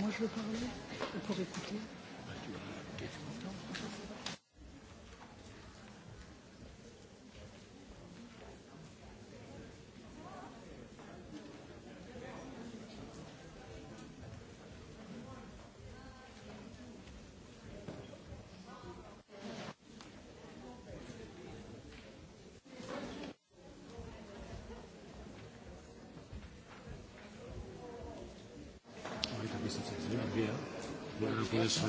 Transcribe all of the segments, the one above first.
moi je veux parler ou pour écouter for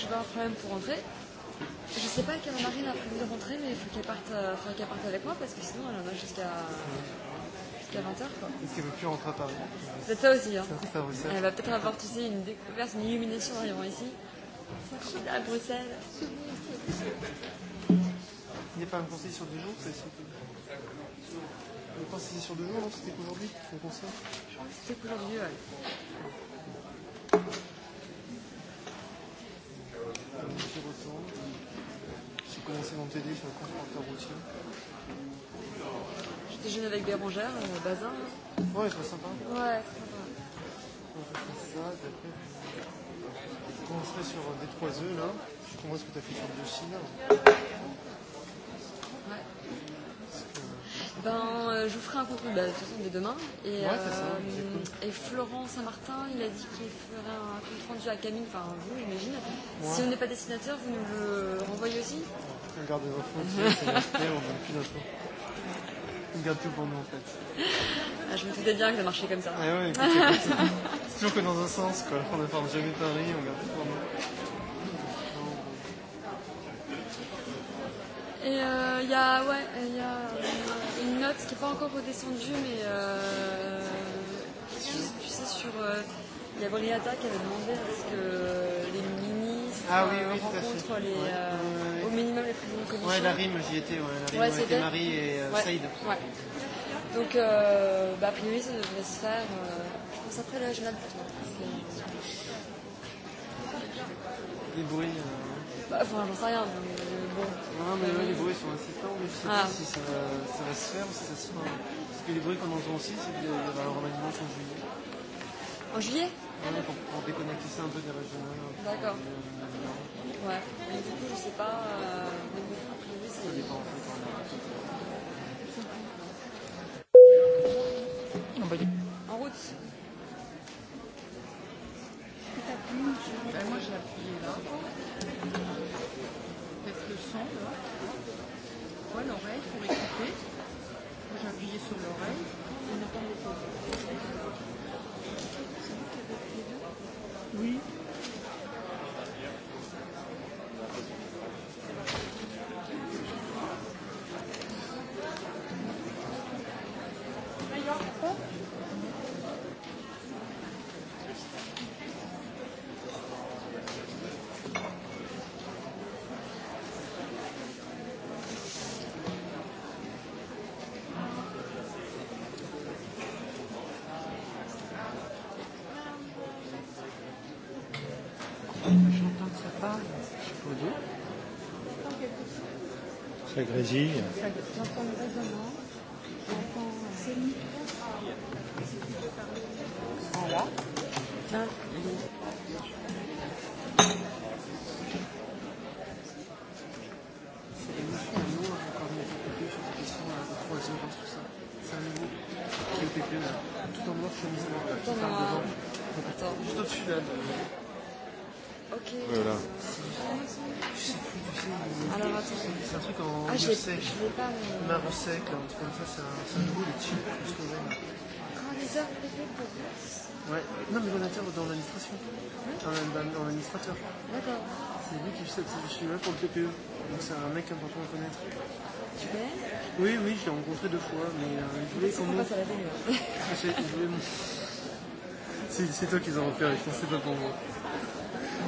je vais avoir un problème pour rentrer. Je sais pas quelle Marine a prévu de rentrer, mais il faut qu'elle parte, euh, qu parte avec moi parce que sinon elle en a jusqu'à jusqu 20h. Est-ce qu'elle veut plus rentrer à Paris C'est ça aussi. Hein. Ça, ça, elle va peut-être avoir tu sais, une découverte, une illumination en arrivant ici. À Bruxelles. Il n'y a pas un conseil sur deux jours Je pense que c'est sur deux jours, non C'était qu'aujourd'hui, le conseil C'était qu'aujourd'hui, ouais. commencer mon TD sur le transporteur routier. Je déjeune avec Bérangère, euh, Bazin. Ouais, c'est sympa. Ouais, c'est sympa. ça, d'après. Je commencerai sur euh, des trois œufs là. Je comprends ce que tu as fait sur le Chine. Ouais. Ben, euh, je vous ferai un contenu bah, de toute façon dès demain. Et, ouais, euh, ça, cool. et Florent Saint-Martin, il a dit qu'il ferait un compte rendu à Camille, enfin vous, j'imagine. Ouais. Si on n'est pas dessinateur, vous nous le renvoyez aussi on garde les infos, c'est on n'a plus d'infos. On garde tout pour nous en fait. Ah, je me doutais bien que ça marchait comme ça. Ah ouais, c'est toujours que dans un sens, quoi. On ne parle jamais Paris, on garde tout pour nous. Et il euh, y a, ouais, y a euh, une note qui n'est pas encore redescendue, mais euh, tu, tu sais, sur. Il euh, y a Briata qui avait demandé à ce que euh, les ah, oui, oui, rencontre les, ouais. euh, au minimum les présidents de commission. Oui, la rime, j'y étais, ouais, la rime, ouais, c'était Marie et euh, ouais. Saïd. Ouais. Donc, euh, bah, a priori, ça devrait se faire, euh, je pense, après le journal du Les bruits. Euh... Bah, enfin, j'en sais rien, mais euh, bon. Non, mais ouais, les bruits sont insistants, mais je sais ah. pas si ça va, ça va se faire, si ça se fera. Parce que les bruits qu'on entend aussi, c'est qu'il y aura un remaniement en juillet. En juillet Ouais, pour, pour déconnecter ça un peu des régionales. Euh, D'accord. Euh, ouais. Mais du coup, je sais pas. Euh, Ça dépend. On va En route. Ben, moi, j'ai appuyé là. Peut-être le son, là. Ouais, l'oreille pour écouter. Moi, j'ai appuyé sur l'oreille. C'est une attente de Grésil. Marseille. Marseille, truc comme ça, ça, un roule les chiffres, je trouvais. Quand les Ouais, non, mais donateur dans l'administration. Dans, l'administrateur. D'accord. C'est lui qui fait cette. Je suis là pour le PPE. Donc c'est un mec important à connaître. Tu connais Oui, oui, je l'ai rencontré deux fois, mais euh, je voulais qu'on. Nous... je, je voulais mon. Si, c'est toi qui les as repérés, je pense c'est pas pour moi.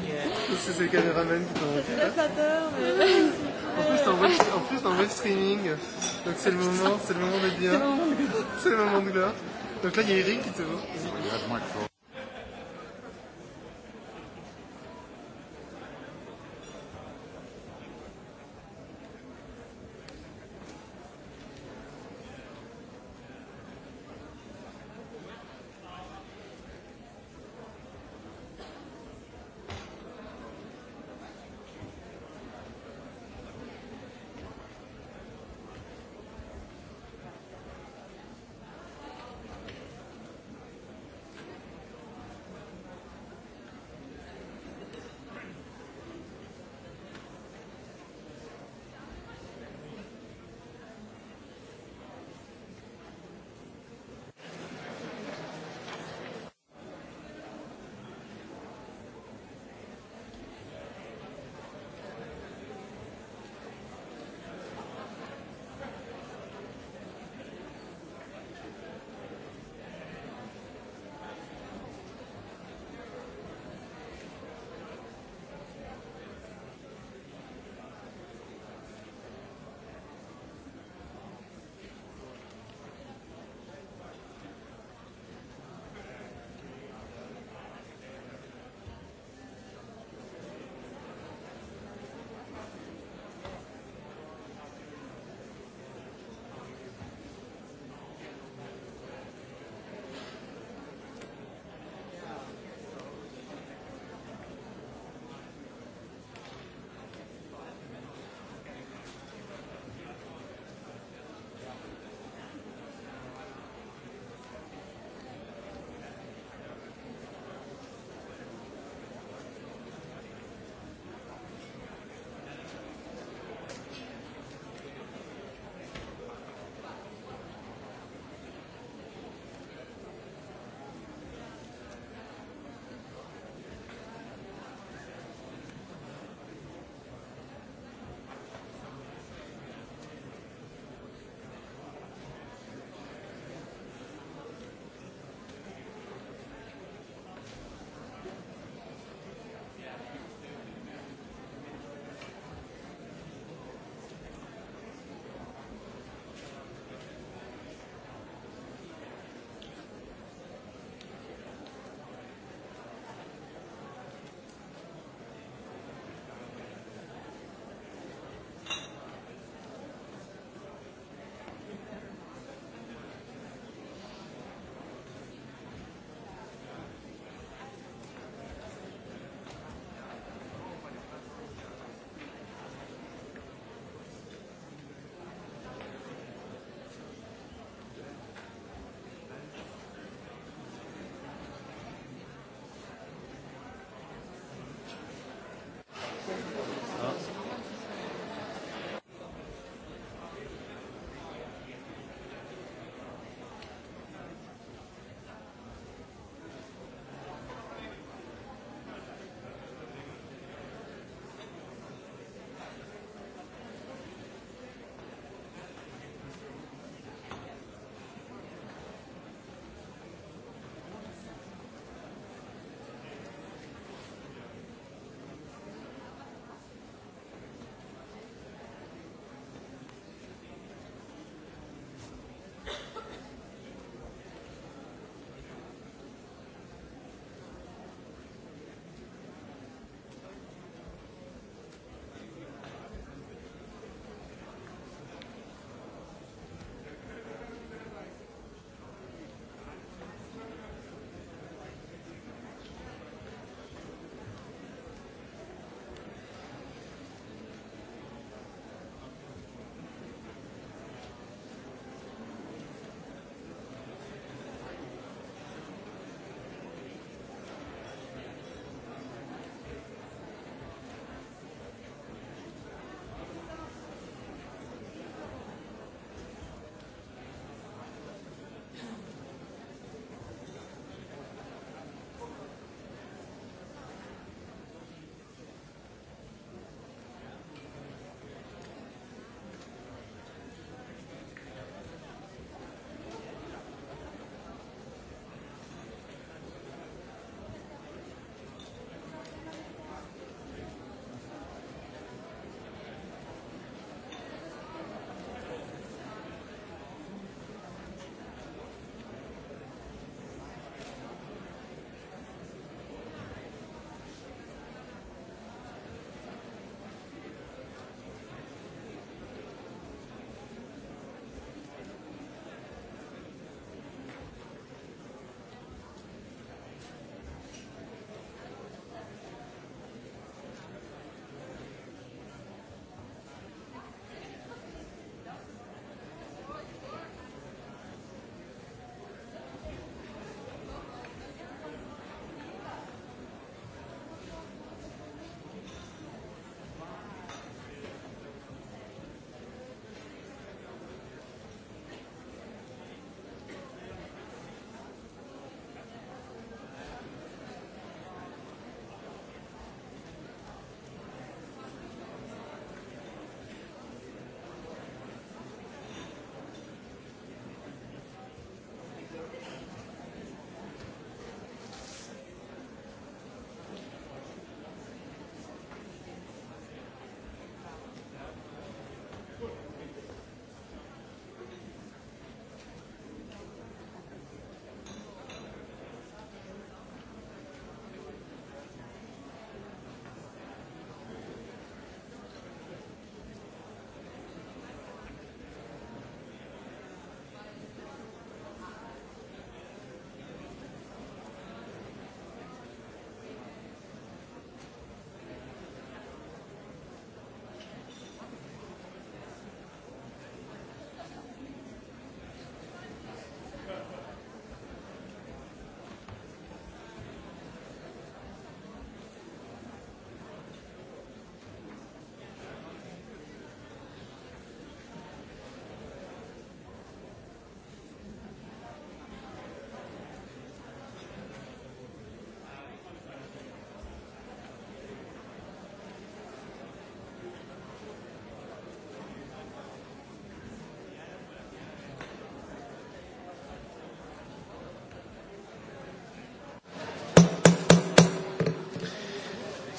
Yeah. C'est le caméraman qui t'a repéré. Ça fait peur, mais. En plus, en web, en plus, en web streaming. Donc c'est le moment, c'est le moment de dire. C'est le moment de gloire. Donc là, il y a Eric qui te voit.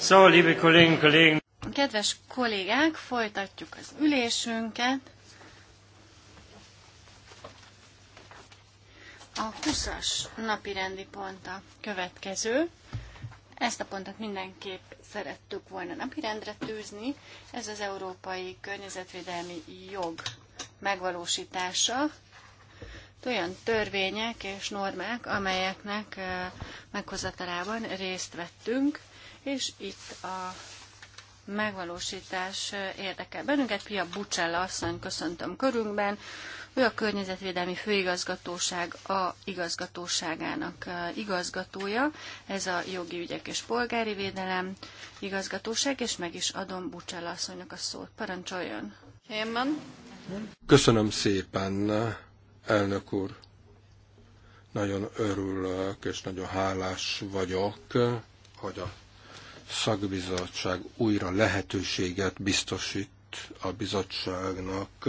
So, liebe Kollegen, Kollegen. Kedves kollégák, folytatjuk az ülésünket. A 20-as napi rendi pont a következő. Ezt a pontot mindenképp szerettük volna napirendre tűzni. Ez az európai környezetvédelmi jog megvalósítása. Olyan törvények és normák, amelyeknek eh, meghozatalában részt vettünk és itt a megvalósítás érdekel bennünket. Pia Bucsella asszony köszöntöm körünkben. Ő a Környezetvédelmi Főigazgatóság a igazgatóságának igazgatója. Ez a Jogi Ügyek és Polgári Védelem igazgatóság, és meg is adom Bucsella asszonynak a szót. Parancsoljon! Hémen. Köszönöm szépen, elnök úr! Nagyon örülök és nagyon hálás vagyok, hogy a szakbizottság újra lehetőséget biztosít a bizottságnak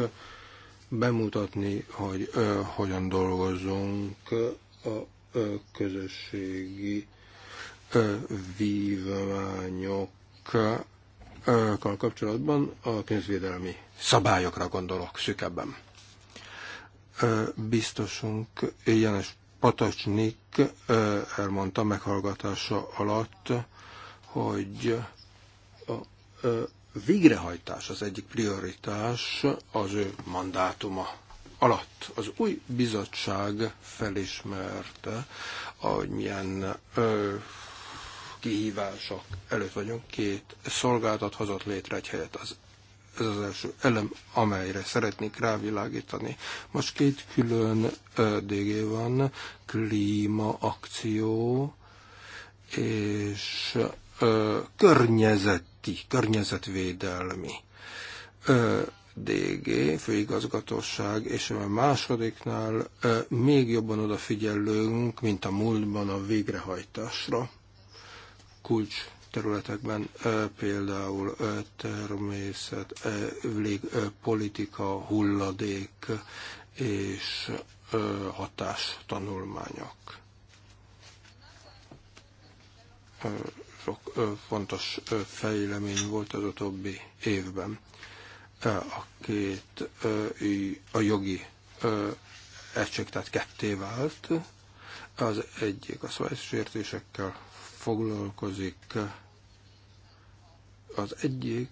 bemutatni, hogy ö, hogyan dolgozunk a ö, közösségi ö, vívmányokkal kapcsolatban a pénzvédelmi szabályokra gondolok szükebben. Biztosunk János Patacsnik elmondta meghallgatása alatt, hogy a, végrehajtás az egyik prioritás az ő mandátuma alatt. Az új bizottság felismerte, hogy milyen kihívások előtt vagyunk. Két szolgáltat hozott létre egy helyet. Az, ez az első elem, amelyre szeretnék rávilágítani. Most két külön DG van, klímaakció és ö, környezeti, környezetvédelmi ö, DG, főigazgatóság, és a másodiknál ö, még jobban odafigyelünk, mint a múltban a végrehajtásra. Kulcs területekben, például természet, politika, hulladék és hatástanulmányok sok fontos fejlemény volt az utóbbi évben. A két a jogi egység, tehát ketté vált. Az egyik a szabálysértésekkel foglalkozik, az egyik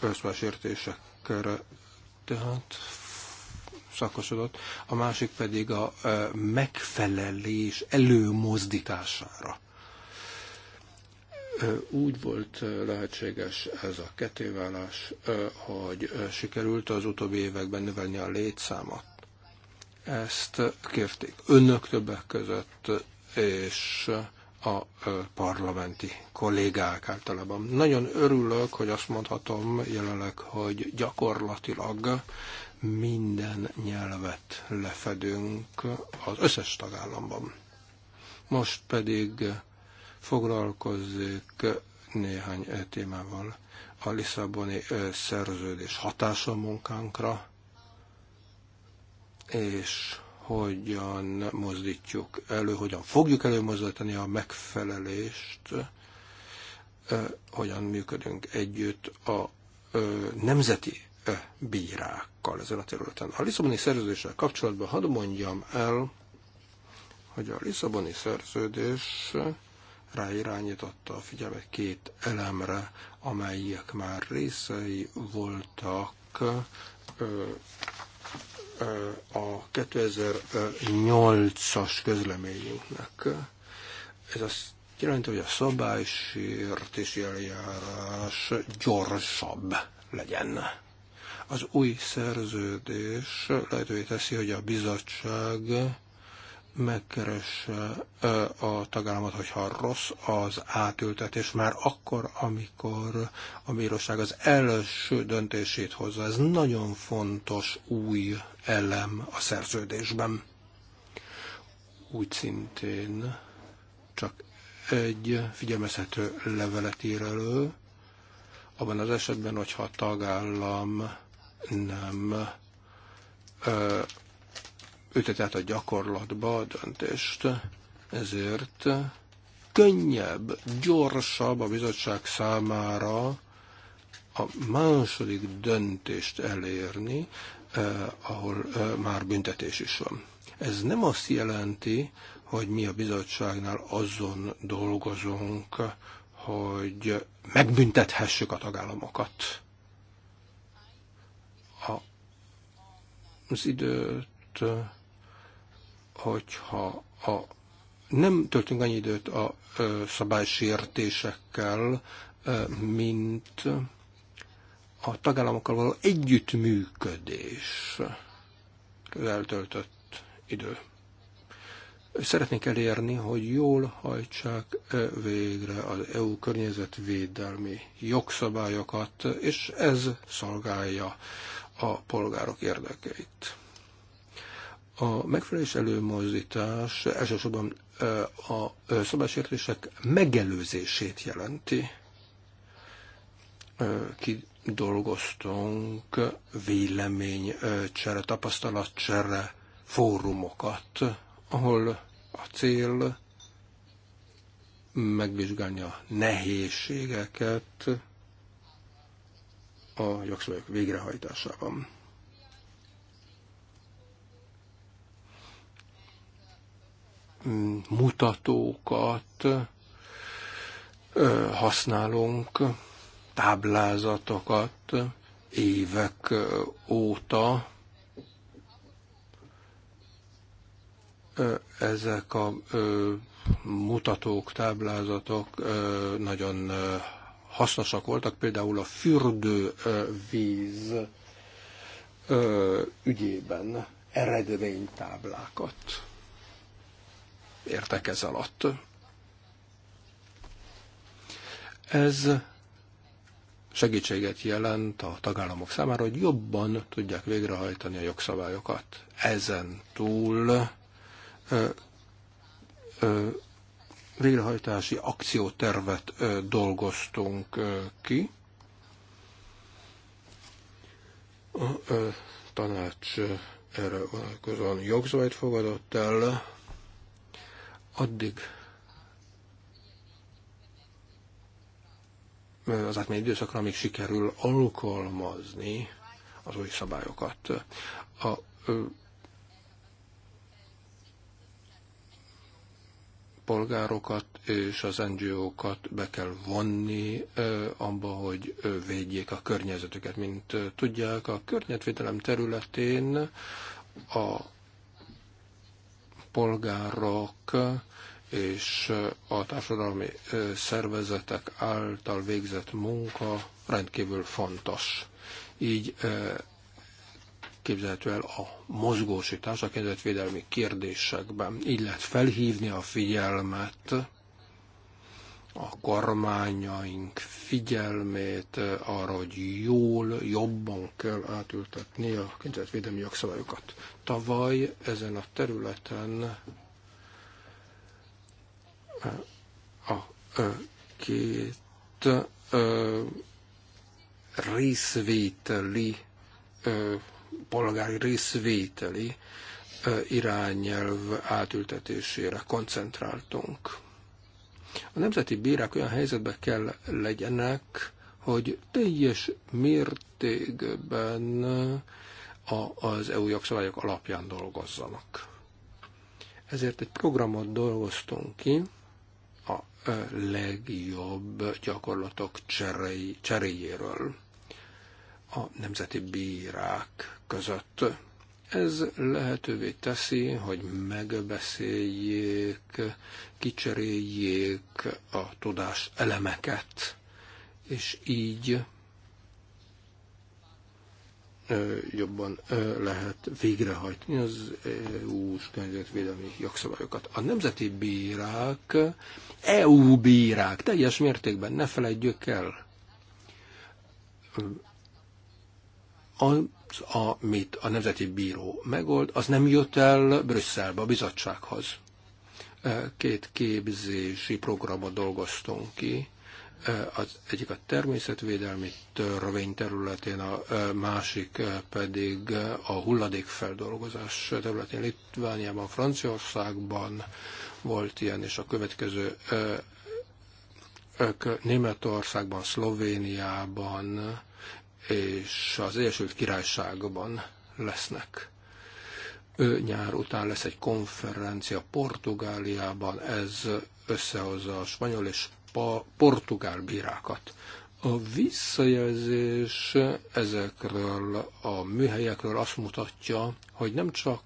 a szabálysértésekre, tehát szakosodott, a másik pedig a megfelelés előmozdítására úgy volt lehetséges ez a kettéválás, hogy sikerült az utóbbi években növelni a létszámat. Ezt kérték önök többek között, és a parlamenti kollégák általában. Nagyon örülök, hogy azt mondhatom jelenleg, hogy gyakorlatilag minden nyelvet lefedünk az összes tagállamban. Most pedig foglalkozik néhány eh, témával. A Lisszaboni eh, szerződés hatása munkánkra, és hogyan mozdítjuk elő, hogyan fogjuk előmozdítani a megfelelést, eh, hogyan működünk együtt a nemzeti bírákkal ezen a területen. A Lisszaboni szerződéssel kapcsolatban hadd mondjam el, hogy a Lisszaboni szerződés ráirányította a figyelmet két elemre, amelyek már részei voltak a 2008-as közleményünknek. Ez azt jelenti, hogy a szabálysértési eljárás gyorsabb legyen. Az új szerződés lehetővé teszi, hogy a bizottság megkeresse a tagállamot, hogyha rossz az átültetés, már akkor, amikor a bíróság az első döntését hozza. Ez nagyon fontos új elem a szerződésben. Úgy szintén csak egy figyelmezhető levelet ír elő, abban az esetben, hogyha a tagállam nem ö, ütet át a gyakorlatba a döntést. Ezért könnyebb, gyorsabb a bizottság számára a második döntést elérni, eh, ahol eh, már büntetés is van. Ez nem azt jelenti, hogy mi a bizottságnál azon dolgozunk, hogy megbüntethessük a tagállamokat. A, az időt hogyha a, nem töltünk annyi időt a szabálysértésekkel, mint a tagállamokkal való együttműködés eltöltött idő. Szeretnék elérni, hogy jól hajtsák végre az EU környezetvédelmi jogszabályokat, és ez szolgálja a polgárok érdekeit. A megfelelés előmozdítás elsősorban a szabálysértések megelőzését jelenti. Kidolgoztunk véleménycsere, tapasztalatcsere fórumokat, ahol a cél megvizsgálni a nehézségeket a jogszabályok végrehajtásában. mutatókat használunk, táblázatokat évek óta. Ezek a mutatók, táblázatok nagyon hasznosak voltak, például a fürdővíz ügyében eredménytáblákat értek ez alatt. Ez segítséget jelent a tagállamok számára, hogy jobban tudják végrehajtani a jogszabályokat. Ezen túl ö, ö, végrehajtási akciótervet ö, dolgoztunk ö, ki. A ö, tanács erre vonatkozóan jogszabályt fogadott el, addig az átmenő időszakra, amíg sikerül alkalmazni az új szabályokat. A, polgárokat és az NGO-kat be kell vonni abba, hogy védjék a környezetüket. Mint tudják, a környezetvédelem területén a polgárok és a társadalmi szervezetek által végzett munka rendkívül fontos. Így képzelhető el a mozgósítás a környezetvédelmi kérdésekben. Így lehet felhívni a figyelmet, a kormányaink figyelmét arra, hogy jól, jobban kell átültetni a környezetvédelmi jogszabályokat. Tavaly ezen a területen a két részvételi, polgári részvételi irányelv átültetésére koncentráltunk. A nemzeti bírák olyan helyzetbe kell legyenek, hogy teljes mértékben az EU jogszabályok alapján dolgozzanak. Ezért egy programot dolgoztunk ki, legjobb gyakorlatok cseréjéről a nemzeti bírák között. Ez lehetővé teszi, hogy megbeszéljék, kicseréljék a tudás elemeket, és így jobban lehet végrehajtani az EU-s környezetvédelmi jogszabályokat. A nemzeti bírák, EU bírák, teljes mértékben ne felejtjük el, az, amit a Nemzeti Bíró megold, az nem jött el Brüsszelbe, a bizottsághoz. Két képzési programot dolgoztunk ki, az egyik a természetvédelmi törvény területén, a másik pedig a hulladékfeldolgozás területén. Litvániában, Franciaországban volt ilyen, és a következő Németországban, Szlovéniában és az Egyesült Királyságban lesznek. Ő nyár után lesz egy konferencia Portugáliában, ez összehozza a spanyol és a portugál bírákat. A visszajelzés ezekről a műhelyekről azt mutatja, hogy nem csak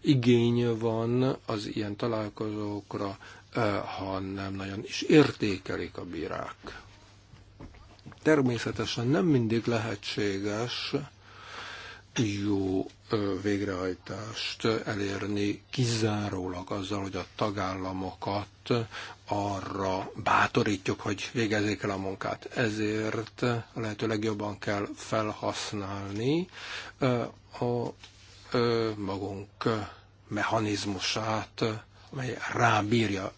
igény van az ilyen találkozókra, eh, hanem nagyon is értékelik a bírák. Természetesen nem mindig lehetséges jó eh, végrehajtást elérni kizárólag azzal, hogy a tagállamokat arra bátorítjuk, hogy végezzék el a munkát. Ezért a lehető legjobban kell felhasználni a magunk mechanizmusát, amely rábírja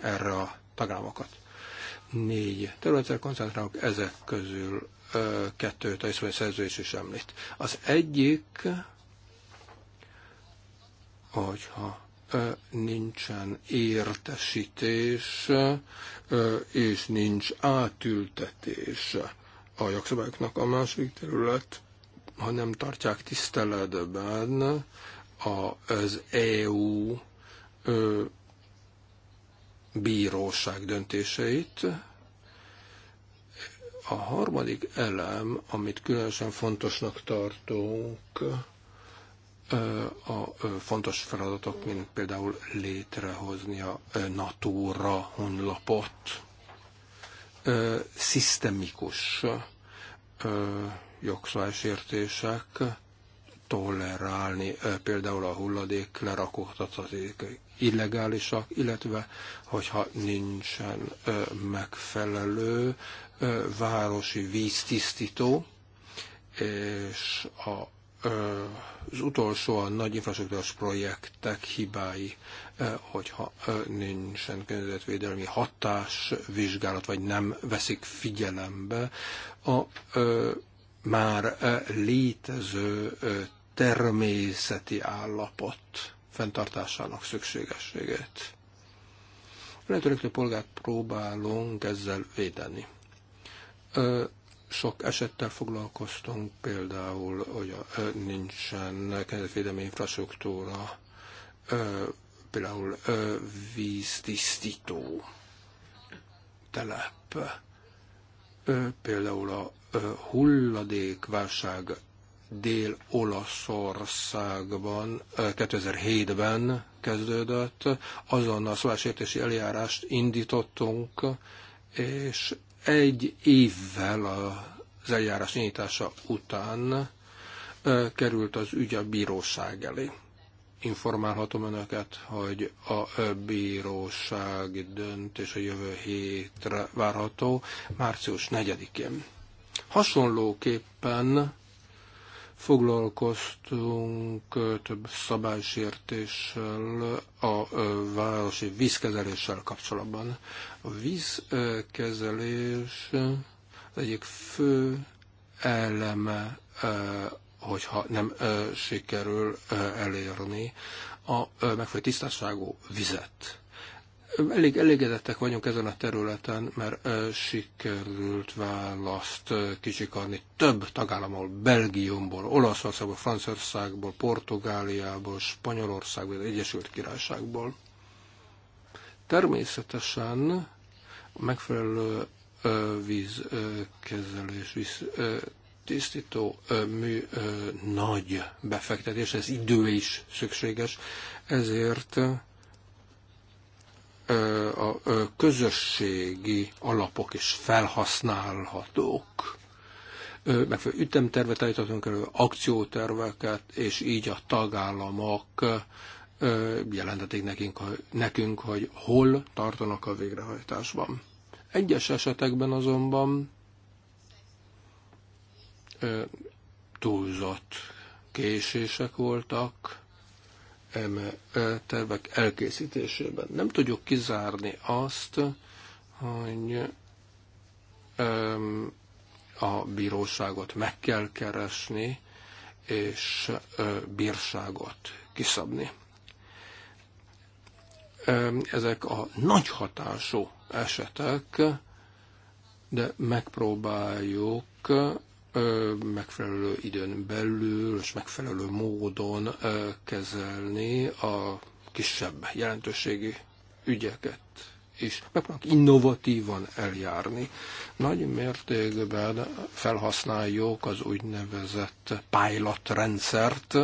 erre a tagállamokat. Négy területre koncentrálok, ezek közül kettőt a iszlami szerződés is említ. Az egyik, hogyha nincsen értesítés, és nincs átültetés a jogszabályoknak a második terület, ha nem tartják tiszteletben az EU bíróság döntéseit. A harmadik elem, amit különösen fontosnak tartunk, a fontos feladatok, mint például létrehozni a Natura honlapot, szisztemikus jogszabálysértések, tolerálni például a hulladék az illegálisak, illetve hogyha nincsen megfelelő városi víztisztító, és a az utolsó a nagy infrastruktúrás projektek hibái, hogyha nincsen környezetvédelmi hatás, vizsgálat, vagy nem veszik figyelembe a már létező természeti állapot fenntartásának szükségességét. Lehetőleg a polgárt próbálunk ezzel védeni sok esettel foglalkoztunk, például, hogy nincsen környezetvédelmi infrastruktúra, például víztisztító telep, például a hulladékválság Dél-Olaszországban 2007-ben kezdődött. Azonnal szólásértési eljárást indítottunk, és egy évvel az eljárás nyitása után került az ügy a bíróság elé. Informálhatom önöket, hogy a bíróság döntés a jövő hétre várható, március 4-én. Hasonlóképpen foglalkoztunk több szabálysértéssel a városi vízkezeléssel kapcsolatban. A vízkezelés egyik fő eleme, hogyha nem sikerül elérni a megfelelő tisztaságú vizet elég elégedettek vagyunk ezen a területen, mert sikerült választ kicsikarni több tagállamból, Belgiumból, Olaszországból, Franciaországból, Portugáliából, Spanyolországból, Egyesült Királyságból. Természetesen a megfelelő vízkezelés, víz tisztító mű nagy befektetés, ez idő is szükséges, ezért a közösségi alapok is felhasználhatók. Megfelelő ütemtervet állíthatunk elő, akcióterveket, és így a tagállamok jelentetik nekünk, nekünk, hogy hol tartanak a végrehajtásban. Egyes esetekben azonban túlzott késések voltak, eme tervek elkészítésében. Nem tudjuk kizárni azt, hogy a bíróságot meg kell keresni, és bírságot kiszabni. Ezek a nagy hatású esetek, de megpróbáljuk megfelelő időn belül és megfelelő módon kezelni a kisebb jelentőségi ügyeket és megpróbálunk innovatívan eljárni. Nagy mértékben felhasználjuk az úgynevezett pilot rendszert,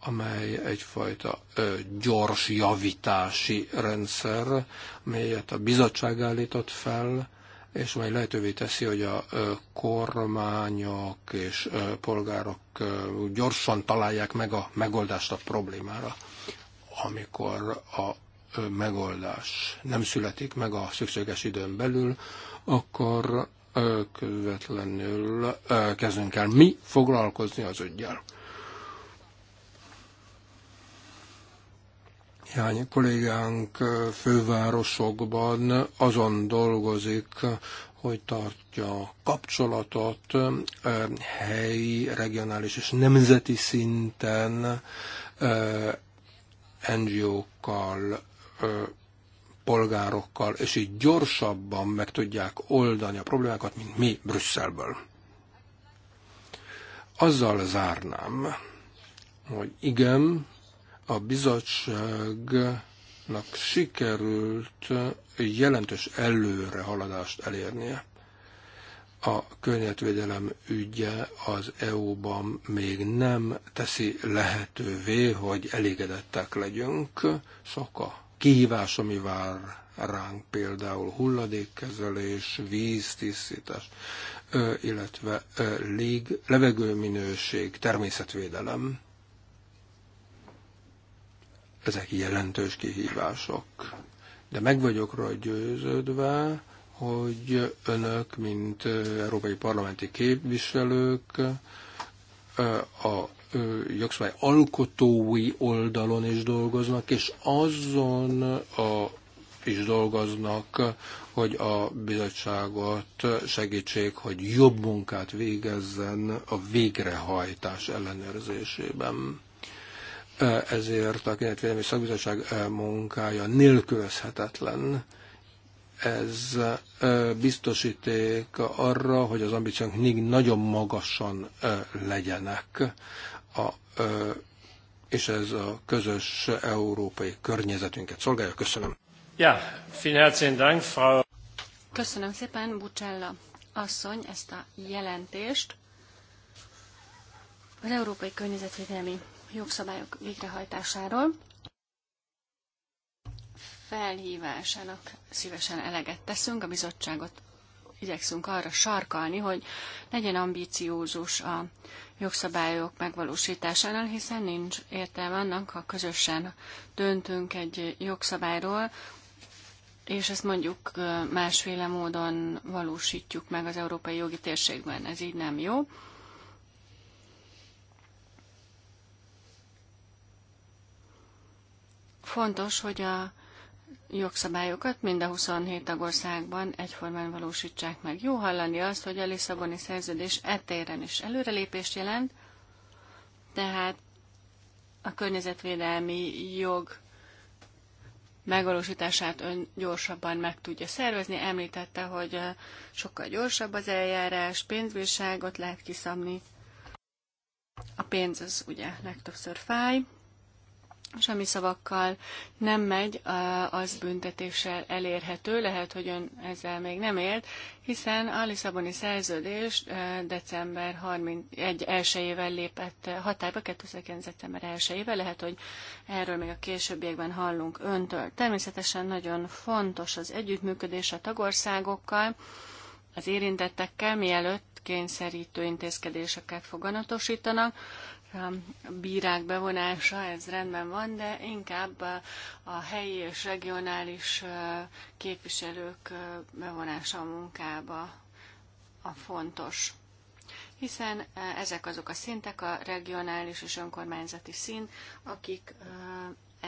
amely egyfajta ö, gyors javítási rendszer, melyet a bizottság állított fel, és mely lehetővé teszi, hogy a kormányok és polgárok gyorsan találják meg a megoldást a problémára, amikor a megoldás nem születik meg a szükséges időn belül, akkor közvetlenül kezdünk el mi foglalkozni az ügyjel. Néhány kollégánk fővárosokban azon dolgozik, hogy tartja kapcsolatot helyi, regionális és nemzeti szinten NGO-kkal, polgárokkal, és így gyorsabban meg tudják oldani a problémákat, mint mi Brüsszelből. Azzal zárnám, hogy igen, a bizottságnak sikerült jelentős előrehaladást elérnie. A környezetvédelem ügye az EU-ban még nem teszi lehetővé, hogy elégedettek legyünk. Sok a kihívás, ami vár ránk például hulladékkezelés, víztisztítás, illetve lég, levegőminőség, természetvédelem. Ezek jelentős kihívások. De meg vagyok róla győződve, hogy önök, mint európai parlamenti képviselők, a jogszabály alkotói oldalon is dolgoznak, és azon a, is dolgoznak, hogy a bizottságot segítsék, hogy jobb munkát végezzen a végrehajtás ellenőrzésében ezért a Kinetvédelmi Szakbizottság munkája nélkülözhetetlen. Ez biztosíték arra, hogy az ambíciónk még nagyon magasan legyenek, a, és ez a közös európai környezetünket szolgálja. Köszönöm. Ja, vielen herzlichen Dank, Frau. Köszönöm szépen, Bucella asszony, ezt a jelentést. Az Európai Környezetvédelmi jogszabályok végrehajtásáról felhívásának szívesen eleget teszünk, a bizottságot igyekszünk arra sarkalni, hogy legyen ambíciózus a jogszabályok megvalósításánál, hiszen nincs értelme annak, ha közösen döntünk egy jogszabályról, és ezt mondjuk másféle módon valósítjuk meg az európai jogi térségben. Ez így nem jó. Fontos, hogy a jogszabályokat mind a 27 tagországban egyformán valósítsák meg. Jó hallani azt, hogy a Lisszaboni szerződés ettéren is előrelépést jelent, tehát a környezetvédelmi jog megvalósítását ön gyorsabban meg tudja szervezni. Említette, hogy eh, sokkal gyorsabb az eljárás, pénzbírságot lehet kiszabni. A pénz az ugye legtöbbször fáj semmi szavakkal nem megy, az büntetéssel elérhető. Lehet, hogy ön ezzel még nem élt, hiszen a Lisszaboni szerződés december 31 elsőjével lépett hatályba, 2009. december 1-ével. Lehet, hogy erről még a későbbiekben hallunk öntől. Természetesen nagyon fontos az együttműködés a tagországokkal, az érintettekkel, mielőtt kényszerítő intézkedéseket foganatosítanak a bírák bevonása, ez rendben van, de inkább a helyi és regionális képviselők bevonása a munkába a fontos hiszen ezek azok a szintek, a regionális és önkormányzati szint, akik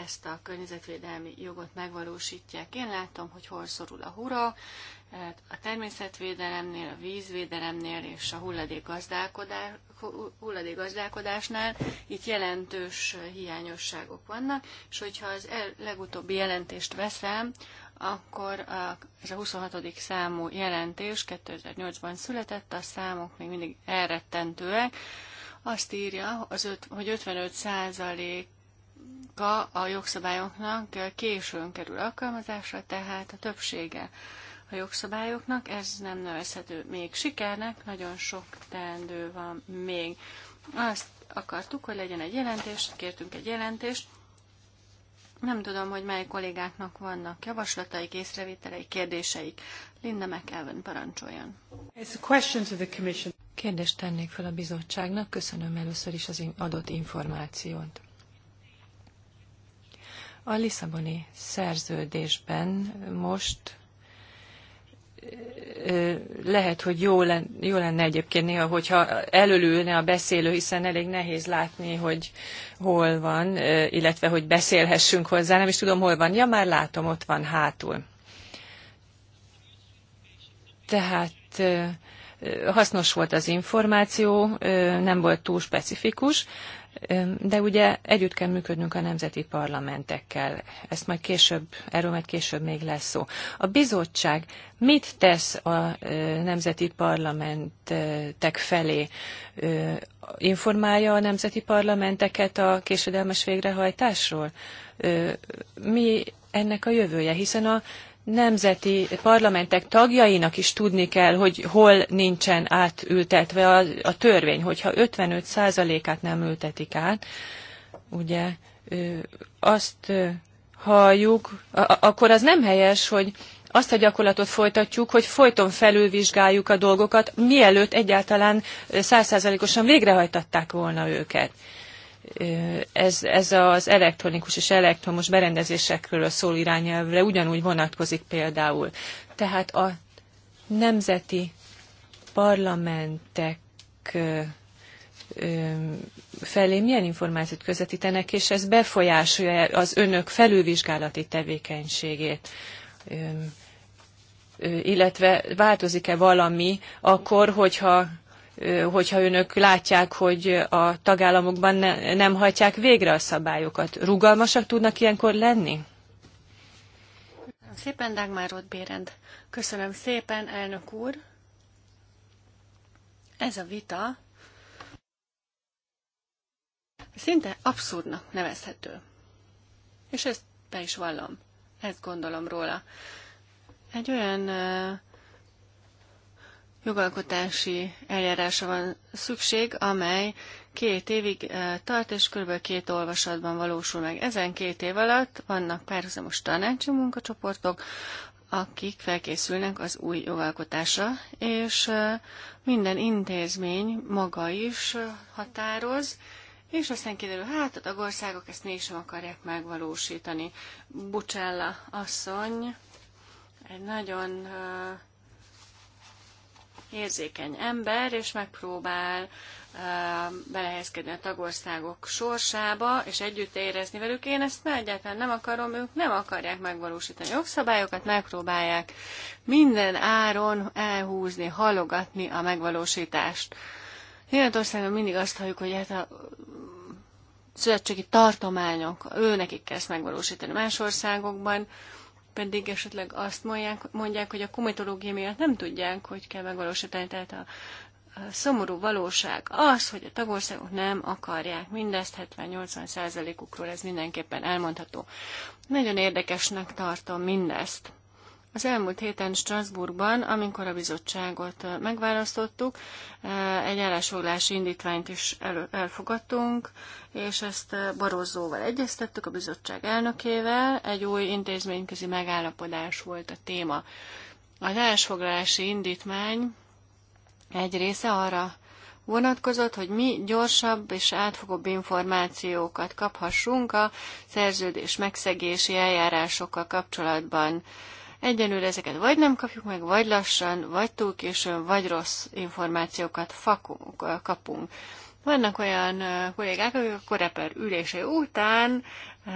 ezt a környezetvédelmi jogot megvalósítják. Én látom, hogy hol szorul a hura, hát a természetvédelemnél, a vízvédelemnél és a hulladékgazdálkodásnál itt jelentős hiányosságok vannak, és hogyha az el, legutóbbi jelentést veszem, akkor a, ez a 26. számú jelentés 2008-ban született, a számok még mindig elrettentőek. Azt írja, az öt, hogy 55 százalék a jogszabályoknak későn kerül alkalmazásra, tehát a többsége a jogszabályoknak, ez nem nevezhető még sikernek, nagyon sok teendő van még. Azt akartuk, hogy legyen egy jelentés, kértünk egy jelentést, nem tudom, hogy mely kollégáknak vannak javaslataik, észrevételeik, kérdéseik. Linda McElvin parancsoljon. Kérdést tennék fel a bizottságnak. Köszönöm először is az adott információt. A Lisszaboni szerződésben most lehet, hogy jó lenne, jó lenne egyébként néha, hogyha előlülne a beszélő, hiszen elég nehéz látni, hogy hol van, illetve hogy beszélhessünk hozzá. Nem is tudom, hol van. Ja, már látom, ott van hátul. Tehát hasznos volt az információ, nem volt túl specifikus. De ugye együtt kell működnünk a nemzeti parlamentekkel. Ezt majd később, erről majd később még lesz szó. A bizottság mit tesz a nemzeti parlamentek felé? Informálja a nemzeti parlamenteket a késedelmes végrehajtásról? Mi ennek a jövője? Hiszen a nemzeti parlamentek tagjainak is tudni kell, hogy hol nincsen átültetve a, a törvény, hogyha 55%-át nem ültetik át, ugye azt halljuk, akkor az nem helyes, hogy azt a gyakorlatot folytatjuk, hogy folyton felülvizsgáljuk a dolgokat, mielőtt egyáltalán százszázalékosan végrehajtatták volna őket ez, ez az elektronikus és elektromos berendezésekről a szól irányelvre ugyanúgy vonatkozik például. Tehát a nemzeti parlamentek felé milyen információt közvetítenek, és ez befolyásolja az önök felülvizsgálati tevékenységét illetve változik-e valami akkor, hogyha hogyha önök látják, hogy a tagállamokban ne, nem hajtják végre a szabályokat. Rugalmasak tudnak ilyenkor lenni? Szépen Dagmar Bérend. Köszönöm szépen, elnök úr. Ez a vita szinte abszurdnak nevezhető. És ezt be is vallom. Ezt gondolom róla. Egy olyan uh, jogalkotási eljárásra van szükség, amely két évig eh, tart, és kb. két olvasatban valósul meg. Ezen két év alatt vannak párhuzamos tanácsi munkacsoportok, akik felkészülnek az új jogalkotásra, és eh, minden intézmény maga is eh, határoz, és aztán kiderül, hát a tagországok ezt mégsem akarják megvalósítani. Bucsella asszony egy nagyon érzékeny ember, és megpróbál belehelyezkedni a tagországok sorsába, és együtt érezni velük. Én ezt már egyáltalán nem akarom, ők nem akarják megvalósítani jogszabályokat, megpróbálják minden áron elhúzni, halogatni a megvalósítást. Németországban mindig azt halljuk, hogy hát a szövetségi tartományok, ő nekik kell ezt megvalósítani más országokban, pedig esetleg azt mondják, mondják hogy a komitológia miatt nem tudják, hogy kell megvalósítani. Tehát a, a szomorú valóság az, hogy a tagországok nem akarják mindezt, 70-80 százalékukról ez mindenképpen elmondható. Nagyon érdekesnek tartom mindezt. Az elmúlt héten Strasbourgban, amikor a bizottságot megválasztottuk, egy állásfoglalási indítványt is elfogadtunk, és ezt barozzóval egyeztettük, a bizottság elnökével. Egy új intézményközi megállapodás volt a téma. Az állásfoglalási indítmány egy része arra vonatkozott, hogy mi gyorsabb és átfogóbb információkat kaphassunk a szerződés megszegési eljárásokkal kapcsolatban Egyenlőre ezeket vagy nem kapjuk meg, vagy lassan, vagy túl későn, vagy rossz információkat fakunk, kapunk. Vannak olyan kollégák, akik a koreper ülése után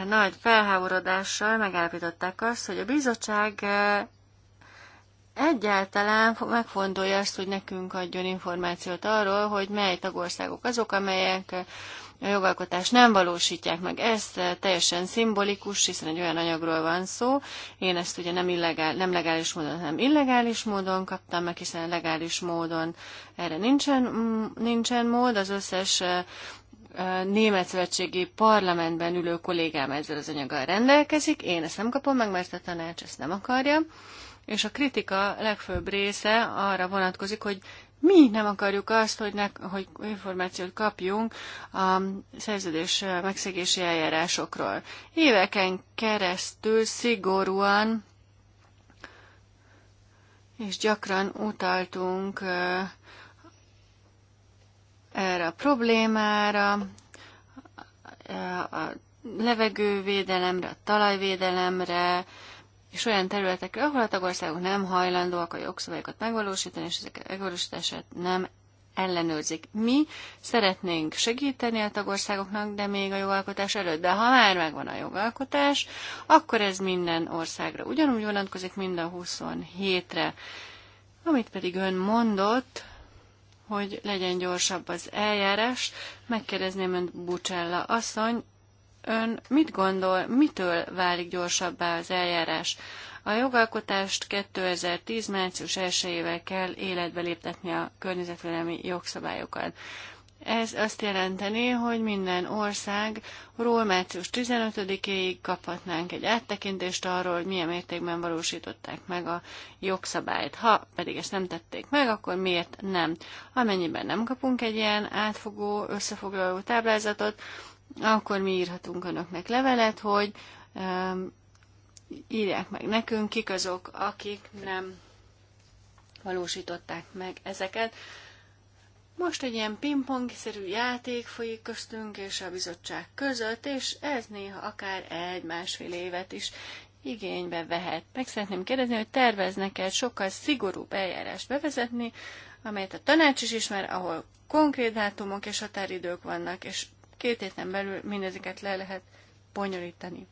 nagy felháborodással megállapították azt, hogy a bizottság egyáltalán megfontolja azt, hogy nekünk adjon információt arról, hogy mely tagországok azok, amelyek a jogalkotást nem valósítják meg. Ez teljesen szimbolikus, hiszen egy olyan anyagról van szó. Én ezt ugye nem, illegál, nem legális módon, hanem illegális módon kaptam meg, hiszen legális módon erre nincsen, mm, nincsen mód. Az összes német szövetségi parlamentben ülő kollégám ezzel az anyaggal rendelkezik. Én ezt nem kapom meg, mert a tanács ezt nem akarja. És a kritika legfőbb része arra vonatkozik, hogy mi nem akarjuk azt, hogy, ne, hogy információt kapjunk a szerződés megszegési eljárásokról. Éveken keresztül szigorúan és gyakran utaltunk erre a problémára, a levegővédelemre, a talajvédelemre, és olyan területekre, ahol a tagországok nem hajlandóak a jogszabályokat megvalósítani, és ezek megvalósítását nem ellenőrzik. Mi szeretnénk segíteni a tagországoknak, de még a jogalkotás előtt. De ha már megvan a jogalkotás, akkor ez minden országra ugyanúgy vonatkozik, mind a 27-re. Amit pedig ön mondott, hogy legyen gyorsabb az eljárás, megkérdezném önt Bucsella asszony, Ön mit gondol, mitől válik gyorsabbá az eljárás? A jogalkotást 2010. március 1-ével kell életbe léptetni a környezetvédelmi jogszabályokat. Ez azt jelenteni, hogy minden ról március 15-éig kaphatnánk egy áttekintést arról, hogy milyen mértékben valósították meg a jogszabályt. Ha pedig ezt nem tették meg, akkor miért nem? Amennyiben nem kapunk egy ilyen átfogó, összefoglaló táblázatot, akkor mi írhatunk önöknek levelet, hogy írják meg nekünk, kik azok, akik nem valósították meg ezeket. Most egy ilyen pingpongszerű játék folyik köztünk és a bizottság között, és ez néha akár egy-másfél évet is igénybe vehet. Meg szeretném kérdezni, hogy terveznek-e sokkal szigorúbb eljárást bevezetni, amelyet a tanács is ismer, ahol konkrét dátumok és határidők vannak, és Két héten belül mindezeket le lehet bonyolítani.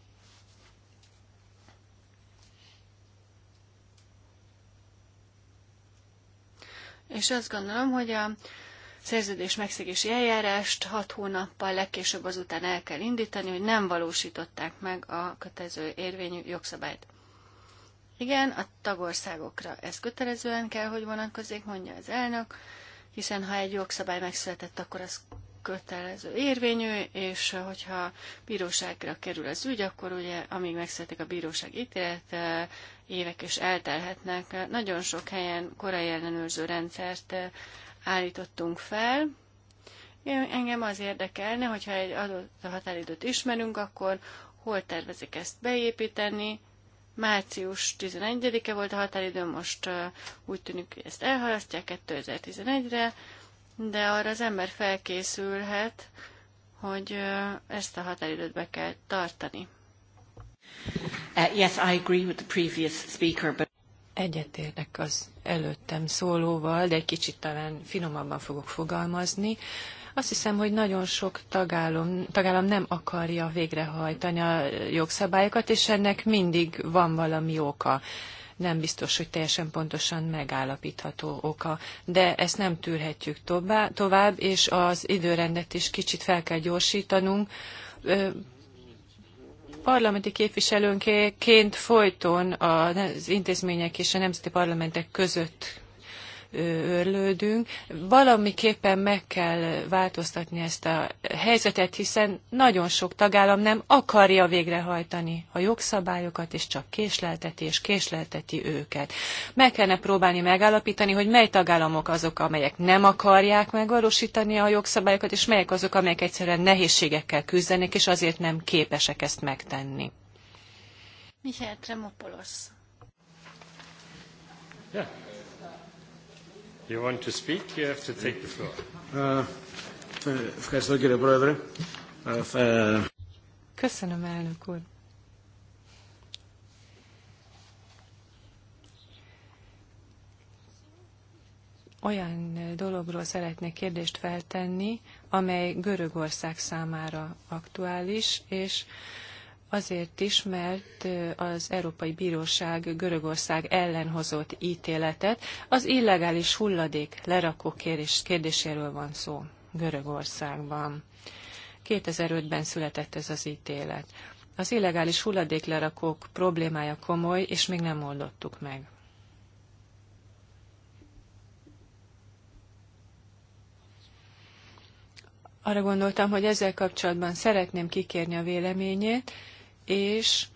És azt gondolom, hogy a szerződés megszegési eljárást hat hónappal legkésőbb azután el kell indítani, hogy nem valósították meg a kötelező érvényű jogszabályt. Igen, a tagországokra ez kötelezően kell, hogy vonatkozik, mondja az elnök, hiszen ha egy jogszabály megszületett, akkor az kötelező érvényű, és hogyha bíróságra kerül az ügy, akkor ugye amíg megszületik a bíróság ítélet, évek is eltelhetnek. Nagyon sok helyen korai ellenőrző rendszert eh, állítottunk fel. engem az érdekelne, hogyha egy adott határidőt ismerünk, akkor hol tervezik ezt beépíteni, március 11-e volt a határidő, most eh, úgy tűnik, hogy ezt elhalasztják 2011-re de arra az ember felkészülhet, hogy ezt a határidőt be kell tartani. Uh, yes, I agree with the previous speaker, but... Egyetértek az előttem szólóval, de egy kicsit talán finomabban fogok fogalmazni. Azt hiszem, hogy nagyon sok tagállam, tagállam nem akarja végrehajtani a jogszabályokat, és ennek mindig van valami oka nem biztos, hogy teljesen pontosan megállapítható oka. De ezt nem tűrhetjük tovább, és az időrendet is kicsit fel kell gyorsítanunk. Parlamenti képviselőnként folyton az intézmények és a nemzeti parlamentek között őrlődünk. Valamiképpen meg kell változtatni ezt a helyzetet, hiszen nagyon sok tagállam nem akarja végrehajtani a jogszabályokat, és csak késlelteti és késlelteti őket. Meg kellene próbálni megállapítani, hogy mely tagállamok azok, amelyek nem akarják megvalósítani a jogszabályokat, és melyek azok, amelyek egyszerűen nehézségekkel küzdenek, és azért nem képesek ezt megtenni. Michael Tremopoulos. Yeah. You want to speak? You have to take the floor. Köszönöm, elnök úr. Olyan dologról szeretnék kérdést feltenni, amely Görögország számára aktuális, és uh, Azért is, mert az Európai Bíróság Görögország ellen hozott ítéletet az illegális hulladék lerakó kérdéséről van szó Görögországban. 2005-ben született ez az ítélet. Az illegális hulladéklerakók problémája komoly, és még nem oldottuk meg. Arra gondoltam, hogy ezzel kapcsolatban szeretném kikérni a véleményét, és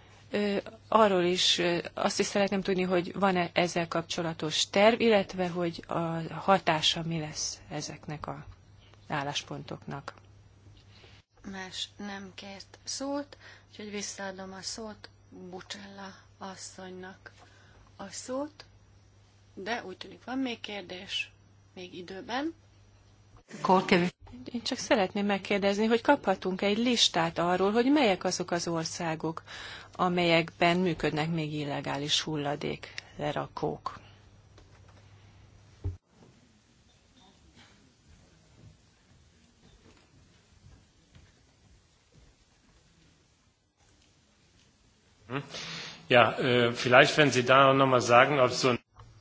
arról is azt is szeretném tudni, hogy van-e ezzel kapcsolatos terv, illetve hogy a hatása mi lesz ezeknek a álláspontoknak. Más nem kért szót, úgyhogy visszaadom a szót Bucsella asszonynak a szót, de úgy tűnik van még kérdés, még időben. Én csak szeretném megkérdezni, hogy kaphatunk egy listát arról, hogy melyek azok az országok, amelyekben működnek még illegális hulladék lerakók. Hm? Ja, vielleicht, wenn Sie da mal sagen, ob so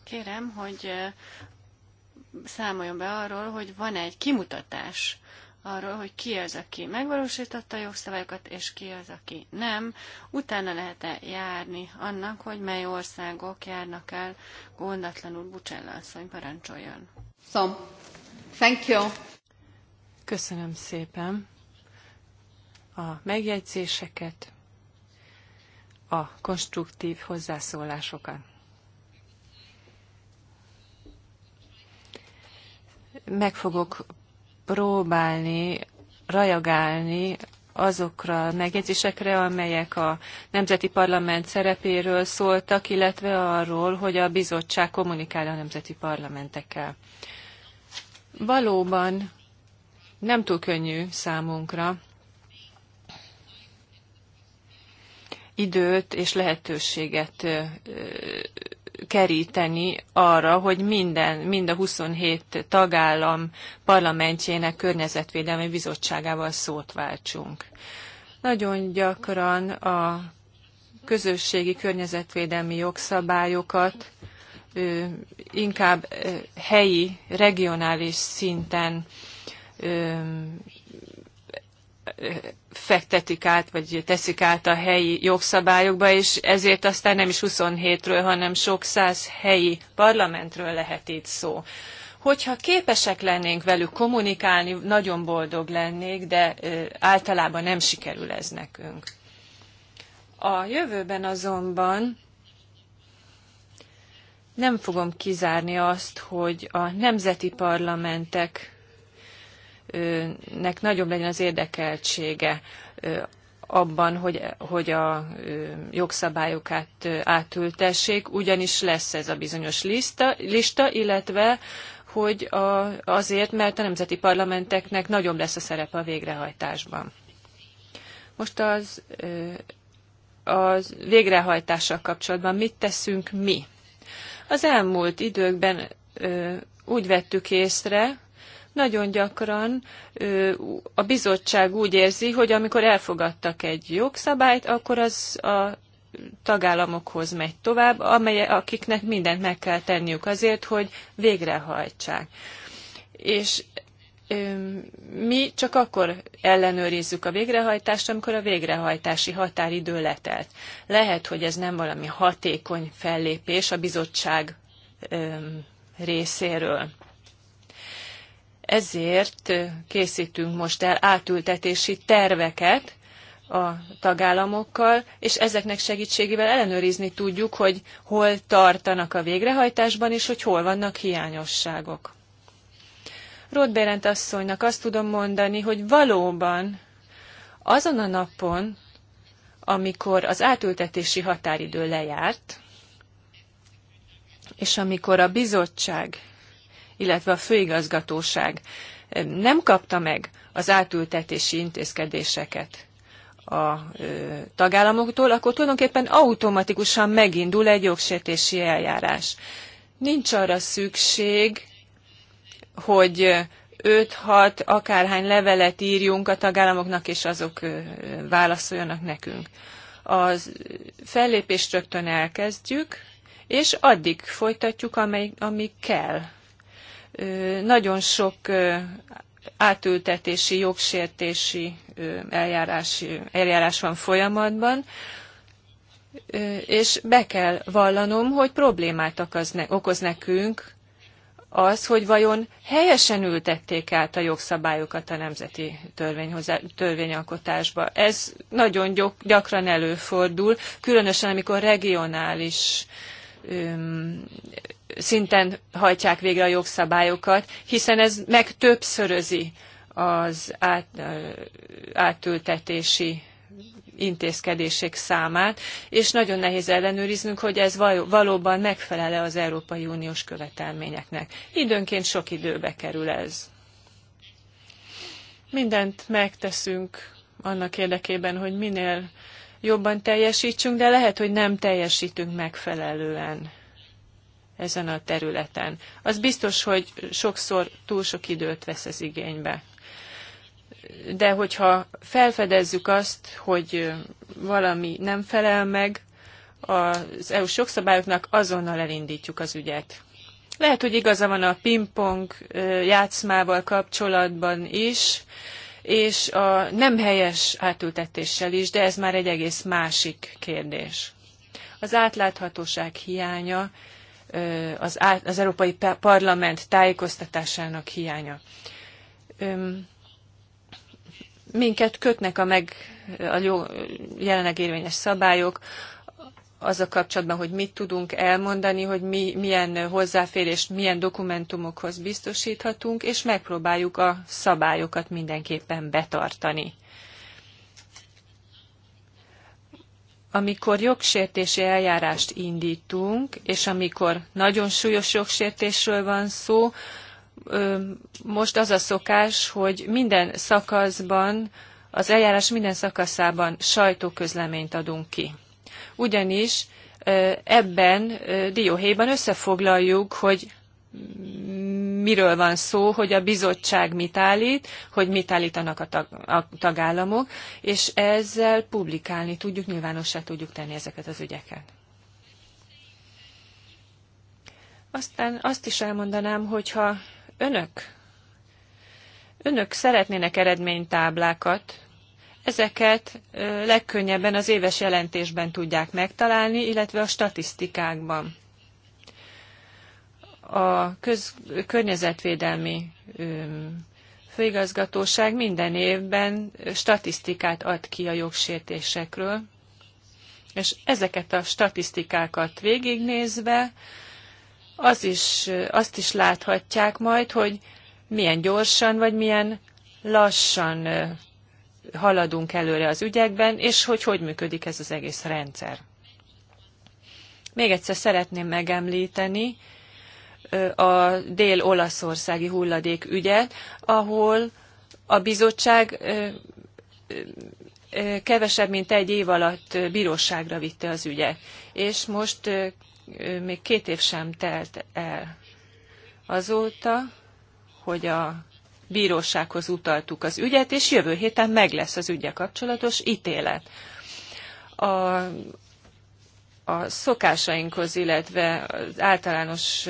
Kérem, hogy számoljon be arról, hogy van egy kimutatás arról, hogy ki az, aki megvalósította a jogszabályokat, és ki az, aki nem. Utána lehet-e járni annak, hogy mely országok járnak el gondatlanul Bucsella asszony parancsoljon. So, thank you. Köszönöm szépen a megjegyzéseket, a konstruktív hozzászólásokat. meg fogok próbálni rajagálni azokra a megjegyzésekre, amelyek a Nemzeti Parlament szerepéről szóltak, illetve arról, hogy a bizottság kommunikál a nemzeti parlamentekkel. Valóban nem túl könnyű számunkra időt és lehetőséget keríteni arra, hogy minden, mind a 27 tagállam parlamentjének környezetvédelmi bizottságával szót váltsunk. Nagyon gyakran a közösségi környezetvédelmi jogszabályokat inkább helyi, regionális szinten fektetik át, vagy teszik át a helyi jogszabályokba, és ezért aztán nem is 27-ről, hanem sok száz helyi parlamentről lehet itt szó. Hogyha képesek lennénk velük kommunikálni, nagyon boldog lennék, de általában nem sikerül ez nekünk. A jövőben azonban nem fogom kizárni azt, hogy a nemzeti parlamentek nek nagyobb legyen az érdekeltsége abban, hogy, hogy a jogszabályokat átültessék, ugyanis lesz ez a bizonyos lista, lista illetve hogy a, azért, mert a nemzeti parlamenteknek nagyobb lesz a szerepe a végrehajtásban. Most az, az végrehajtással kapcsolatban mit teszünk mi? Az elmúlt időkben úgy vettük észre, nagyon gyakran a bizottság úgy érzi, hogy amikor elfogadtak egy jogszabályt, akkor az a tagállamokhoz megy tovább, amely, akiknek mindent meg kell tenniük azért, hogy végrehajtsák. És mi csak akkor ellenőrizzük a végrehajtást, amikor a végrehajtási határidő letelt. Lehet, hogy ez nem valami hatékony fellépés a bizottság részéről. Ezért készítünk most el átültetési terveket a tagállamokkal, és ezeknek segítségével ellenőrizni tudjuk, hogy hol tartanak a végrehajtásban, és hogy hol vannak hiányosságok. Rothbérent asszonynak azt tudom mondani, hogy valóban azon a napon, amikor az átültetési határidő lejárt, és amikor a bizottság illetve a főigazgatóság nem kapta meg az átültetési intézkedéseket a tagállamoktól, akkor tulajdonképpen automatikusan megindul egy jogsértési eljárás. Nincs arra szükség, hogy 5-6 akárhány levelet írjunk a tagállamoknak, és azok válaszoljanak nekünk. A fellépést rögtön elkezdjük, és addig folytatjuk, amíg kell. Nagyon sok átültetési, jogsértési eljárás, eljárás van folyamatban, és be kell vallanom, hogy problémát okoz nekünk az, hogy vajon helyesen ültették át a jogszabályokat a nemzeti törvényalkotásba. Ez nagyon gyakran előfordul, különösen amikor regionális szinten hajtják végre a jogszabályokat, hiszen ez meg többszörözi az át, átültetési intézkedések számát, és nagyon nehéz ellenőriznünk, hogy ez valóban megfelele az Európai Uniós követelményeknek. Időnként sok időbe kerül ez. Mindent megteszünk annak érdekében, hogy minél jobban teljesítsünk, de lehet, hogy nem teljesítünk megfelelően ezen a területen. Az biztos, hogy sokszor túl sok időt vesz ez igénybe. De hogyha felfedezzük azt, hogy valami nem felel meg az EU-s jogszabályoknak, azonnal elindítjuk az ügyet. Lehet, hogy igaza van a pingpong játszmával kapcsolatban is, és a nem helyes átültetéssel is, de ez már egy egész másik kérdés. Az átláthatóság hiánya az, az Európai Parlament tájékoztatásának hiánya. Minket kötnek a, meg, a jó, jelenleg érvényes szabályok, az a kapcsolatban, hogy mit tudunk elmondani, hogy mi, milyen hozzáférést, milyen dokumentumokhoz biztosíthatunk, és megpróbáljuk a szabályokat mindenképpen betartani. amikor jogsértési eljárást indítunk, és amikor nagyon súlyos jogsértésről van szó, most az a szokás, hogy minden szakaszban, az eljárás minden szakaszában sajtóközleményt adunk ki. Ugyanis ebben dióhéjban összefoglaljuk, hogy miről van szó, hogy a bizottság mit állít, hogy mit állítanak a, tag, a tagállamok, és ezzel publikálni tudjuk, nyilvánossá tudjuk tenni ezeket az ügyeket. Aztán azt is elmondanám, hogyha önök, önök szeretnének eredménytáblákat, ezeket legkönnyebben az éves jelentésben tudják megtalálni, illetve a statisztikákban a köz, környezetvédelmi főigazgatóság minden évben statisztikát ad ki a jogsértésekről, és ezeket a statisztikákat végignézve az is, azt is láthatják majd, hogy milyen gyorsan vagy milyen lassan haladunk előre az ügyekben, és hogy hogy működik ez az egész rendszer. Még egyszer szeretném megemlíteni, a dél-olaszországi hulladék ügyet, ahol a bizottság kevesebb, mint egy év alatt bíróságra vitte az ügyet. És most még két év sem telt el azóta, hogy a bírósághoz utaltuk az ügyet, és jövő héten meg lesz az ügye kapcsolatos ítélet. A, a szokásainkhoz, illetve az általános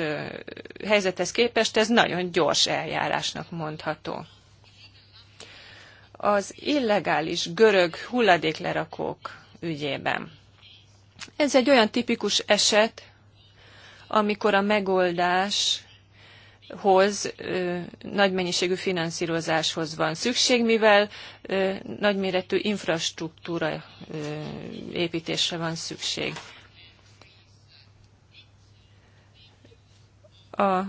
helyzethez képest ez nagyon gyors eljárásnak mondható. Az illegális görög hulladéklerakók ügyében. Ez egy olyan tipikus eset, amikor a megoldás hoz ö, nagy mennyiségű finanszírozáshoz van szükség, mivel ö, nagyméretű infrastruktúra ö, építésre van szükség. a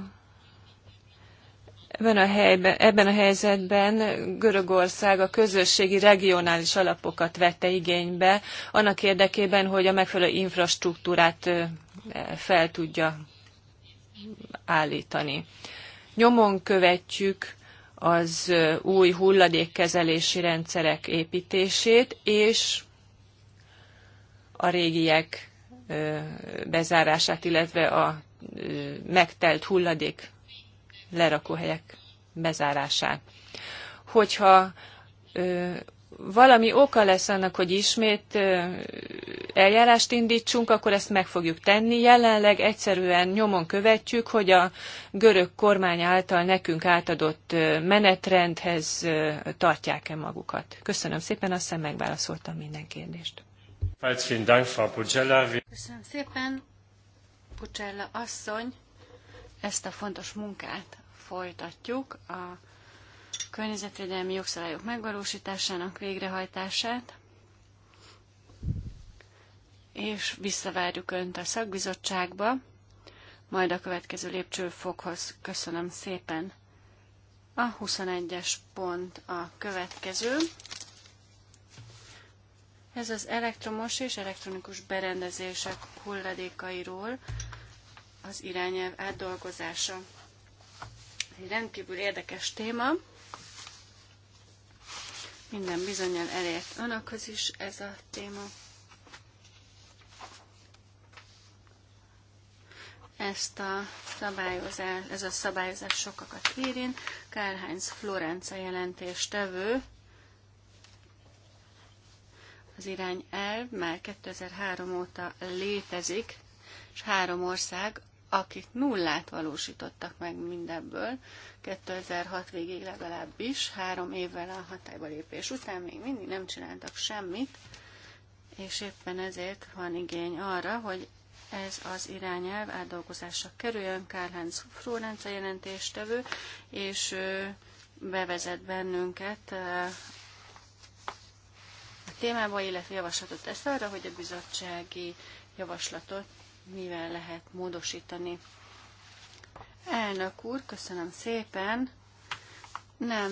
Ebben a, helyben, ebben a helyzetben Görögország a közösségi regionális alapokat vette igénybe, annak érdekében, hogy a megfelelő infrastruktúrát fel tudja állítani. Nyomon követjük az új hulladékkezelési rendszerek építését, és a régiek bezárását, illetve a megtelt hulladék lerakóhelyek bezárását. Hogyha valami oka lesz annak, hogy ismét eljárást indítsunk, akkor ezt meg fogjuk tenni. Jelenleg egyszerűen nyomon követjük, hogy a görög kormány által nekünk átadott menetrendhez tartják-e magukat. Köszönöm szépen, azt hiszem megválaszoltam minden kérdést. Köszönöm szépen. Pucella asszony, ezt a fontos munkát folytatjuk, a környezetvédelmi jogszabályok megvalósításának végrehajtását, és visszavárjuk Önt a szakbizottságba, majd a következő lépcsőfokhoz. Köszönöm szépen. A 21-es pont a következő. Ez az elektromos és elektronikus berendezések hulladékairól az irányelv átdolgozása. Egy rendkívül érdekes téma. Minden bizonyal elért önökhöz is ez a téma. Ezt a szabályozás, ez a szabályozás sokakat érint. kárhányz heinz jelentést tevő, az elv már 2003 óta létezik, és három ország akik nullát valósítottak meg mindebből, 2006 végig legalábbis, három évvel a hatályba lépés után még mindig nem csináltak semmit, és éppen ezért van igény arra, hogy ez az irányelv átdolgozásra kerüljön. Kárhánc Frórenca jelentéstevő, és ő bevezet bennünket a témába, illetve javaslatot tesz arra, hogy a bizottsági javaslatot mivel lehet módosítani. Elnök úr, köszönöm szépen. Nem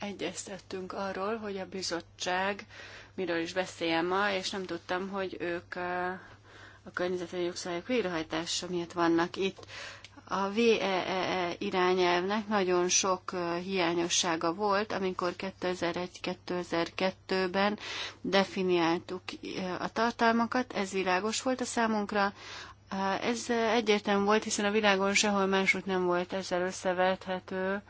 egyeztettünk arról, hogy a bizottság miről is beszél ma, és nem tudtam, hogy ők eh, a környezetvédelmi jogszabályok végrehajtása miatt vannak itt. A VEE e e irányelvnek nagyon sok hiányossága volt, amikor 2001-2002-ben definiáltuk a tartalmakat, ez világos volt a számunkra. Ez egyértelmű volt, hiszen a világon sehol máshogy nem volt ezzel összevethető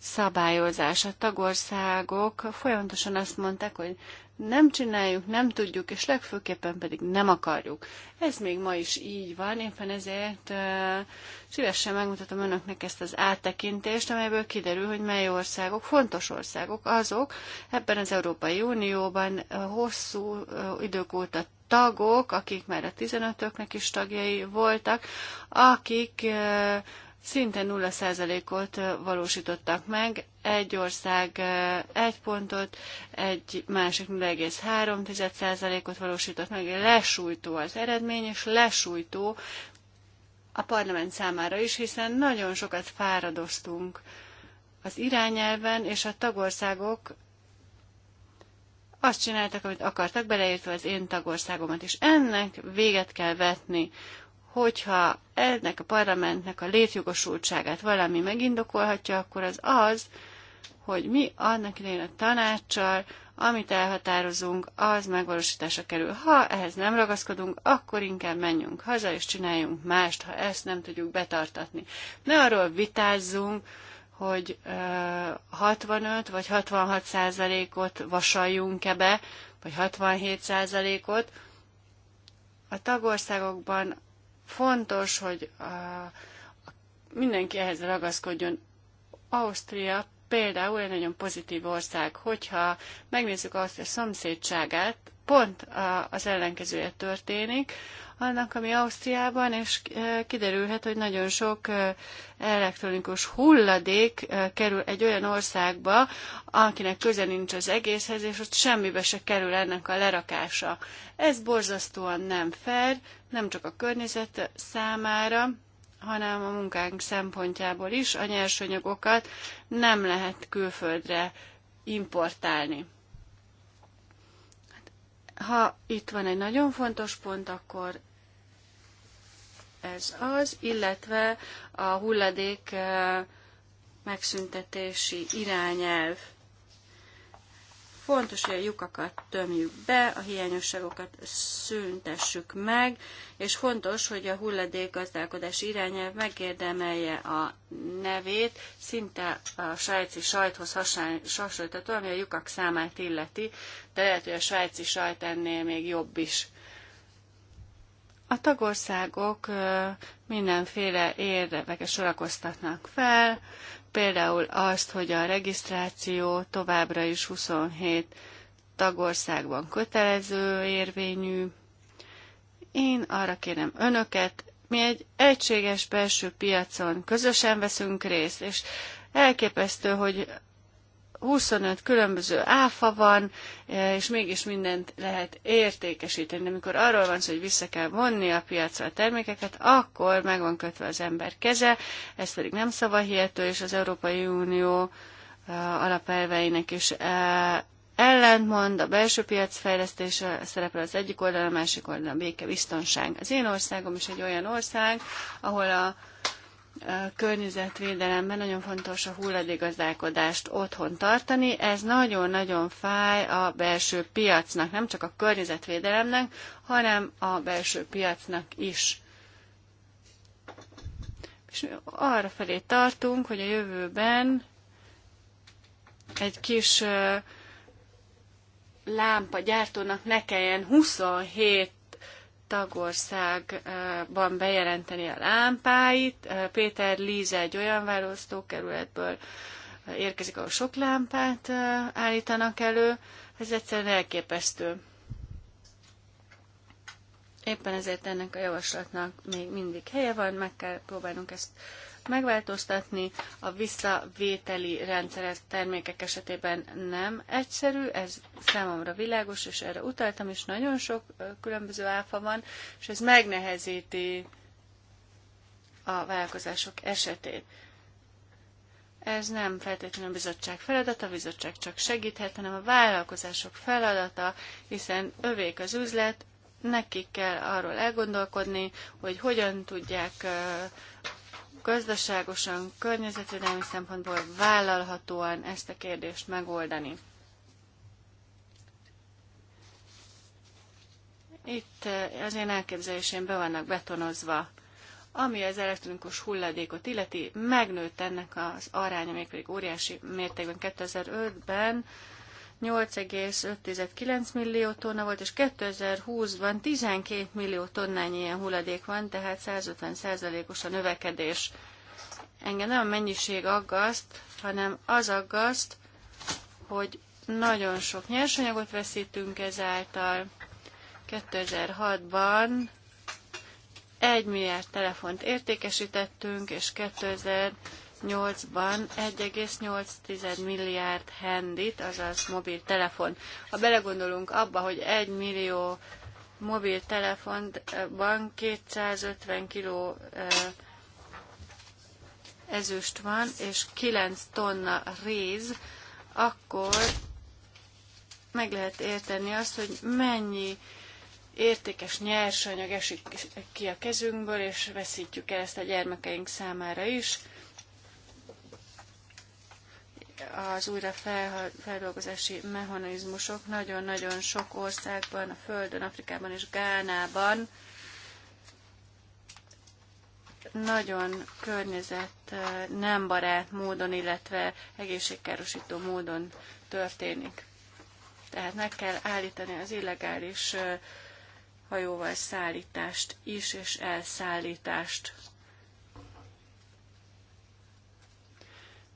szabályozás. A tagországok folyamatosan azt mondták, hogy nem csináljuk, nem tudjuk, és legfőképpen pedig nem akarjuk. Ez még ma is így van, éppen ezért uh, szívesen megmutatom önöknek ezt az áttekintést, amelyből kiderül, hogy mely országok, fontos országok azok ebben az Európai Unióban uh, hosszú uh, idők óta tagok, akik már a 15-öknek is tagjai voltak, akik uh, szinte 0%-ot valósítottak meg, egy ország egy pontot, egy másik 0,3%-ot valósított meg, lesújtó az eredmény, és lesújtó a parlament számára is, hiszen nagyon sokat fáradoztunk az irányelven, és a tagországok azt csináltak, amit akartak, beleértve az én tagországomat is. Ennek véget kell vetni hogyha ennek a parlamentnek a létjogosultságát valami megindokolhatja, akkor az az, hogy mi annak idején a tanácssal, amit elhatározunk, az megvalósításra kerül. Ha ehhez nem ragaszkodunk, akkor inkább menjünk haza, és csináljunk mást, ha ezt nem tudjuk betartatni. Ne arról vitázzunk, hogy 65 vagy 66 százalékot vasaljunk-e be, vagy 67 százalékot. A tagországokban Fontos, hogy a, mindenki ehhez ragaszkodjon. Ausztria például egy nagyon pozitív ország. Hogyha megnézzük Ausztria szomszédságát, pont az ellenkezője történik annak, ami Ausztriában, és kiderülhet, hogy nagyon sok elektronikus hulladék kerül egy olyan országba, akinek köze nincs az egészhez, és ott semmibe se kerül ennek a lerakása. Ez borzasztóan nem fair, nem csak a környezet számára, hanem a munkánk szempontjából is a nyersanyagokat nem lehet külföldre importálni. Ha itt van egy nagyon fontos pont, akkor ez az, illetve a hulladék eh, megszüntetési irányelv Fontos, hogy a lyukakat tömjük be, a hiányosságokat szüntessük meg, és fontos, hogy a gazdálkodás irányelv megérdemelje a nevét, szinte a svájci sajthoz hasonlítható, ami a lyukak számát illeti, de lehet, hogy a svájci sajt ennél még jobb is. A tagországok mindenféle érdeveket sorakoztatnak fel, például azt, hogy a regisztráció továbbra is 27 tagországban kötelező érvényű. Én arra kérem önöket, mi egy egységes belső piacon közösen veszünk részt, és elképesztő, hogy 25 különböző áfa van, e, és mégis mindent lehet értékesíteni. De amikor arról van szó, hogy vissza kell vonni a piacra a termékeket, akkor meg van kötve az ember keze, ez pedig nem hihető, és az Európai Unió e, alapelveinek is e, ellentmond, a belső piac fejlesztése szerepel az egyik oldalon, a másik oldalon a béke, biztonság. Az én országom is egy olyan ország, ahol a környezetvédelemben nagyon fontos a hulladékgazdálkodást otthon tartani. Ez nagyon-nagyon fáj a belső piacnak, nem csak a környezetvédelemnek, hanem a belső piacnak is. És arra felé tartunk, hogy a jövőben egy kis lámpagyártónak ne kelljen 27 tagországban bejelenteni a lámpáit. Péter Líze egy olyan választókerületből érkezik, ahol sok lámpát állítanak elő. Ez egyszerűen elképesztő. Éppen ezért ennek a javaslatnak még mindig helye van, meg kell próbálnunk ezt megváltoztatni, a visszavételi rendszeres termékek esetében nem egyszerű, ez számomra világos, és erre utaltam is, nagyon sok különböző áfa van, és ez megnehezíti a vállalkozások esetét. Ez nem feltétlenül a bizottság feladata, a bizottság csak segíthet, hanem a vállalkozások feladata, hiszen övék az üzlet, nekik kell arról elgondolkodni, hogy hogyan tudják gazdaságosan, környezetvédelmi szempontból vállalhatóan ezt a kérdést megoldani. Itt eh, az én elképzelésén be vannak betonozva, ami az elektronikus hulladékot illeti, megnőtt ennek az aránya, mégpedig óriási mértékben 2005-ben 859 millió tonna volt, és 2020-ban 12 millió tonnányi ilyen hulladék van, tehát 150%-os a növekedés. Engem nem a mennyiség aggaszt, hanem az aggaszt, hogy nagyon sok nyersanyagot veszítünk ezáltal. 2006-ban 1 milliárd telefont értékesítettünk, és 2000 2008-ban 1,8 milliárd handit, azaz mobiltelefon. Ha belegondolunk abba, hogy 1 millió mobiltelefonban 250 kiló ezüst van, és 9 tonna réz, akkor meg lehet érteni azt, hogy mennyi értékes nyersanyag esik ki a kezünkből, és veszítjük el ezt a gyermekeink számára is az újra feldolgozási mechanizmusok nagyon-nagyon sok országban, a Földön, Afrikában és Gánában nagyon környezet nem barát módon, illetve egészségkárosító módon történik. Tehát meg kell állítani az illegális hajóval szállítást is, és elszállítást.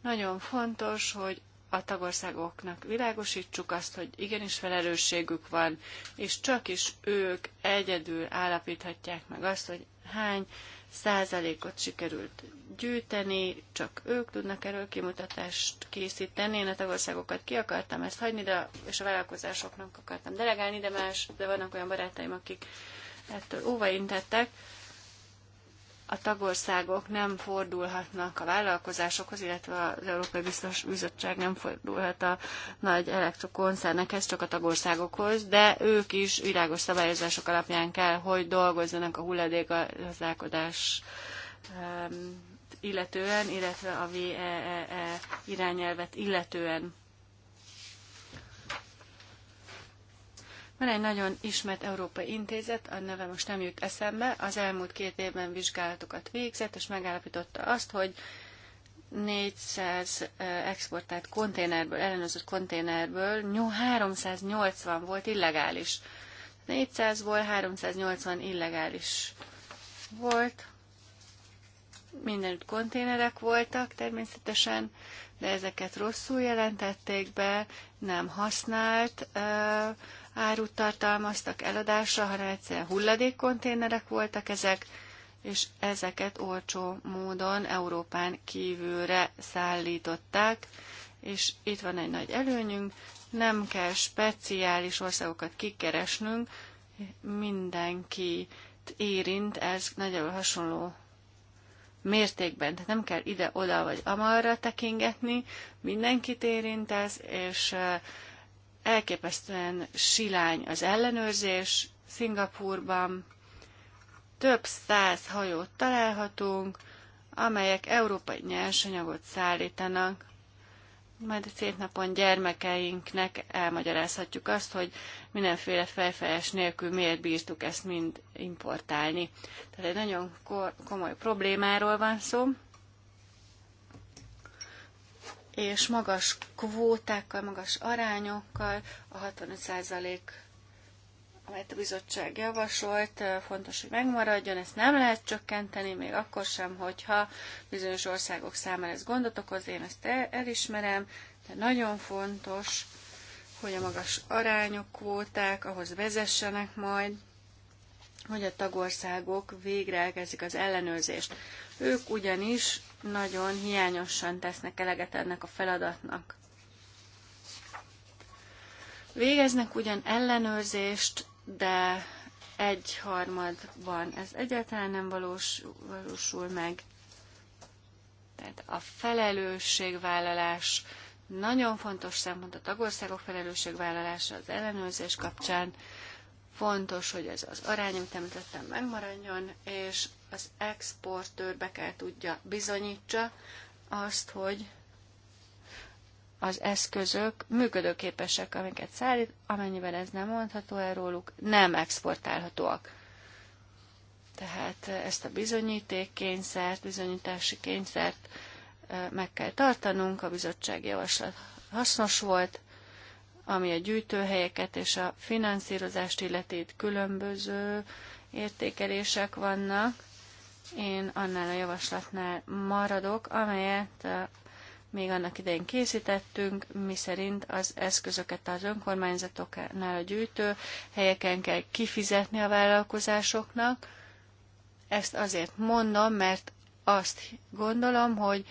Nagyon fontos, hogy a tagországoknak világosítsuk azt, hogy igenis felelősségük van, és csak is ők egyedül állapíthatják meg azt, hogy hány százalékot sikerült gyűjteni, csak ők tudnak erről kimutatást készíteni. Én a tagországokat ki akartam ezt hagyni, de, és a vállalkozásoknak akartam delegálni, de más, de vannak olyan barátaim, akik ettől óvaintettek a tagországok nem fordulhatnak a vállalkozásokhoz, illetve az Európai Biztos Bizottság nem fordulhat a nagy elektrokoncernekhez, csak a tagországokhoz, de ők is világos szabályozások alapján kell, hogy dolgozzanak a hulladékgazdálkodás illetően, illetve a VEE e e irányelvet illetően. Van egy nagyon ismert európai intézet, a neve most nem jut eszembe, az elmúlt két évben vizsgálatokat végzett, és megállapította azt, hogy 400 exportált konténerből, ellenőrzött konténerből 380 volt illegális. 400 volt 380 illegális volt. Mindenütt konténerek voltak természetesen, de ezeket rosszul jelentették be, nem használt uh, árut tartalmaztak eladásra, hanem egyszerűen hulladékkonténerek voltak ezek, és ezeket olcsó módon Európán kívülre szállították, és itt van egy nagy előnyünk, nem kell speciális országokat kikeresnünk, mindenki érint, ez nagyjából hasonló mértékben, tehát nem kell ide, oda vagy amarra tekingetni, mindenkit érint ez, és elképesztően silány az ellenőrzés. Szingapurban több száz hajót találhatunk, amelyek európai nyersanyagot szállítanak. Majd a szép napon gyermekeinknek elmagyarázhatjuk azt, hogy mindenféle fejfejes nélkül miért bírtuk ezt mind importálni. Tehát egy nagyon komoly problémáról van szó és magas kvótákkal, magas arányokkal, a 65% amelyet a bizottság javasolt, fontos, hogy megmaradjon, ezt nem lehet csökkenteni, még akkor sem, hogyha bizonyos országok számára ez gondot okoz, én ezt elismerem, de nagyon fontos, hogy a magas arányok, kvóták ahhoz vezessenek majd, hogy a tagországok végre elkezdik az ellenőrzést. Ők ugyanis nagyon hiányosan tesznek eleget ennek a feladatnak. Végeznek ugyan ellenőrzést, de egy van, ez egyáltalán nem valós, valósul meg. Tehát a felelősségvállalás nagyon fontos szempont a tagországok felelősségvállalása az ellenőrzés kapcsán. Fontos, hogy ez az arány, amit említettem, megmaradjon, és az exportőr be kell tudja, bizonyítsa azt, hogy az eszközök működőképesek, amiket szállít, amennyiben ez nem mondható el róluk, nem exportálhatóak. Tehát ezt a bizonyítékkényszert, bizonyítási kényszert meg kell tartanunk, a bizottság javaslat hasznos volt, ami a gyűjtőhelyeket és a finanszírozást illeti különböző értékelések vannak. Én annál a javaslatnál maradok, amelyet uh, még annak idején készítettünk, mi szerint az eszközöket az önkormányzatoknál a gyűjtő helyeken kell kifizetni a vállalkozásoknak. Ezt azért mondom, mert azt gondolom, hogy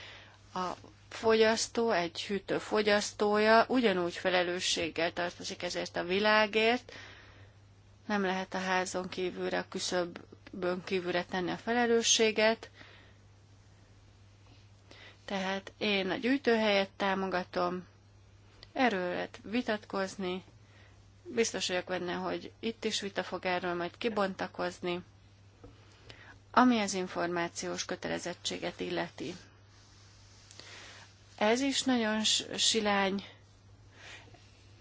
a fogyasztó, egy hűtő fogyasztója ugyanúgy felelősséggel tartozik ezért a világért, nem lehet a házon kívülre, a küszöbön kívülre tenni a felelősséget. Tehát én a gyűjtőhelyet támogatom, erről lehet vitatkozni, biztos vagyok benne, hogy itt is vita fog erről majd kibontakozni, ami az információs kötelezettséget illeti. Ez is nagyon silány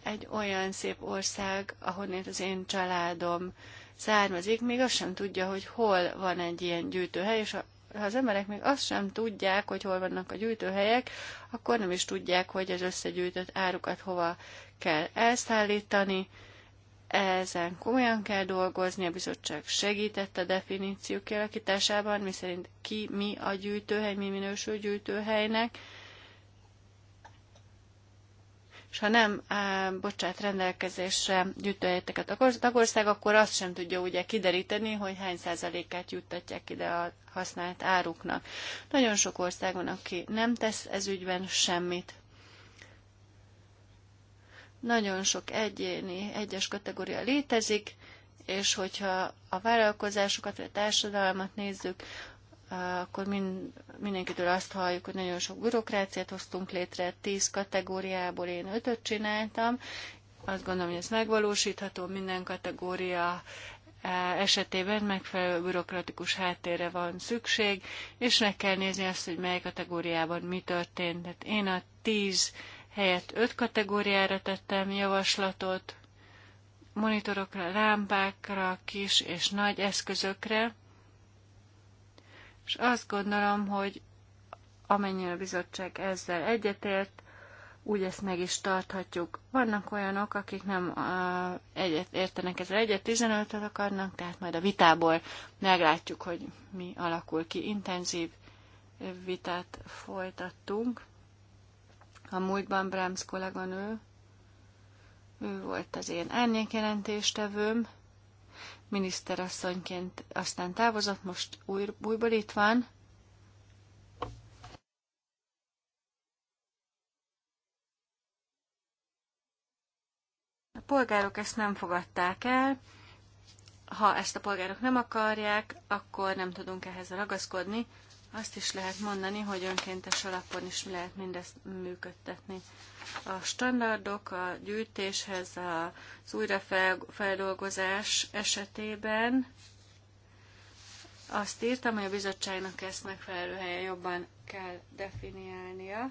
egy olyan szép ország, ahonnan az én családom származik, még azt sem tudja, hogy hol van egy ilyen gyűjtőhely, és ha az emberek még azt sem tudják, hogy hol vannak a gyűjtőhelyek, akkor nem is tudják, hogy az összegyűjtött árukat hova kell elszállítani. Ezen komolyan kell dolgozni, a bizottság segített a definíció kialakításában, miszerint ki mi a gyűjtőhely, mi minősül gyűjtőhelynek, és ha nem á, bocsát rendelkezésre gyűjtőhelyeteket a tagország, akkor azt sem tudja ugye kideríteni, hogy hány százalékát juttatják ide a használt áruknak. Nagyon sok ország van, aki nem tesz ez ügyben semmit. Nagyon sok egyéni, egyes kategória létezik, és hogyha a vállalkozásokat vagy a társadalmat nézzük, akkor mind, mindenkitől azt halljuk, hogy nagyon sok bürokráciát hoztunk létre, tíz kategóriából én ötöt csináltam. Azt gondolom, hogy ez megvalósítható, minden kategória e, esetében megfelelő bürokratikus háttérre van szükség, és meg kell nézni azt, hogy mely kategóriában mi történt. Tehát én a tíz helyett öt kategóriára tettem javaslatot, monitorokra, lámpákra, kis és nagy eszközökre, és azt gondolom, hogy amennyire a bizottság ezzel egyetért, úgy ezt meg is tarthatjuk. Vannak olyanok, akik nem uh, egyet, értenek ezzel egyet, 15 akarnak, tehát majd a vitából meglátjuk, hogy mi alakul ki. Intenzív vitát folytattunk. A múltban Brahms kolléganő, ő volt az én árnyékjelentéstevőm, miniszterasszonyként aztán távozott, most új, újból itt van. A polgárok ezt nem fogadták el. Ha ezt a polgárok nem akarják, akkor nem tudunk ehhez ragaszkodni. Azt is lehet mondani, hogy önkéntes alapon is lehet mindezt működtetni. A standardok a gyűjtéshez, az újrafeldolgozás esetében azt írtam, hogy a bizottságnak ezt megfelelő helyen jobban kell definiálnia.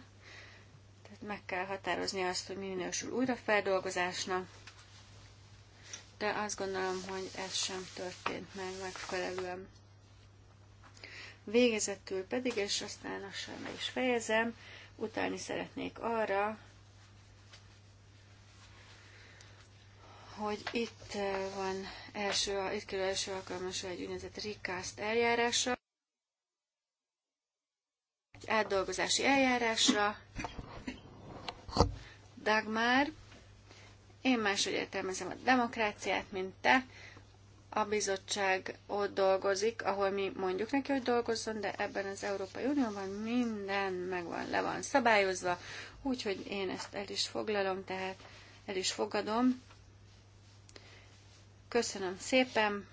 Tehát meg kell határozni azt, hogy minősül újrafeldolgozásnak, de azt gondolom, hogy ez sem történt meg megfelelően. Végezetül pedig, és aztán lassan meg is fejezem, utalni szeretnék arra, hogy itt eh, van első, itt kerül első alkalmas egy úgynevezett rikászt eljárásra, egy átdolgozási eljárásra. Dagmar, én máshogy értelmezem a demokráciát, mint te, a bizottság ott dolgozik, ahol mi mondjuk neki, hogy dolgozzon, de ebben az Európai Unióban minden megvan, le van szabályozva, úgyhogy én ezt el is foglalom, tehát el is fogadom. Köszönöm szépen!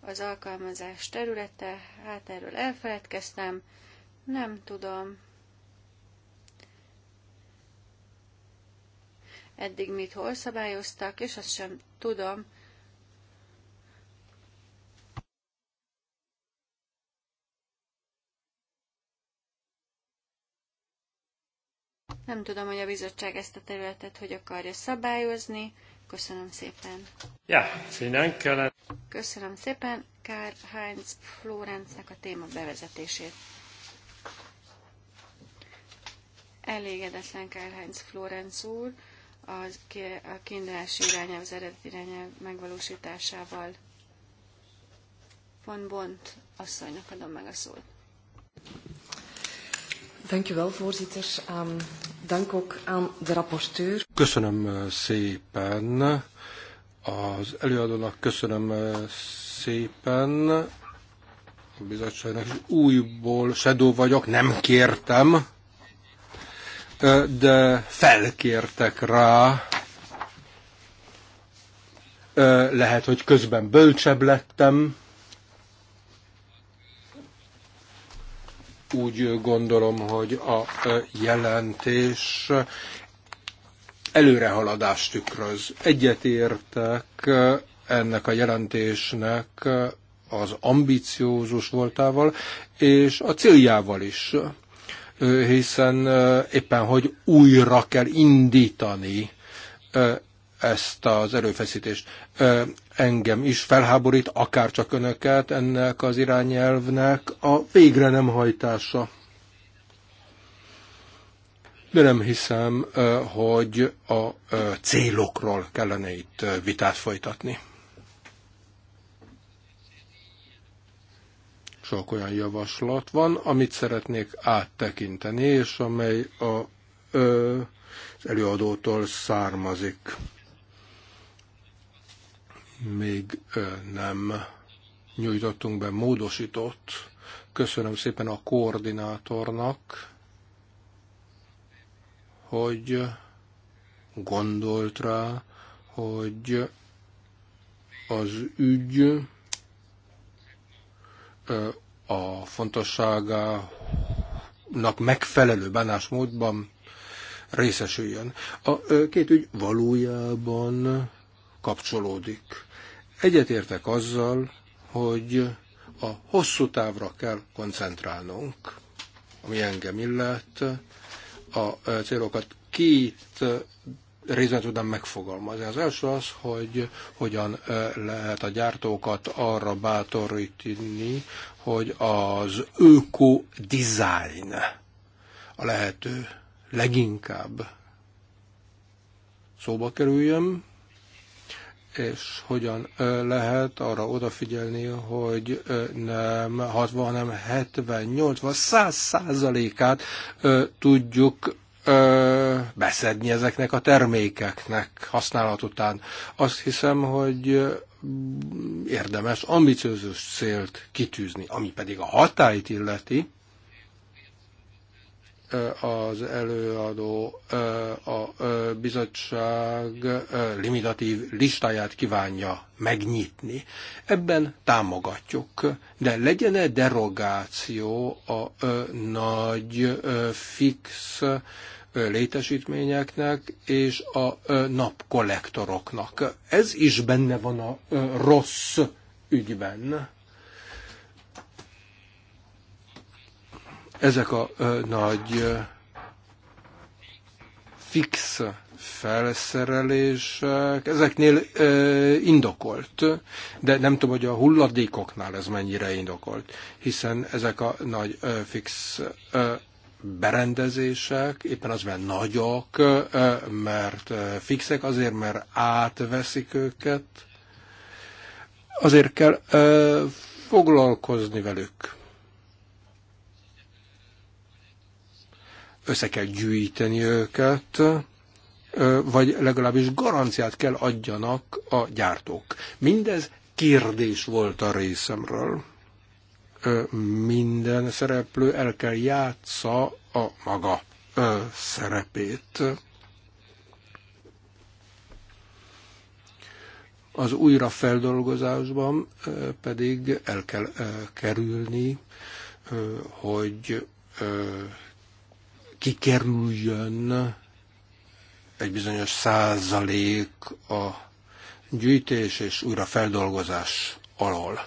Az alkalmazás területe, hát erről elfeledkeztem, nem tudom. Eddig mit hol szabályoztak, és azt sem tudom, Nem tudom, hogy a bizottság ezt a területet hogy akarja szabályozni. Köszönöm szépen. Ja, vielen Dank. Köszönöm szépen Kár Heinz Florencnek a téma bevezetését. Elégedetlen Kár Heinz Florenc úr az, a kiindulási irányelv, az eredeti irányelv megvalósításával. Van Bont asszonynak adom meg a szót. Thank you well, voorzitter. Um, Köszönöm eh, szépen az előadónak, köszönöm eh, szépen a bizottságnak, és újból sedó vagyok, nem kértem, eh, de felkértek rá. Lehet, hogy közben bölcsebb lettem, úgy gondolom, hogy a e, jelentés előrehaladást tükröz. Egyetértek e, ennek a jelentésnek az ambiciózus voltával, és a céljával is, hiszen e, éppen, hogy újra kell indítani ezt az erőfeszítést. Engem is felháborít, akár csak önöket ennek az irányelvnek a végre nem hajtása. De nem hiszem, hogy a célokról kellene itt vitát folytatni. Sok olyan javaslat van, amit szeretnék áttekinteni, és amely a, ö, az előadótól származik még nem nyújtottunk be módosított. Köszönöm szépen a koordinátornak, hogy gondolt rá, hogy az ügy a fontosságának megfelelő bánásmódban részesüljön. A két ügy valójában kapcsolódik. Egyetértek azzal, hogy a hosszú távra kell koncentrálnunk, ami engem illet, a célokat két részben tudnám megfogalmazni. Az első az, hogy hogyan lehet a gyártókat arra bátorítani, hogy az öko-design a lehető leginkább szóba kerüljön, és hogyan lehet arra odafigyelni, hogy nem 60, hanem 70, 80, 100 százalékát tudjuk beszedni ezeknek a termékeknek használat után. Azt hiszem, hogy érdemes ambiciózus célt kitűzni, ami pedig a hatályt illeti, az előadó a bizottság limitatív listáját kívánja megnyitni. Ebben támogatjuk, de legyen -e derogáció a nagy fix létesítményeknek és a napkollektoroknak. Ez is benne van a rossz ügyben Ezek a nagy fix felszerelések, ezeknél ö, indokolt, de nem tudom, hogy a hulladékoknál ez mennyire indokolt, hiszen ezek a nagy ö, fix ö, berendezések éppen az mert nagyok, ö, mert ö, fixek, azért mert átveszik őket, azért kell ö, foglalkozni velük. össze kell gyűjteni őket, vagy legalábbis garanciát kell adjanak a gyártók. Mindez kérdés volt a részemről. Minden szereplő el kell játsza a maga szerepét. Az újrafeldolgozásban pedig el kell kerülni, hogy kikerüljön egy bizonyos százalék a gyűjtés és újra feldolgozás alól.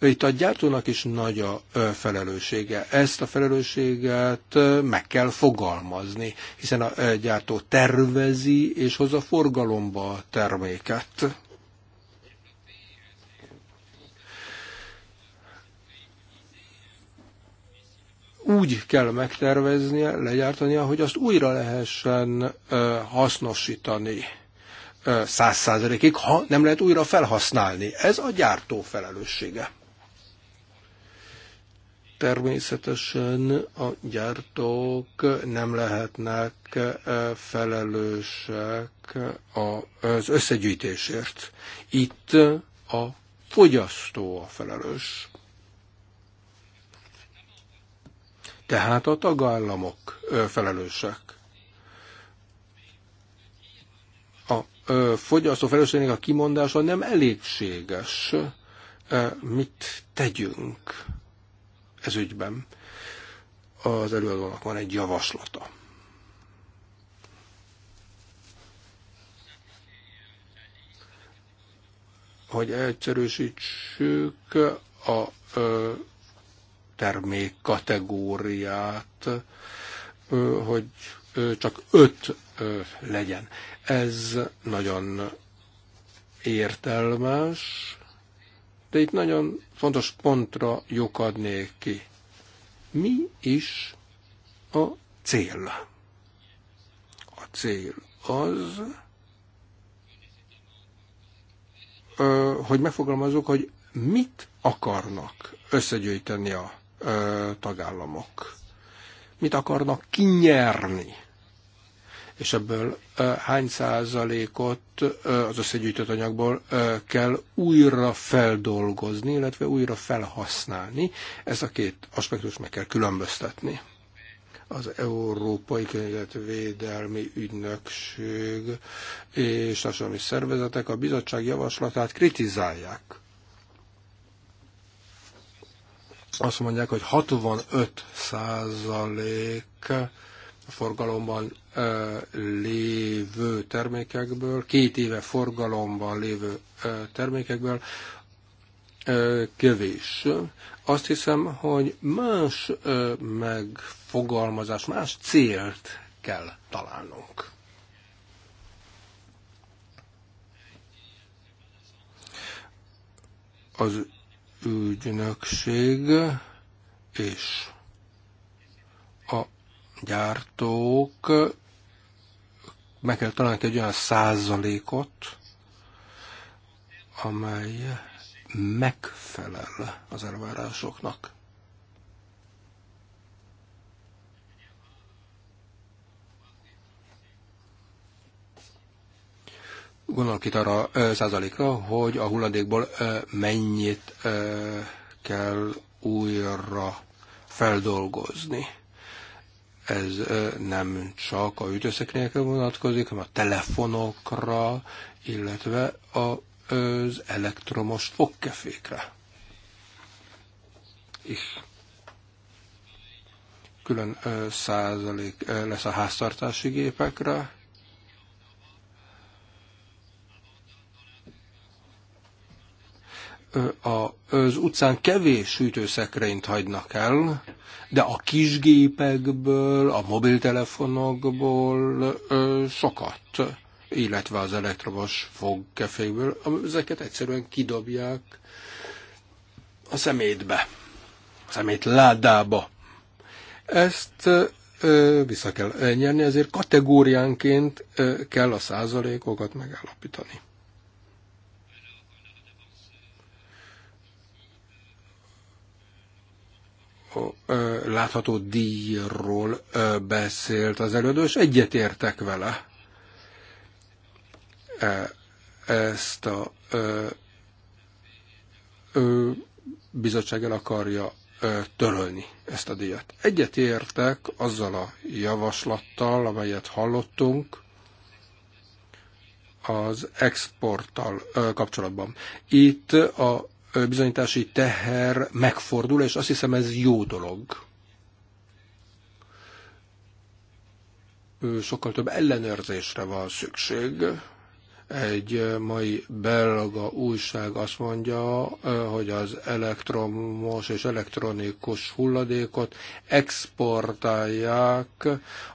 Itt a gyártónak is nagy a felelőssége. Ezt a felelősséget meg kell fogalmazni, hiszen a gyártó tervezi és hozza forgalomba a terméket úgy kell megterveznie, legyártania, hogy azt újra lehessen hasznosítani száz százalékig, ha nem lehet újra felhasználni. Ez a gyártó felelőssége. Természetesen a gyártók nem lehetnek felelősek az összegyűjtésért. Itt a fogyasztó a felelős. Tehát a tagállamok felelősek. A fogyasztó felelősségnek a kimondása nem elégséges. Mit tegyünk ez ügyben? Az előadónak van egy javaslata. Hogy egyszerűsítsük a termék kategóriát, hogy csak öt legyen. Ez nagyon értelmes, de itt nagyon fontos pontra lyukadnék ki. Mi is a cél? A cél az, hogy megfogalmazok, hogy mit akarnak összegyűjteni a tagállamok? Mit akarnak kinyerni? És ebből hány százalékot az összegyűjtött anyagból kell újra feldolgozni, illetve újra felhasználni? Ezt a két aspektust meg kell különböztetni az Európai Környezetvédelmi Ügynökség és társadalmi szervezetek a bizottság javaslatát kritizálják. azt mondják, hogy 65 százalék forgalomban lévő termékekből, két éve forgalomban lévő termékekből kevés. Azt hiszem, hogy más megfogalmazás, más célt kell találnunk. Az ügynökség és a gyártók meg kell találni egy olyan százalékot, amely megfelel az elvárásoknak. Gondolok itt arra százalékra, hogy a hulladékból mennyit kell újra feldolgozni. Ez nem csak a ütőszekrényekre vonatkozik, hanem a telefonokra, illetve a az elektromos fogkefékre És Külön százalék lesz a háztartási gépekre, az utcán kevés hűtőszekrényt hagynak el, de a kisgépekből, a mobiltelefonokból sokat, illetve az elektromos fogkefékből, ezeket egyszerűen kidobják a szemétbe, a szemét ládába. Ezt vissza kell nyerni, ezért kategóriánként kell a százalékokat megállapítani. látható díjról beszélt az előadó, és egyetértek vele e, ezt a bizottság el akarja törölni ezt a díjat. Egyetértek azzal a javaslattal, amelyet hallottunk az exporttal kapcsolatban. Itt a bizonyítási teher megfordul, és azt hiszem ez jó dolog. Sokkal több ellenőrzésre van szükség. Egy mai belga újság azt mondja, hogy az elektromos és elektronikus hulladékot exportálják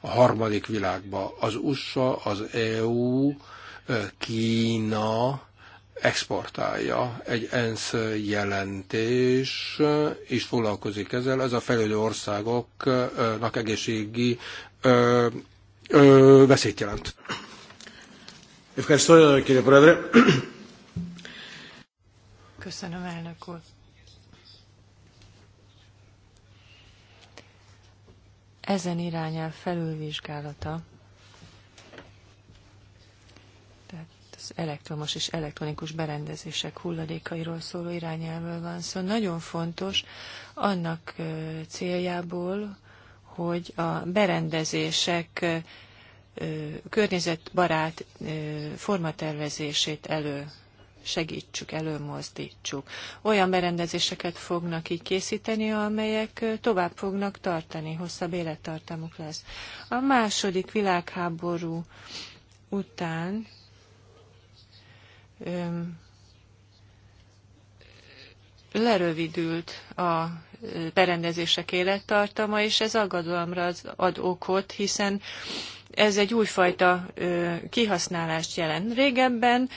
a harmadik világba. Az USA, az EU, Kína, exportálja. Egy ENSZ jelentés és foglalkozik ezzel. Ez a fejlődő országoknak egészségi ö, ö, veszélyt jelent. Köszönöm, elnök úr. Ezen irányel felülvizsgálata az elektromos és elektronikus berendezések hulladékairól szóló irányelvől van szó. Szóval nagyon fontos annak céljából, hogy a berendezések környezetbarát formatervezését elő segítsük, előmozdítsuk. Olyan berendezéseket fognak így készíteni, amelyek tovább fognak tartani, hosszabb élettartamuk lesz. A második világháború után lerövidült a berendezések élettartama, és ez aggodalomra ad okot, hiszen ez egy újfajta kihasználást jelent. Régebben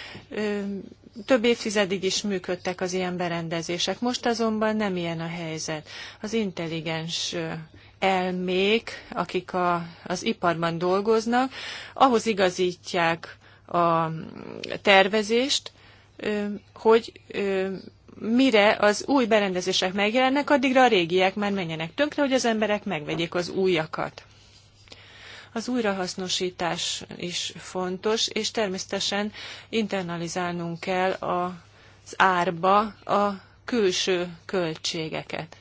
több évtizedig is működtek az ilyen berendezések, most azonban nem ilyen a helyzet. Az intelligens elmék, akik a, az iparban dolgoznak, ahhoz igazítják a tervezést, hogy mire az új berendezések megjelennek, addigra a régiek már menjenek tönkre, hogy az emberek megvegyék az újakat. Az újrahasznosítás is fontos, és természetesen internalizálnunk kell az árba a külső költségeket.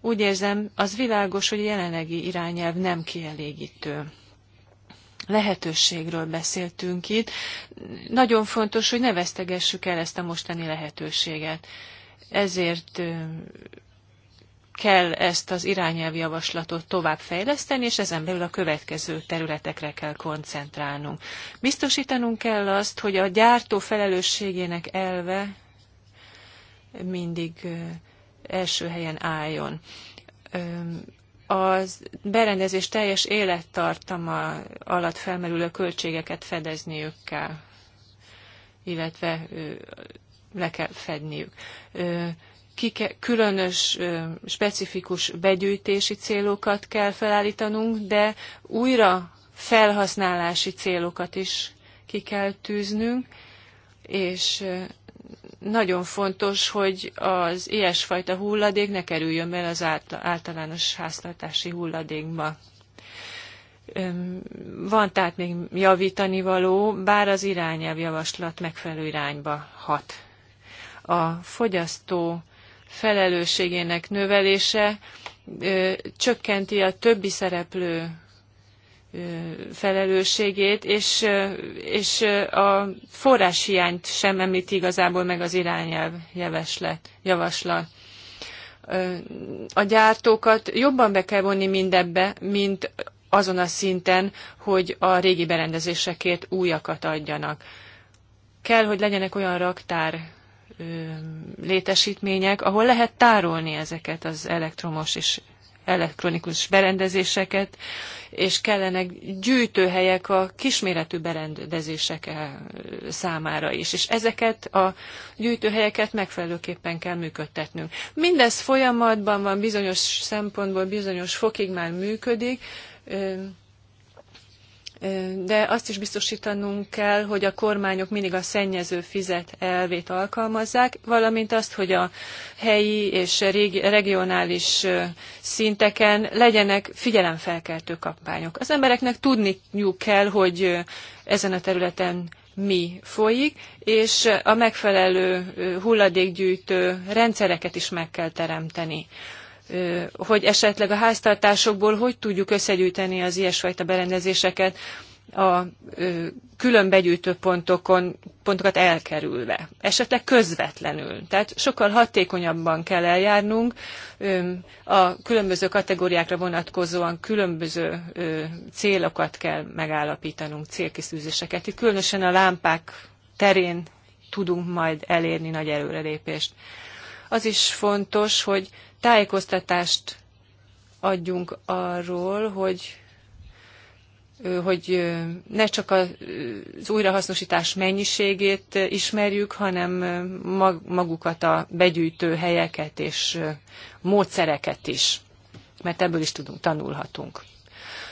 Úgy érzem, az világos, hogy a jelenlegi irányelv nem kielégítő lehetőségről beszéltünk itt. Nagyon fontos, hogy ne vesztegessük el ezt a mostani lehetőséget. Ezért kell ezt az irányelvjavaslatot tovább fejleszteni, és ezen belül a következő területekre kell koncentrálnunk. Biztosítanunk kell azt, hogy a gyártó felelősségének elve mindig első helyen álljon az berendezés teljes élettartama alatt felmerülő költségeket fedezniük kell, illetve le kell fedniük. Kike, különös, specifikus begyűjtési célokat kell felállítanunk, de újra felhasználási célokat is ki kell tűznünk, és nagyon fontos, hogy az ilyesfajta hulladék ne kerüljön bele az általános háztartási hulladékba. Van tehát még javítani való, bár az irányelv javaslat megfelelő irányba hat. A fogyasztó felelősségének növelése csökkenti a többi szereplő felelősségét, és, és a forráshiányt sem említi igazából meg az irányelv javaslat. javaslat a gyártókat jobban be kell vonni mindebbe, mint azon a szinten, hogy a régi berendezésekért újakat adjanak. Kell, hogy legyenek olyan raktár létesítmények, ahol lehet tárolni ezeket az elektromos és elektronikus berendezéseket, és kellenek gyűjtőhelyek a kisméretű berendezések eh, számára is, és ezeket a gyűjtőhelyeket megfelelőképpen kell működtetnünk. Mindez folyamatban van, bizonyos szempontból bizonyos fokig már működik, eh, de azt is biztosítanunk kell, hogy a kormányok mindig a szennyező fizet elvét alkalmazzák, valamint azt, hogy a helyi és regionális szinteken legyenek figyelemfelkeltő kampányok. Az embereknek tudniuk kell, hogy ezen a területen mi folyik, és a megfelelő hulladékgyűjtő rendszereket is meg kell teremteni hogy esetleg a háztartásokból hogy tudjuk összegyűjteni az ilyesfajta berendezéseket a külön begyűjtő pontokat elkerülve, esetleg közvetlenül. Tehát sokkal hatékonyabban kell eljárnunk a különböző kategóriákra vonatkozóan különböző célokat kell megállapítanunk, célkiszűzéseket. Itt különösen a lámpák terén tudunk majd elérni nagy előrelépést. Az is fontos, hogy tájékoztatást adjunk arról, hogy hogy ne csak az újrahasznosítás mennyiségét ismerjük, hanem magukat a begyűjtő helyeket és módszereket is, mert ebből is tudunk, tanulhatunk.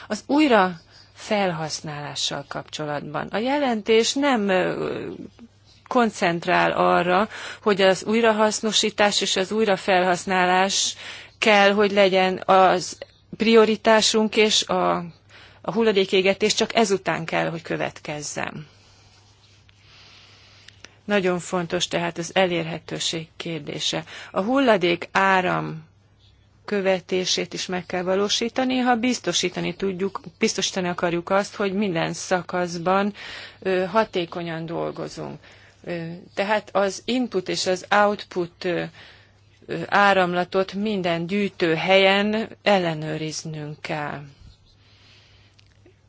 Az újra felhasználással kapcsolatban. A jelentés nem koncentrál arra, hogy az újrahasznosítás és az újrafelhasználás kell, hogy legyen az prioritásunk, és a, a hulladékégetés csak ezután kell, hogy következzem. Nagyon fontos tehát az elérhetőség kérdése. A hulladék áram követését is meg kell valósítani, ha biztosítani tudjuk, biztosítani akarjuk azt, hogy minden szakaszban hatékonyan dolgozunk. Tehát az input és az output áramlatot minden gyűjtő helyen ellenőriznünk kell.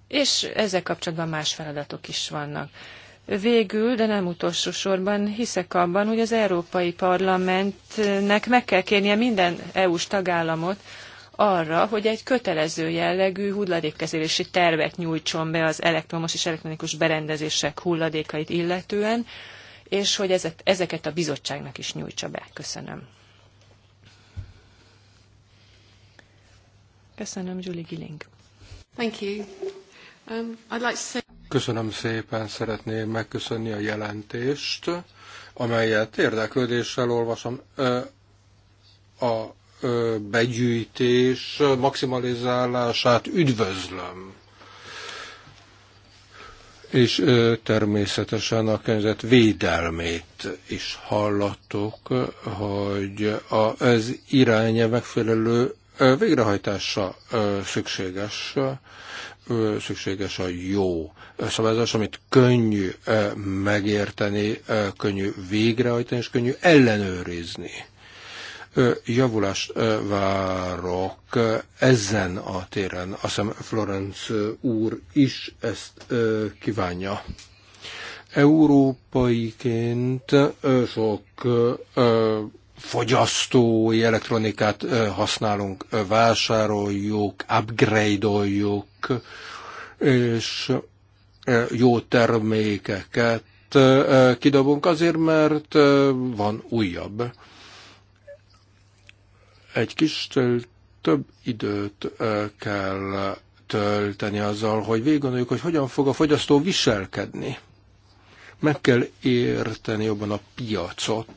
És ezzel kapcsolatban más feladatok is vannak. Végül, de nem utolsó sorban hiszek abban, hogy az Európai Parlamentnek meg kell kérnie minden EU-s tagállamot arra, hogy egy kötelező jellegű hulladékkezelési tervet nyújtson be az elektromos és elektronikus berendezések hulladékait illetően, és hogy ezeket a bizottságnak is nyújtsa be. Köszönöm. Köszönöm, Julie Gilling. Thank you. Um, I'd like to say... Köszönöm szépen, szeretném megköszönni a jelentést, amelyet érdeklődéssel olvasom. A begyűjtés maximalizálását üdvözlöm és természetesen a környezet védelmét is hallottuk, hogy az irányja megfelelő végrehajtása szükséges, szükséges a jó szabályozás, amit könnyű megérteni, könnyű végrehajtani és könnyű ellenőrizni Javulást várok ezen a téren. Azt hiszem Florence úr is ezt kívánja. Európaiként sok fogyasztói elektronikát használunk, vásároljuk, upgrade-oljuk, és jó termékeket kidobunk azért, mert van újabb egy kis több időt kell tölteni azzal, hogy végiggondoljuk, hogy hogyan fog a fogyasztó viselkedni. Meg kell érteni jobban a piacot,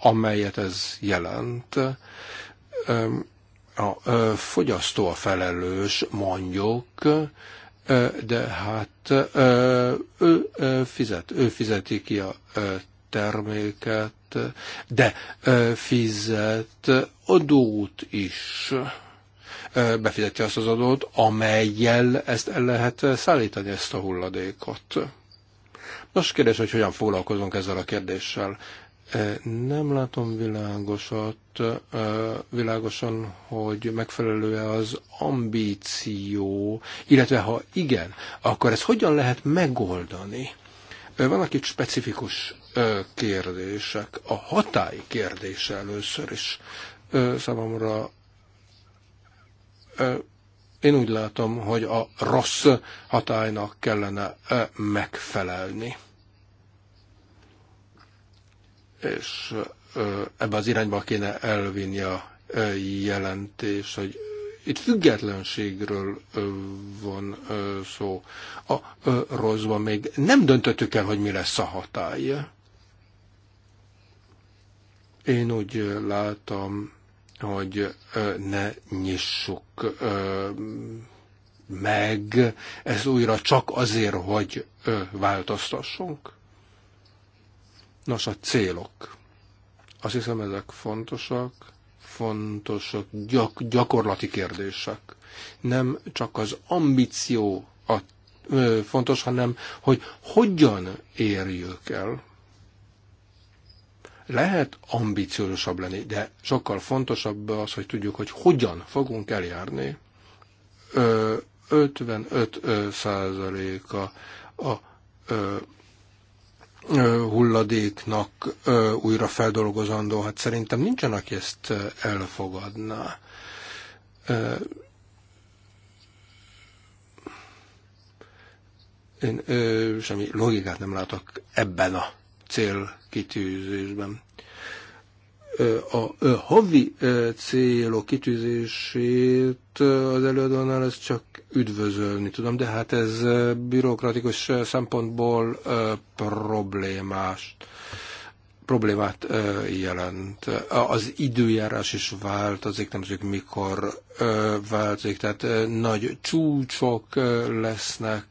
amelyet ez jelent. A fogyasztó a felelős, mondjuk, de hát ő fizet, ő fizeti ki a terméket, de fizet adót is. Befizeti azt az adót, amelyel ezt el lehet szállítani, ezt a hulladékot. Nos, kérdés, hogy hogyan foglalkozunk ezzel a kérdéssel. Nem látom világosat, világosan, hogy megfelelő-e az ambíció, illetve ha igen, akkor ezt hogyan lehet megoldani? Vannak itt specifikus kérdések. A hatály kérdése először is számomra én úgy látom, hogy a rossz hatálynak kellene megfelelni. És ebbe az irányba kéne elvinni a jelentés, hogy itt függetlenségről van szó. A rosszban még nem döntöttük el, hogy mi lesz a hatály. Én úgy látom, hogy ne nyissuk meg Ez újra csak azért, hogy változtassunk. Nos, a célok. Azt hiszem, ezek fontosak, fontosak, gyak, gyakorlati kérdések. Nem csak az ambíció a, ö, fontos, hanem hogy hogyan érjük el lehet ambiciózusabb lenni, de sokkal fontosabb az, hogy tudjuk, hogy hogyan fogunk eljárni. 55 százaléka a hulladéknak újra feldolgozandó, hát szerintem nincsen, aki ezt elfogadná. Én semmi logikát nem látok ebben a célkitűzésben. A havi célok kitűzését az előadónál ezt csak üdvözölni tudom, de hát ez bürokratikus szempontból problémás problémát jelent. Az időjárás is változik, nem tudjuk mikor változik, tehát nagy csúcsok lesznek,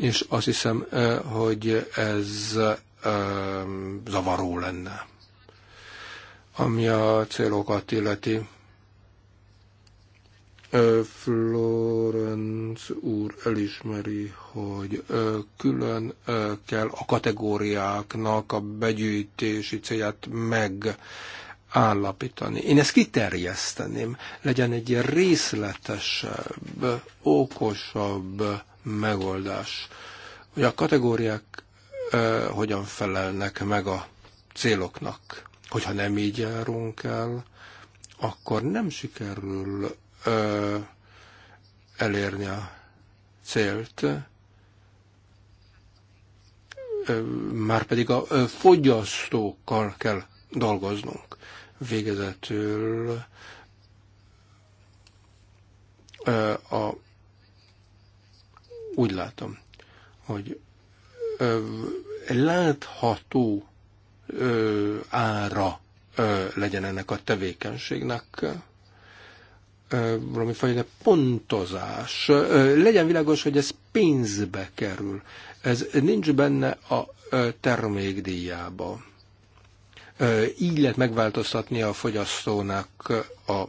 és azt hiszem, eh, hogy ez eh, zavaró lenne. Ami a célokat illeti, eh, Florence úr elismeri, hogy külön kell a kategóriáknak a begyűjtési célját megállapítani. Én ezt kiterjeszteném, legyen egy részletesebb, okosabb megoldás, hogy a kategóriák e, hogyan felelnek meg a céloknak. Hogyha nem így járunk el, akkor nem sikerül e, elérni a célt, már pedig a fogyasztókkal kell dolgoznunk. Végezetül a úgy látom, hogy látható ára legyen ennek a tevékenységnek, valami fajta pontozás. Legyen világos, hogy ez pénzbe kerül. Ez nincs benne a termékdíjába. Így lehet megváltoztatni a fogyasztónak a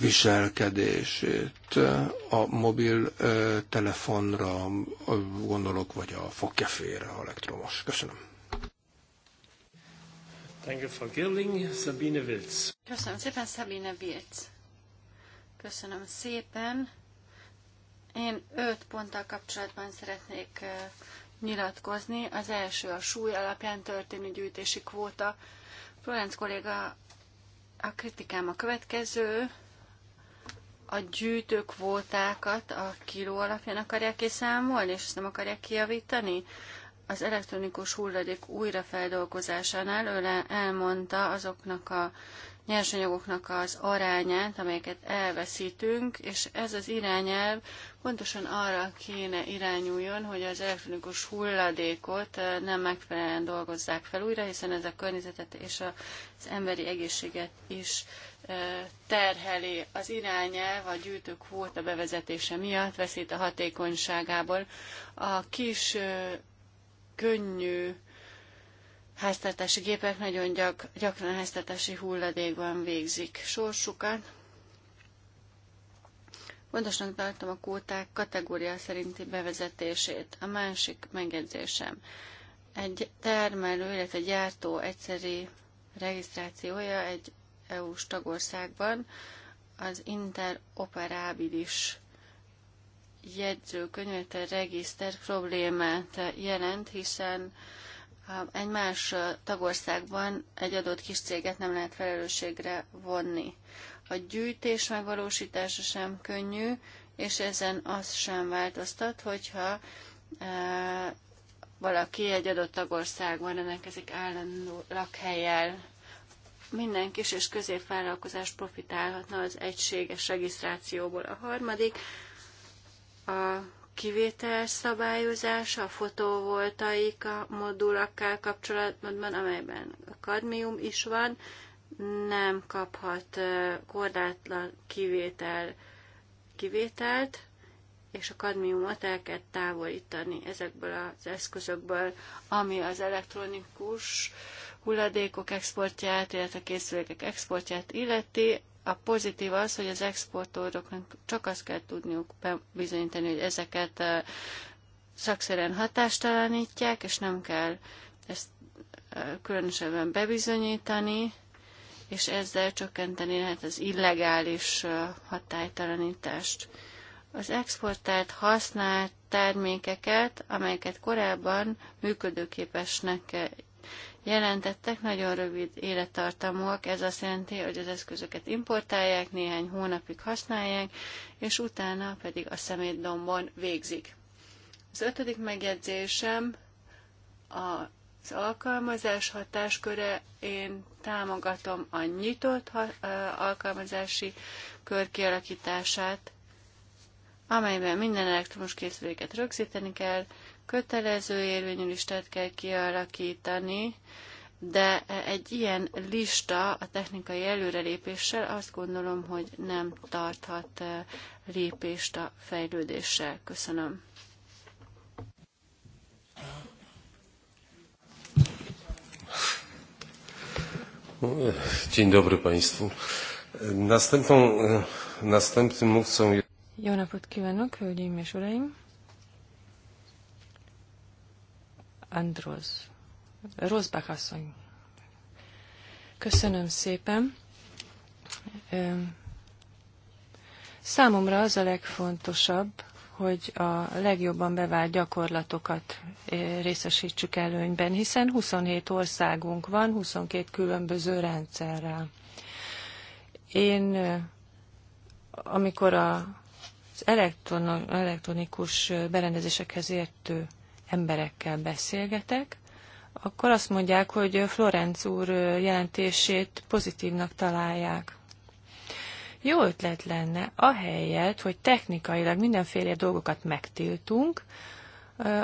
viselkedését a mobil telefonra gondolok, vagy a fogkefére, a elektromos. Köszönöm. you for giving, Sabine Wilz. Köszönöm szépen, Sabine Wilz. Köszönöm szépen. Én öt ponttal kapcsolatban szeretnék nyilatkozni. Az első a súly alapján történő gyűjtési kvóta. Florenc kolléga, a kritikám a következő a gyűjtőkvótákat a kiló alapján akarják kiszámolni, és ezt nem akarják kijavítani? Az elektronikus hulladék újrafeldolgozásánál ő elmondta azoknak a nyersanyagoknak az arányát, amelyeket elveszítünk, és ez az irányelv pontosan arra kéne irányuljon, hogy az elektronikus hulladékot eh, nem megfelelően dolgozzák fel újra, hiszen ez a környezetet és az emberi egészséget is eh, terheli. Az irányelv a bevezetése miatt veszít a hatékonyságából. A kis, eh, könnyű háztartási gépek nagyon gyak, gyakran háztartási hulladékban végzik sorsukat, Fontosnak tartom a kóták kategória szerinti bevezetését. A másik megjegyzésem. Egy termelő, illetve gyártó egyszeri regisztrációja egy EU-s tagországban az interoperábilis jegyzőkönyvet, regiszter problémát jelent, hiszen egy más tagországban egy adott kis céget nem lehet felelősségre vonni a gyűjtés megvalósítása sem könnyű, és ezen az sem változtat, hogyha e, valaki egy adott tagországban rendelkezik állandó lakhelyel. Minden kis és középvállalkozás profitálhatna az egységes regisztrációból. A harmadik a kivétel szabályozása a fotovoltaika modulakkal kapcsolatban, amelyben a kadmium is van, nem kaphat korlátlan kivétel, kivételt, és a kadmiumot el kell távolítani ezekből az eszközökből, ami az elektronikus hulladékok exportját, illetve készülékek exportját illeti. A pozitív az, hogy az exportőröknek csak azt kell tudniuk bizonyítani, hogy ezeket szakszerűen hatástalanítják, és nem kell ezt különösebben bebizonyítani, és ezzel csökkenteni lehet az illegális hatálytalanítást. Az exportált használt termékeket, amelyeket korábban működőképesnek jelentettek, nagyon rövid élettartamúak, ez azt jelenti, hogy az eszközöket importálják, néhány hónapig használják, és utána pedig a szemétdombon végzik. Az ötödik megjegyzésem a az alkalmazás hatásköre, én támogatom a nyitott alkalmazási kör kialakítását, amelyben minden elektromos készüléket rögzíteni kell, kötelező érvényű listát kell kialakítani, de egy ilyen lista a technikai előrelépéssel azt gondolom, hogy nem tarthat lépést a fejlődéssel. Köszönöm. Dzień dobry Państwu. Następną, następnym mówcą... jest... Jó napot kívánok, hölgyeim és uraim! Androz. Rosbach asszony. Köszönöm szépen. Számomra az a legfontosabb, hogy a legjobban bevált gyakorlatokat eh, részesítsük előnyben, hiszen 27 országunk van, 22 különböző rendszerrel. Én, eh, amikor az elektronikus eh, berendezésekhez értő emberekkel beszélgetek, akkor azt mondják, hogy Florenc úr jelentését pozitívnak találják. Jó ötlet lenne, a helyet, hogy technikailag mindenféle dolgokat megtiltunk,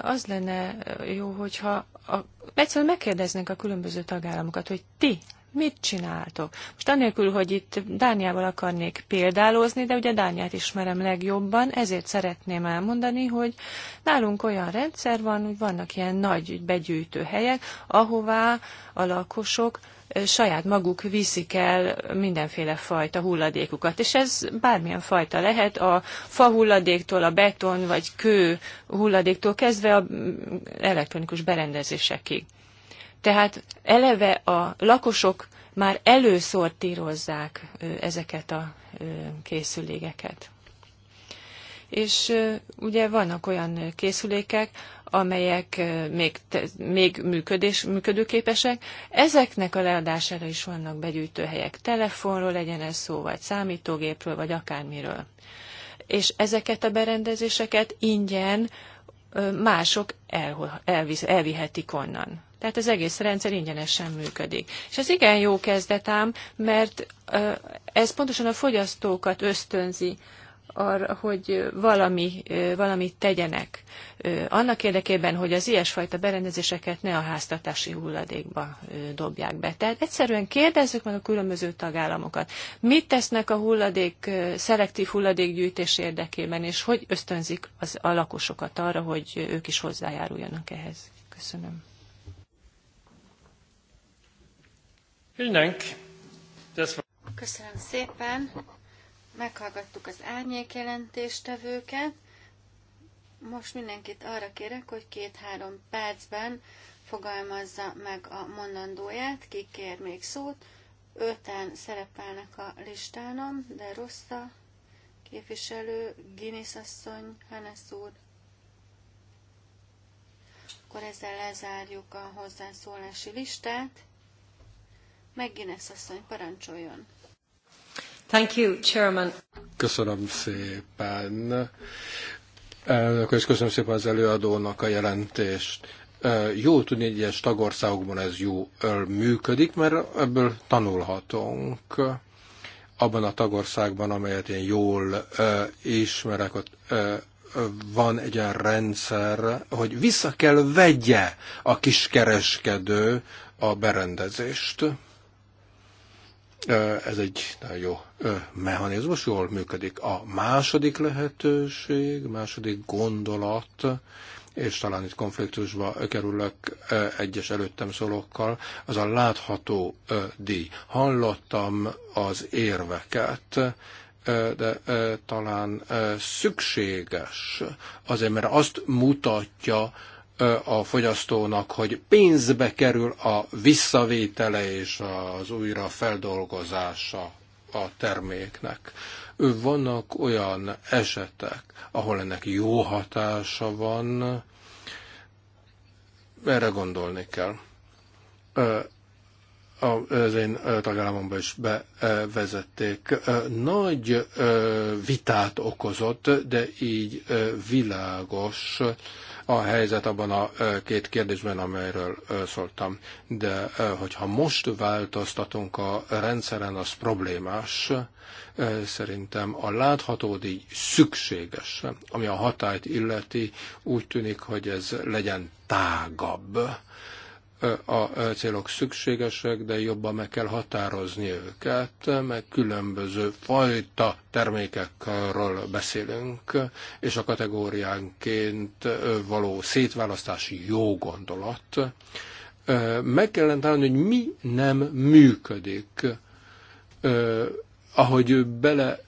az lenne jó, hogyha a, egyszerűen megkérdeznénk a különböző tagállamokat, hogy ti mit csináltok? Most anélkül, hogy itt Dániával akarnék példálozni, de ugye Dániát ismerem legjobban, ezért szeretném elmondani, hogy nálunk olyan rendszer van, hogy vannak ilyen nagy begyűjtő helyek, ahová a lakosok eh, saját maguk viszik el mindenféle fajta hulladékukat, és ez bármilyen fajta lehet, a fa hulladéktól, a beton vagy kő hulladéktól kezdve a mm, elektronikus berendezésekig. Tehát eleve a lakosok már előszortírozzák ezeket a készülékeket. És ugye vannak olyan készülékek, amelyek még, még működés, működőképesek. Ezeknek a leadására is vannak begyűjtőhelyek. Telefonról legyen ez szó, vagy számítógépről, vagy akármiről. És ezeket a berendezéseket ingyen mások elvihetik onnan. Tehát az egész rendszer ingyenesen működik. És ez igen jó kezdetám, mert ez pontosan a fogyasztókat ösztönzi arra, hogy valami, valamit tegyenek. Annak érdekében, hogy az ilyesfajta berendezéseket ne a háztartási hulladékba dobják be. Tehát egyszerűen kérdezzük meg a különböző tagállamokat. Mit tesznek a hulladék, szelektív hulladékgyűjtés érdekében, és hogy ösztönzik az, a lakosokat arra, hogy ők is hozzájáruljanak ehhez. Köszönöm. Köszönöm szépen. Meghallgattuk az árnyék jelentéstevőket. Most mindenkit arra kérek, hogy két-három percben fogalmazza meg a mondandóját, ki kér még szót. Öten szerepelnek a listánom, de Rossza, képviselő, Guinness asszony, Hannes úr. Akkor ezzel lezárjuk a hozzászólási listát. McGuinness asszony, parancsoljon. Thank you, Chairman. Köszönöm szépen. Elnök, és köszönöm szépen az előadónak a jelentést. Jó tudni, hogy egyes tagországokban ez jó működik, mert ebből tanulhatunk. Abban a tagországban, amelyet én jól ismerek, ott van egy olyan rendszer, hogy vissza kell vegye a kiskereskedő a berendezést ez egy nagyon jó mechanizmus, jól működik. A második lehetőség, második gondolat, és talán itt konfliktusba kerülök egyes előttem szólókkal, az a látható díj. Hallottam az érveket, de talán szükséges, azért mert azt mutatja, a fogyasztónak, hogy pénzbe kerül a visszavétele és az újrafeldolgozása a terméknek. Vannak olyan esetek, ahol ennek jó hatása van, erre gondolni kell. Az én tagállamomban is bevezették. Nagy vitát okozott, de így világos, a helyzet abban a két kérdésben, amelyről szóltam. De hogyha most változtatunk a rendszeren, az problémás. Szerintem a látható díj szükséges, ami a hatályt illeti, úgy tűnik, hogy ez legyen tágabb a célok szükségesek, de jobban meg kell határozni őket, meg különböző fajta termékekről beszélünk, és a kategóriánként való szétválasztási jó gondolat. Meg kellene találni, hogy mi nem működik, ahogy bele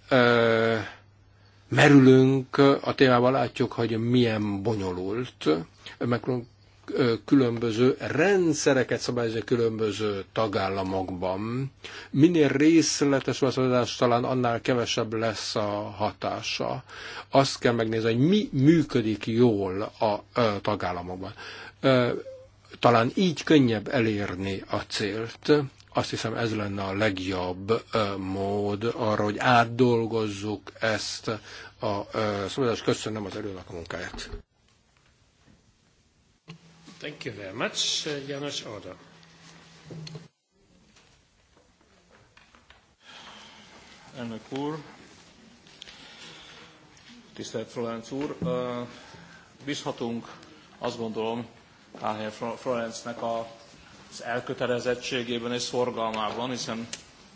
merülünk a témába, látjuk, hogy milyen bonyolult, meg különböző rendszereket szabályozni különböző tagállamokban. Minél részletes adás talán annál kevesebb lesz a hatása. Azt kell megnézni, hogy mi működik jól a tagállamokban. Talán így könnyebb elérni a célt azt hiszem ez lenne a legjobb mód arra, hogy átdolgozzuk ezt a szabályozást. Köszönöm az erőnek a munkáját. Thank you very much, uh, Janos Order. Elnök úr, tisztelt Florenc úr, bízhatunk azt gondolom Áhely Florencnek az elkötelezettségében és szorgalmában, hiszen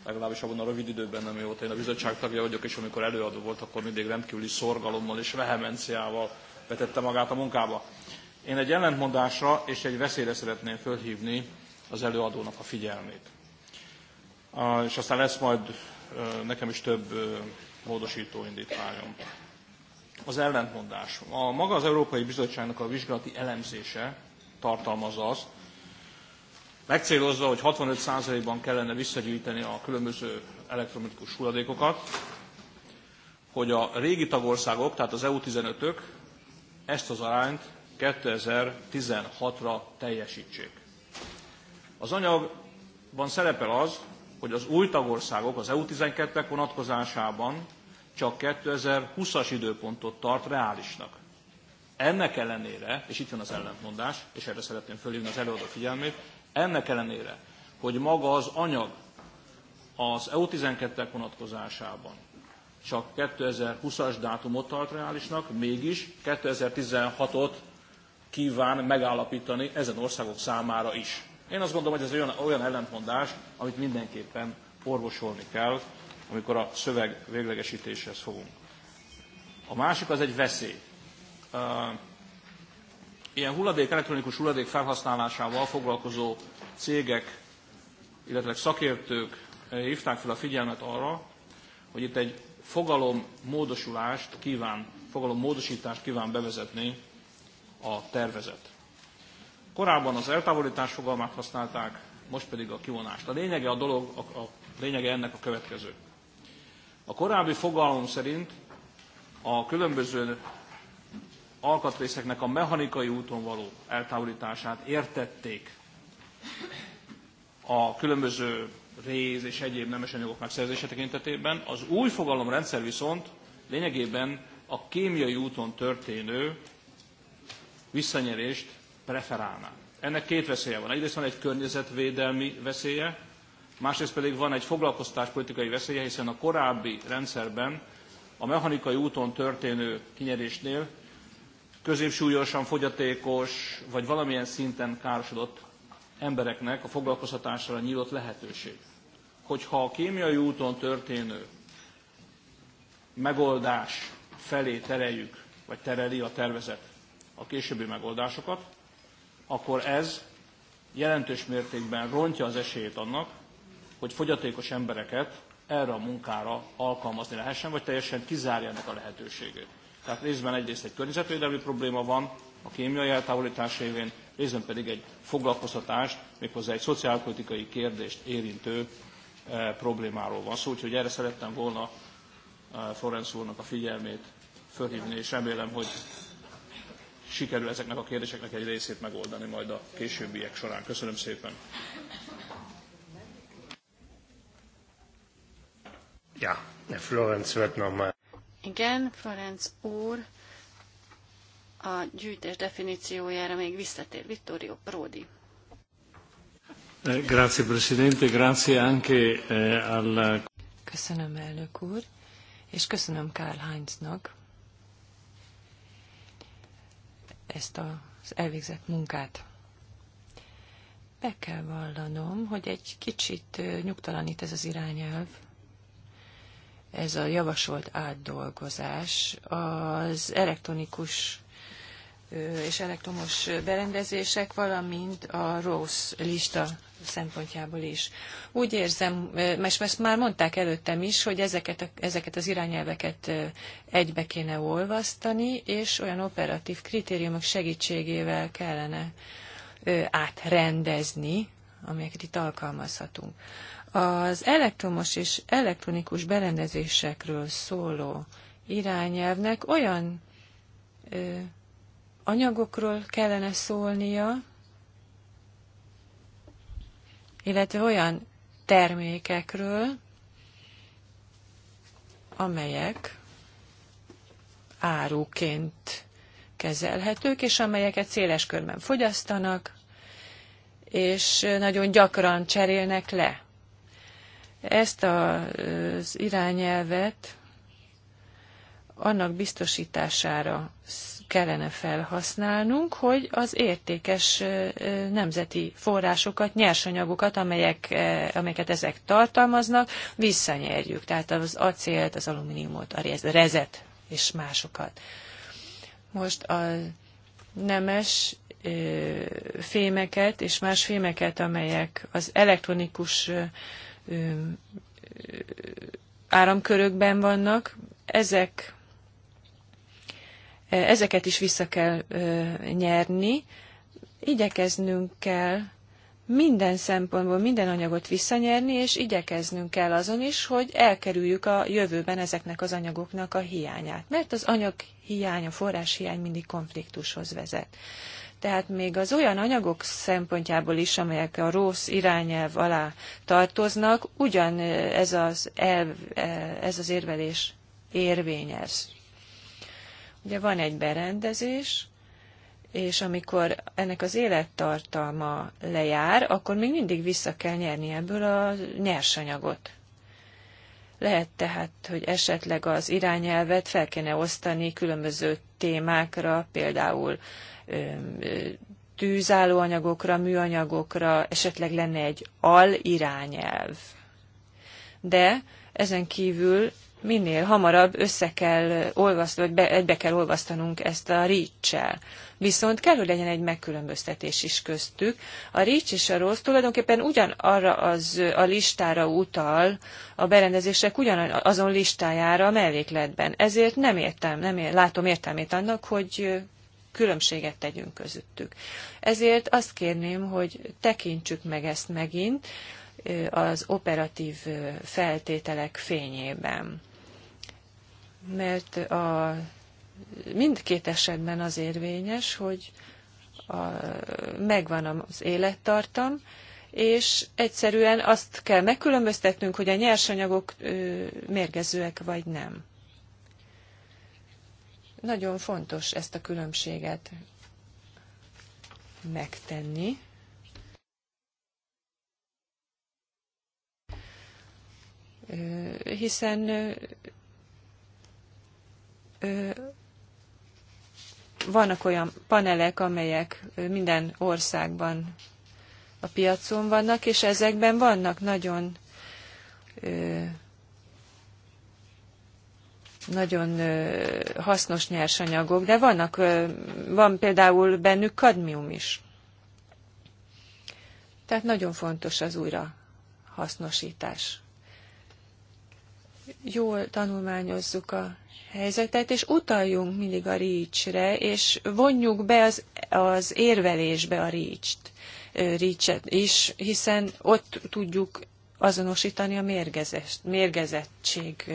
legalábbis abban a rövid időben, nem amióta én a bizottság tagja vagyok, és amikor előadó volt, akkor mindig rendkívüli szorgalommal és vehemenciával vetette magát a munkába. Én egy ellentmondásra és egy veszélyre szeretném fölhívni az előadónak a figyelmét. És aztán lesz majd nekem is több módosító indítványom. Az ellentmondás. A maga az Európai Bizottságnak a vizsgálati elemzése tartalmazza azt, megcélozza, hogy 65%-ban kellene visszagyűjteni a különböző elektronikus hulladékokat, hogy a régi tagországok, tehát az EU-15-ök ezt az arányt 2016-ra teljesítsék. Az anyagban szerepel az, hogy az új tagországok az EU12-ek vonatkozásában csak 2020-as időpontot tart reálisnak. Ennek ellenére, és itt van az ellentmondás, és erre szeretném fölhívni az előadó figyelmét, ennek ellenére, hogy maga az anyag az EU12-ek vonatkozásában csak 2020-as dátumot tart reálisnak, mégis 2016-ot kíván megállapítani ezen országok számára is. Én azt gondolom, hogy ez olyan, olyan ellentmondás, amit mindenképpen orvosolni kell, amikor a szöveg véglegesítéshez fogunk. A másik az egy veszély. Ilyen hulladék, elektronikus hulladék felhasználásával foglalkozó cégek, illetve szakértők hívták fel a figyelmet arra, hogy itt egy fogalom módosulást kíván, fogalom módosítást kíván bevezetni a tervezet. Korábban az eltávolítás fogalmát használták, most pedig a kivonást. A lényege, a dolog, a, a lényege ennek a következő. A korábbi fogalom szerint a különböző alkatrészeknek a mechanikai úton való eltávolítását értették a különböző réz és egyéb nemes anyagok megszerzése tekintetében. Az új fogalomrendszer viszont lényegében a kémiai úton történő visszanyerést preferálná. Ennek két veszélye van. Egyrészt van egy környezetvédelmi veszélye, másrészt pedig van egy politikai veszélye, hiszen a korábbi rendszerben a mechanikai úton történő kinyerésnél középsúlyosan fogyatékos vagy valamilyen szinten károsodott embereknek a foglalkoztatásra nyílt lehetőség. Hogyha a kémiai úton történő megoldás felé tereljük, vagy tereli a tervezet a későbbi megoldásokat, akkor ez jelentős mértékben rontja az esélyét annak, hogy fogyatékos embereket erre a munkára alkalmazni lehessen, vagy teljesen kizárja ennek a lehetőségét. Tehát részben egyrészt egy környezetvédelmi probléma van, a kémiai eltávolítás évén, részben pedig egy foglalkoztatást, méghozzá egy szociálpolitikai kérdést érintő e, problémáról van szó. Szóval, úgyhogy erre szerettem volna e, Florence úrnak a figyelmét fölhívni, és remélem, hogy sikerül ezeknek a kérdéseknek egy részét megoldani majd a későbbiek során. Köszönöm szépen. Ja, de Florence wird Igen, Florence úr a gyűjtés definíciójára még visszatér Vittorio Prodi. Eh, grazie Presidente, grazie anche eh, alla... Köszönöm elnök úr, és köszönöm Karl Heinznak ezt az elvégzett munkát. Be kell vallanom, hogy egy kicsit nyugtalanít ez az irányelv, ez a javasolt átdolgozás az elektronikus és elektromos berendezések, valamint a ROSS lista szempontjából is. Úgy érzem, mert ezt már mondták előttem is, hogy ezeket, a, ezeket az irányelveket egybe kéne olvasztani, és olyan operatív kritériumok segítségével kellene átrendezni, amelyeket itt alkalmazhatunk. Az elektromos és elektronikus berendezésekről szóló irányelvnek olyan anyagokról kellene szólnia, illetve olyan termékekről, amelyek áruként kezelhetők, és amelyeket széles körben fogyasztanak, és nagyon gyakran cserélnek le. Ezt az irányelvet annak biztosítására kellene felhasználnunk, hogy az értékes nemzeti forrásokat, nyersanyagokat, amelyek, amelyeket ezek tartalmaznak, visszanyerjük. Tehát az acélt, az alumíniumot, a rezet és másokat. Most a nemes fémeket és más fémeket, amelyek az elektronikus áramkörökben vannak, ezek Ezeket is vissza kell nyerni, igyekeznünk kell minden szempontból minden anyagot visszanyerni, és igyekeznünk kell azon is, hogy elkerüljük a jövőben ezeknek az anyagoknak a hiányát. Mert az anyag hiánya, forrás hiány mindig konfliktushoz vezet. Tehát még az olyan anyagok szempontjából is, amelyek a rossz irányelv alá tartoznak, ugyan ez az, elv, ez az érvelés érvényes. Ugye van egy berendezés, és amikor ennek az élettartalma lejár, akkor még mindig vissza kell nyerni ebből a nyersanyagot. Lehet tehát, hogy esetleg az irányelvet fel kéne osztani különböző témákra, például tűzálló műanyagokra, esetleg lenne egy al irányelv. De ezen kívül minél hamarabb össze kell olvasni, vagy be, egybe kell olvasztanunk ezt a reach Viszont kell, hogy legyen egy megkülönböztetés is köztük. A REACH és a ROSZ tulajdonképpen ugyanarra az, a listára utal, a berendezések ugyanazon listájára a mellékletben. Ezért nem értem, nem ér, látom értelmét annak, hogy különbséget tegyünk közöttük. Ezért azt kérném, hogy tekintsük meg ezt megint az operatív feltételek fényében mert a, mindkét esetben az érvényes, hogy a, megvan az élettartam, és egyszerűen azt kell megkülönböztetnünk, hogy a nyersanyagok ö, mérgezőek vagy nem. Nagyon fontos ezt a különbséget megtenni. Hiszen vannak olyan panelek, amelyek minden országban a piacon vannak, és ezekben vannak nagyon nagyon hasznos nyersanyagok, de vannak, van például bennük kadmium is. Tehát nagyon fontos az újra hasznosítás jól tanulmányozzuk a helyzetet, és utaljunk mindig a reach-re, és vonjuk be az, az érvelésbe a rícst, rícset is, hiszen ott tudjuk azonosítani a mérgezett, mérgezettség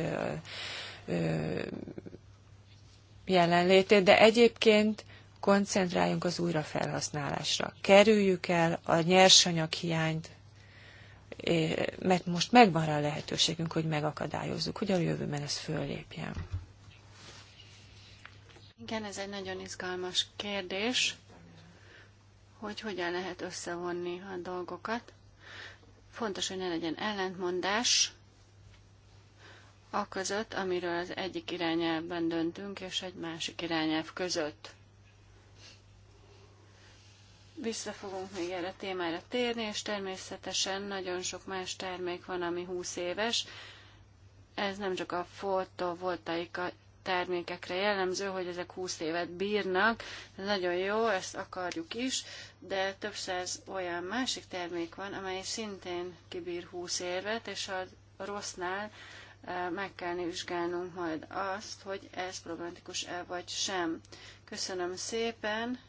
jelenlétét, de egyébként koncentráljunk az újrafelhasználásra. Kerüljük el a nyersanyag hiányt, mert most megvan rá a lehetőségünk, hogy megakadályozzuk, hogy a jövőben ez föllépjen. Igen, ez egy nagyon izgalmas kérdés, hogy hogyan lehet összevonni a dolgokat. Fontos, hogy ne legyen ellentmondás a között, amiről az egyik irányelvben döntünk, és egy másik irányelv között. Vissza fogunk még erre a témára térni, és természetesen nagyon sok más termék van, ami 20 éves. Ez nem csak a a termékekre jellemző, hogy ezek 20 évet bírnak. Ez nagyon jó, ezt akarjuk is, de több száz olyan másik termék van, amely szintén kibír 20 évet, és a rossznál e, meg kell vizsgálnunk majd azt, hogy ez problematikus-e vagy sem. Köszönöm szépen,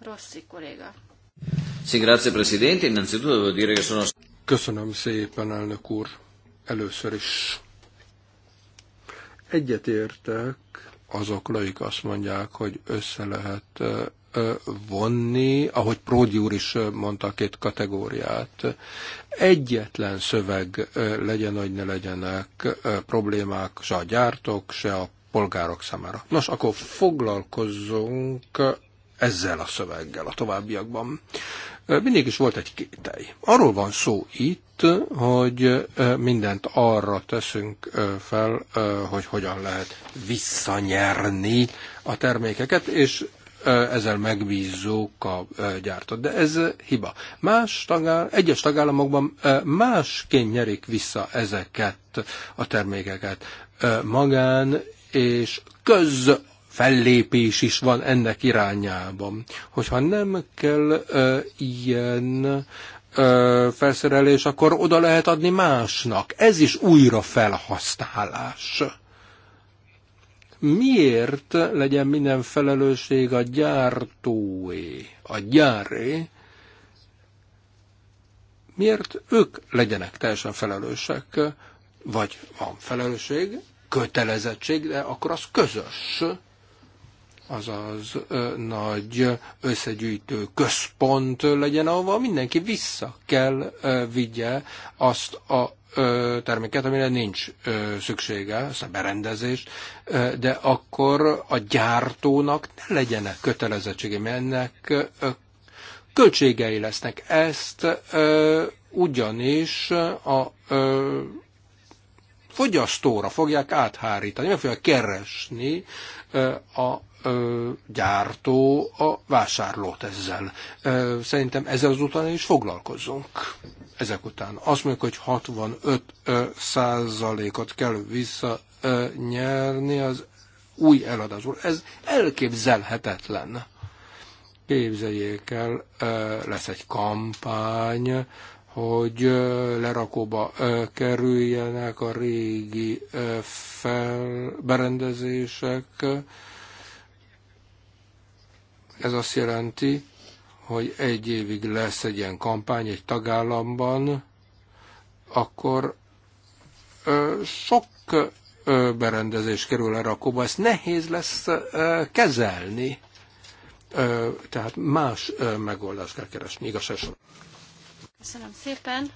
Rosszi kolléga. Sì, grazie Presidente. Innanzitutto devo dire che sono... Köszönöm szépen, elnök úr. Először is egyetértek azok, akik azt mondják, hogy össze lehet vonni, ahogy Pródi úr is mondta a két kategóriát. Egyetlen szöveg legyen, hogy ne legyenek problémák se a gyártók, se a polgárok számára. Nos, akkor foglalkozzunk ezzel a szöveggel a továbbiakban. Mindig is volt egy kételj. Arról van szó itt, hogy mindent arra teszünk fel, hogy hogyan lehet visszanyerni a termékeket, és ezzel megbízzuk a gyártot. De ez hiba. Más tagáll, egyes tagállamokban másként nyerik vissza ezeket a termékeket. Magán és köz fellépés is van ennek irányában. Hogyha nem kell ö, ilyen ö, felszerelés, akkor oda lehet adni másnak. Ez is újra felhasználás. Miért legyen minden felelősség a gyártóé, a gyáré? Miért ők legyenek teljesen felelősek? Vagy van felelősség, kötelezettség, de akkor az közös azaz nagy összegyűjtő központ legyen, ahova mindenki vissza kell vigye azt a terméket, amire nincs szüksége, ezt a berendezést, de akkor a gyártónak ne legyenek kötelezettsége, mert ennek költségei lesznek. Ezt ugyanis a fogyasztóra fogják áthárítani, meg fogják keresni a ö, gyártó a vásárlót ezzel. Ö, szerintem ezzel az után is foglalkozzunk. Ezek után azt mondjuk, hogy 65 ö, százalékot kell visszanyerni az új eladásból. Ez elképzelhetetlen. Képzeljék el, ö, lesz egy kampány, hogy lerakóba kerüljenek a régi fel berendezések, ez azt jelenti, hogy egy évig lesz egy ilyen kampány egy tagállamban, akkor ö, sok ö, berendezés kerül a kóba. ezt nehéz lesz ö, kezelni. Ö, tehát más ö, megoldást kell keresni, igaz eset. Köszönöm szépen.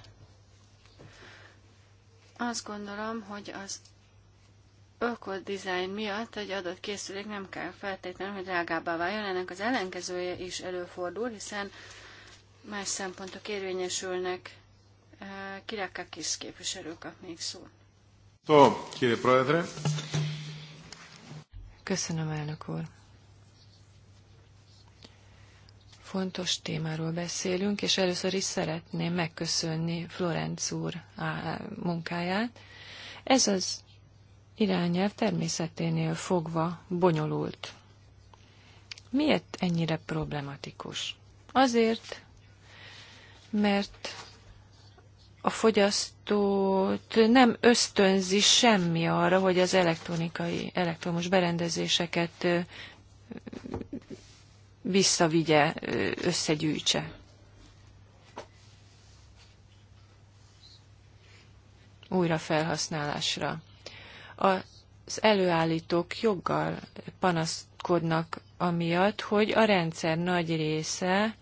Azt gondolom, hogy az design miatt egy adott készülék nem kell feltétlenül, hogy drágábbá váljon, ennek az ellenkezője is előfordul, hiszen más szempontok érvényesülnek. Eh, Kirákakis képviselő kap még szót. Köszönöm, elnök úr. Fontos témáról beszélünk, és először is szeretném megköszönni Florenc úr munkáját. Ez az irányelv természeténél fogva bonyolult. Miért ennyire problematikus? Azért, mert a fogyasztót nem ösztönzi semmi arra, hogy az elektronikai, elektromos berendezéseket visszavigye, összegyűjtse. Újra felhasználásra az előállítók joggal panaszkodnak amiatt, hogy a rendszer nagy része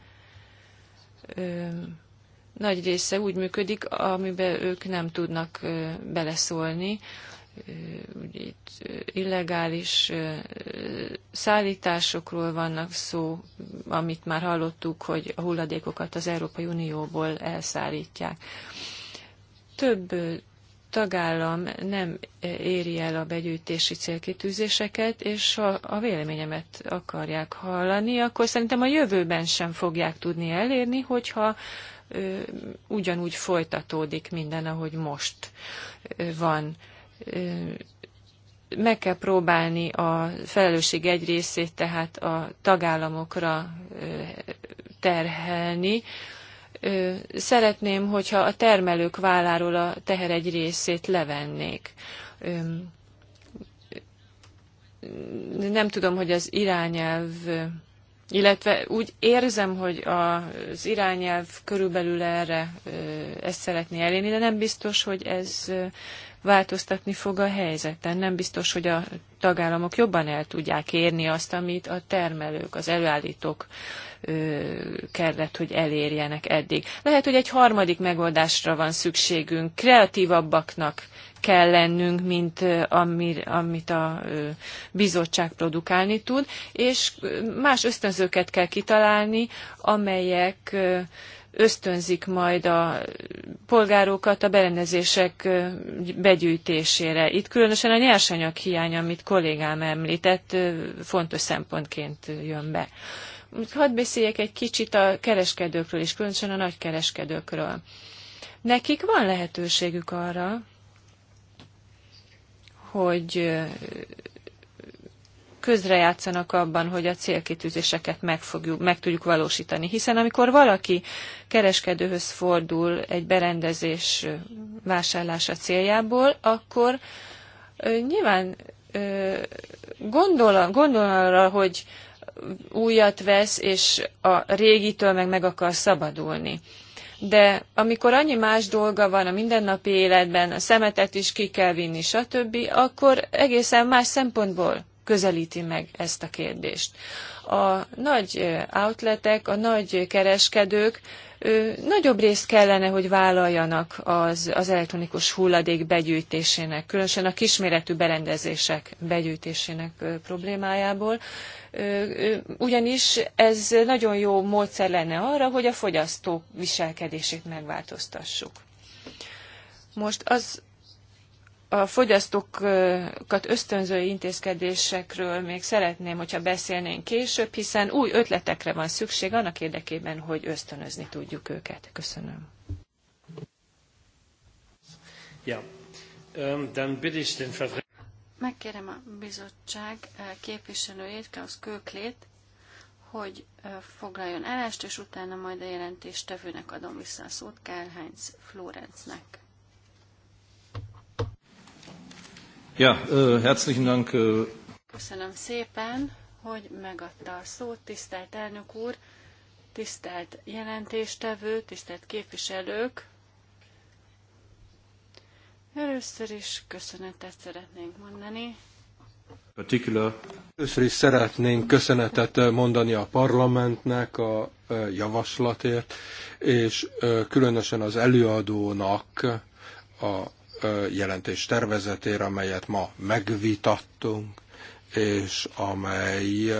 ö, nagy része úgy működik, amiben ők nem tudnak ö, beleszólni. Ö, itt illegális ö, szállításokról vannak szó, amit már hallottuk, hogy a hulladékokat az Európai Unióból elszállítják. Több tagállam nem e, éri el a begyűjtési célkitűzéseket, és ha a véleményemet akarják hallani, akkor szerintem a jövőben sem fogják tudni elérni, hogyha ö, ugyanúgy folytatódik minden, ahogy most van. Ö, meg kell próbálni a felelősség egy részét, tehát a tagállamokra terhelni, szeretném, hogyha a termelők válláról a teher egy részét levennék. Nem tudom, hogy az irányelv, illetve úgy érzem, hogy az irányelv körülbelül erre ezt szeretné elérni, de nem biztos, hogy ez változtatni fog a helyzeten. Nem biztos, hogy a tagállamok jobban el tudják érni azt, amit a termelők, az előállítók kellett, hogy elérjenek eddig. Lehet, hogy egy harmadik megoldásra van szükségünk, kreatívabbaknak kell lennünk, mint amir, amit a bizottság produkálni tud, és más ösztönzőket kell kitalálni, amelyek ösztönzik majd a polgárokat a berendezések begyűjtésére. Itt különösen a nyersanyag hiány, amit kollégám említett, fontos szempontként jön be. Hadd beszéljek egy kicsit a kereskedőkről is, különösen a nagy kereskedőkről. Nekik van lehetőségük arra, hogy közrejátszanak abban, hogy a célkitűzéseket meg, fogjuk, meg tudjuk valósítani. Hiszen amikor valaki kereskedőhöz fordul egy berendezés vásárlása céljából, akkor nyilván gondol, gondol arra, hogy újat vesz, és a régitől meg meg akar szabadulni de amikor annyi más dolga van a mindennapi életben, a szemetet is ki kell vinni, stb., akkor egészen más szempontból közelíti meg ezt a kérdést. A nagy outletek, a nagy kereskedők nagyobb részt kellene, hogy vállaljanak az, az elektronikus hulladék begyűjtésének, különösen a kisméretű berendezések begyűjtésének problémájából, ugyanis ez nagyon jó módszer lenne arra, hogy a fogyasztók viselkedését megváltoztassuk. Most az a fogyasztókat ösztönző intézkedésekről még szeretném, hogyha beszélnénk később, hiszen új ötletekre van szükség annak érdekében, hogy ösztönözni tudjuk őket. Köszönöm. Ja. Megkérem a bizottság eh, képviselőjét, Klaus Köklét, hogy eh, foglaljon állást, és utána majd a jelentéstevőnek adom vissza a szót Karl Florencnek. Ja, herzlichen Dank. Köszönöm szépen, hogy megadta a szót, tisztelt elnök úr, tisztelt jelentéstevő, tisztelt képviselők. Először is köszönetet szeretnénk mondani. Particular. Először is szeretnénk köszönetet mondani a parlamentnek a javaslatért, és különösen az előadónak a jelentés tervezetére, amelyet ma megvitattunk, és amely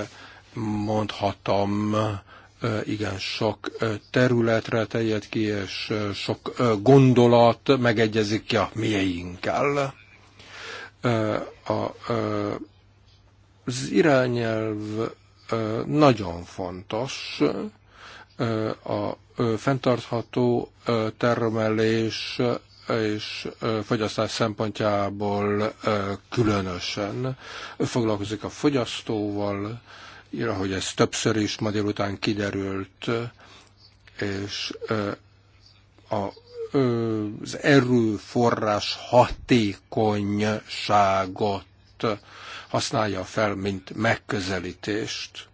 mondhatom igen sok területre tejet ki, és sok gondolat megegyezik ki a mieinkkel. Az irányelv nagyon fontos, a fenntartható termelés és fogyasztás szempontjából különösen foglalkozik a fogyasztóval, ahogy ez többször is ma délután kiderült, és a az erőforrás hatékonyságot használja fel, mint megközelítést.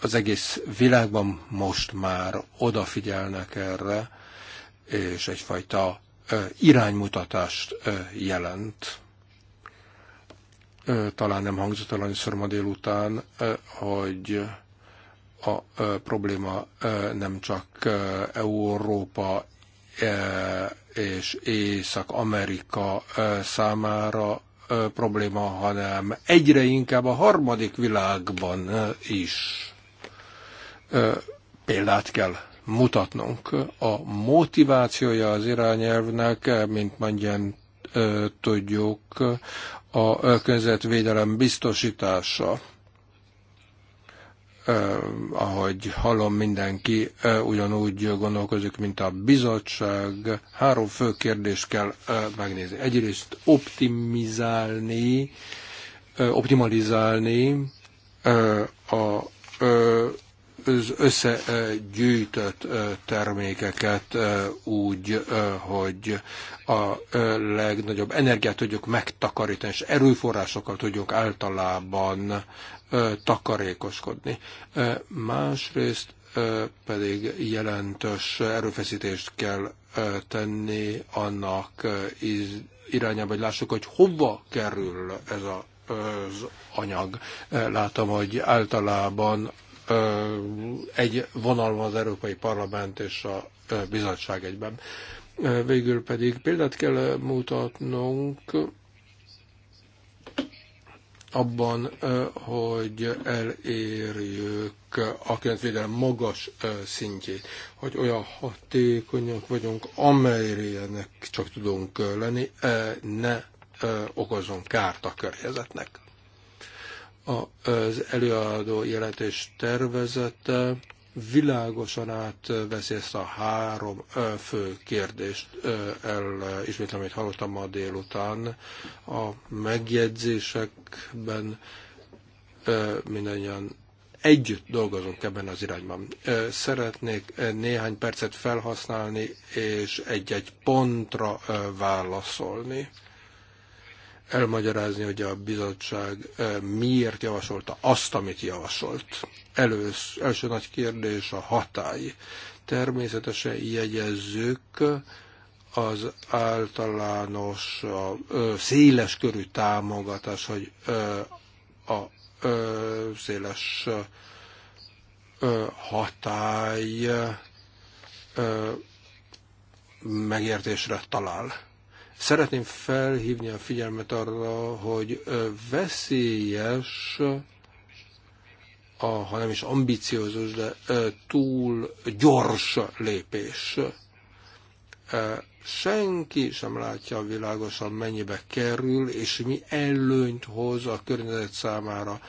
Az egész világban most már odafigyelnek erre, és egyfajta iránymutatást jelent. Talán nem hangzott el annyiszor ma délután, hogy a probléma nem csak Európa és Észak-Amerika számára probléma, hanem egyre inkább a harmadik világban is példát kell mutatnunk. A motivációja az irányelvnek, mint mondjam, tudjuk, a környezetvédelem biztosítása. Ahogy hallom, mindenki ugyanúgy gondolkozik, mint a bizottság. Három fő kérdést kell megnézni. Egyrészt optimizálni, optimalizálni a az összegyűjtött termékeket úgy, hogy a legnagyobb energiát tudjuk megtakarítani, és erőforrásokat tudjuk általában takarékoskodni. Másrészt pedig jelentős erőfeszítést kell tenni annak irányába, hogy lássuk, hogy hova kerül ez a az anyag. Látom, hogy általában egy van az Európai Parlament és a bizottság egyben. Végül pedig példát kell mutatnunk abban, hogy elérjük a védelem magas szintjét, hogy olyan hatékonyak vagyunk, amelyrenek csak tudunk lenni, ne okozunk kárt a környezetnek az előadó jelentés tervezete világosan átveszi ezt a három fő kérdést. El ismétlem, amit hallottam ma délután. A megjegyzésekben mindannyian együtt dolgozunk ebben az irányban. Szeretnék néhány percet felhasználni, és egy-egy pontra válaszolni elmagyarázni, hogy a bizottság eh, miért javasolta azt, amit javasolt. Elősz, első nagy kérdés a hatály. Természetesen jegyezzük az általános, a, széles körű támogatás, hogy a széles hatály megértésre talál Szeretném felhívni a figyelmet arra, hogy veszélyes, a, ha nem is ambiciózus, de túl gyors lépés. Senki sem látja világosan, mennyibe kerül, és mi előnyt hoz a környezet számára,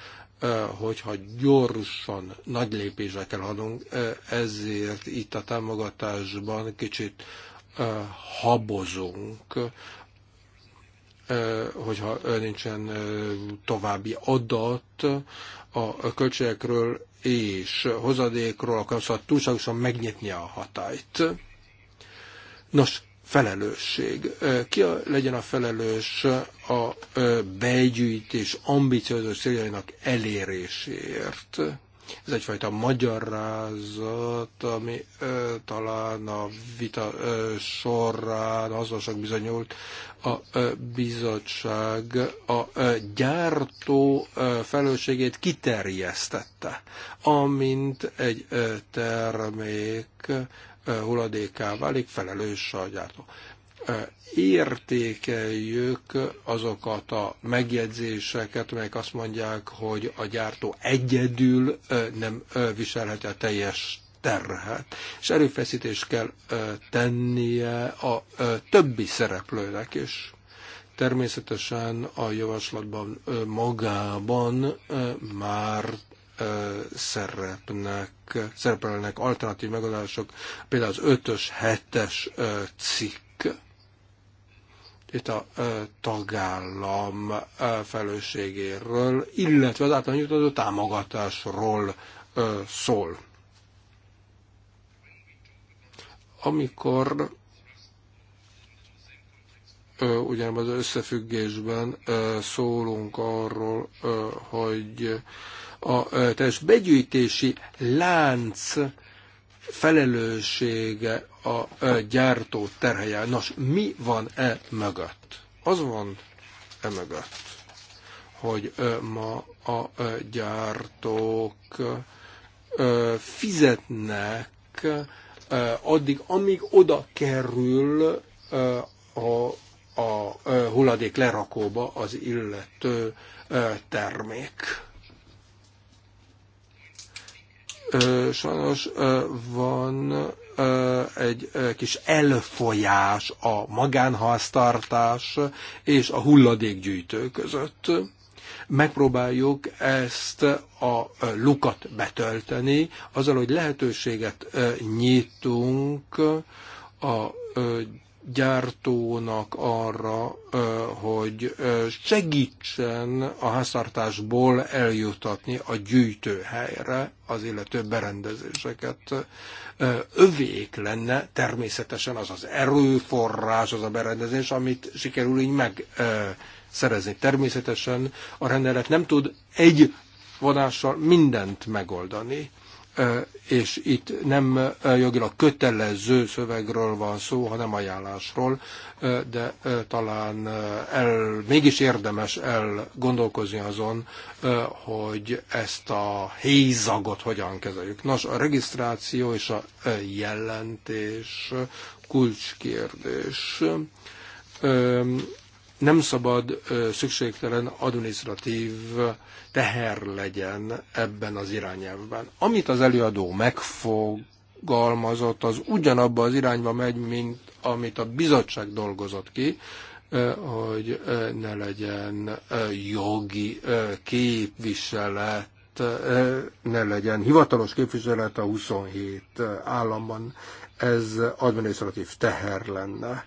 hogyha gyorsan nagy lépésekkel adunk, ezért itt a támogatásban kicsit habozunk, hogyha nincsen további adat a költségekről és hozadékról, akkor szóval túlságosan megnyitni a hatályt. Nos, felelősség. Ki a, legyen a felelős a begyűjtés ambiciózus céljainak eléréséért? Ez egyfajta magyarázat, ami ö, talán a vita ö, során hasznosak bizonyult. A ö, bizottság a ö, gyártó ö, felelősségét kiterjesztette, amint egy ö, termék ö, hulladéká válik, felelős a gyártó értékeljük azokat a megjegyzéseket, amelyek azt mondják, hogy a gyártó egyedül nem viselheti a teljes terhet, és erőfeszítést kell tennie a többi szereplőnek is. Természetesen a javaslatban magában már szerepnek, szerepelnek alternatív megoldások, például az 5-ös, 7-es cikk, itt a tagállam felőségéről, illetve az általán nyújtott támogatásról szól. Amikor ugyanebben az összefüggésben szólunk arról, hogy a teljes begyűjtési lánc felelőssége a e, gyártó terhelje. Nos, mi van e mögött? Az van e mögött, hogy e, ma a e, gyártók fizetnek addig, amíg oda kerül a, a hulladék lerakóba az illető termék. Sajnos van egy kis elfolyás a magánháztartás és a hulladékgyűjtő között. Megpróbáljuk ezt a lukat betölteni, azzal, hogy lehetőséget nyitunk a gyártónak arra, hogy segítsen a háztartásból eljutatni a gyűjtőhelyre az illető berendezéseket. Övék lenne természetesen az az erőforrás, az a berendezés, amit sikerül így megszerezni. Természetesen a rendelet nem tud egy vonással mindent megoldani és itt nem jogilag kötelező szövegről van szó, hanem ajánlásról, de talán el, mégis érdemes elgondolkozni azon, hogy ezt a hézagot hogyan kezeljük. Nos, a regisztráció és a jelentés kulcskérdés nem szabad szükségtelen adminisztratív teher legyen ebben az irányelvben. Amit az előadó megfogalmazott, az ugyanabba az irányba megy, mint amit a bizottság dolgozott ki, hogy ne legyen jogi képviselet, ne legyen hivatalos képviselet a 27 államban, ez adminisztratív teher lenne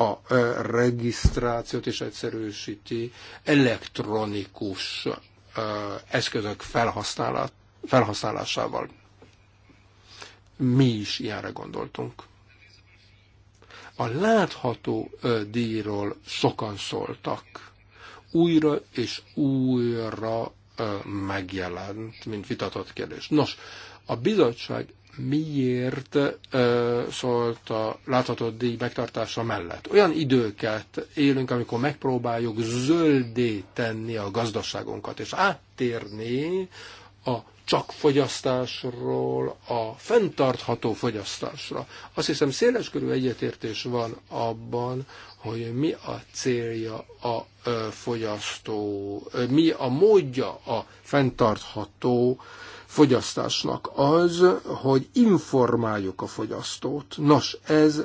a e, regisztrációt is egyszerűsíti, elektronikus e, eszközök felhasználásával. Mi is ilyenre gondoltunk. A látható e, díjról sokan szóltak. Újra és újra megjelent, mint vitatott kérdés. Nos, a bizottság miért ö, szólt a látható díj megtartása mellett. Olyan időket élünk, amikor megpróbáljuk zöldé tenni a gazdaságunkat, és áttérni a csak fogyasztásról a fenntartható fogyasztásra. Azt hiszem körű egyetértés van abban, hogy mi a célja a fogyasztó, mi a módja a fenntartható fogyasztásnak az, hogy informáljuk a fogyasztót. Nos, ez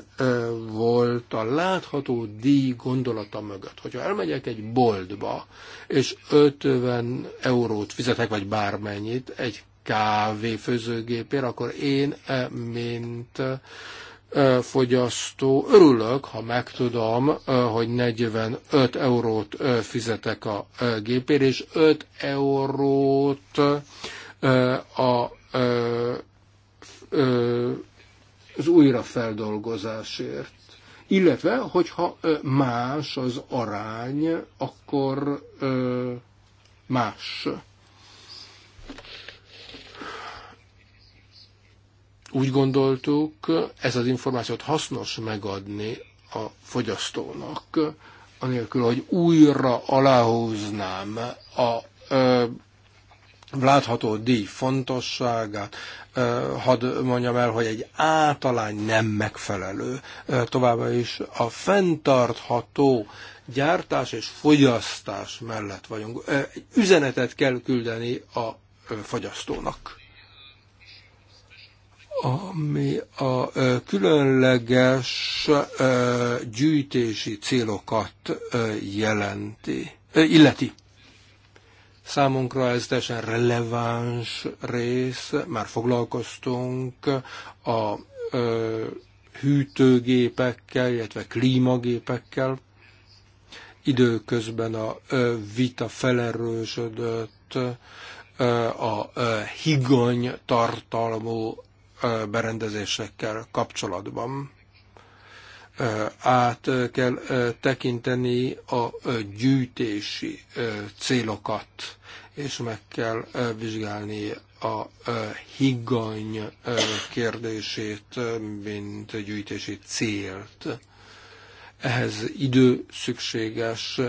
volt a látható díj gondolata mögött. Hogyha elmegyek egy boltba, és 50 eurót fizetek, vagy bármennyit egy kávéfőzőgépért, akkor én, e, mint e, fogyasztó. Örülök, ha megtudom, e, hogy 45 eurót fizetek a gépért, és 5 eurót a, az újrafeldolgozásért. Illetve, hogyha más az arány, akkor más. Úgy gondoltuk, ez az információt hasznos megadni a fogyasztónak, anélkül, hogy újra aláhúznám a látható díj fontosságát, hadd mondjam el, hogy egy általány nem megfelelő. Továbbá is a fenntartható gyártás és fogyasztás mellett vagyunk. Egy üzenetet kell küldeni a fogyasztónak. Ami a különleges gyűjtési célokat jelenti, illeti Számunkra ez teljesen releváns rész, már foglalkoztunk a ö, hűtőgépekkel, illetve klímagépekkel. Időközben a ö, vita felerősödött ö, a ö, higany tartalmú berendezésekkel kapcsolatban át kell tekinteni a gyűjtési célokat, és meg kell vizsgálni a higgany kérdését, mint gyűjtési célt. Ehhez idő szükséges,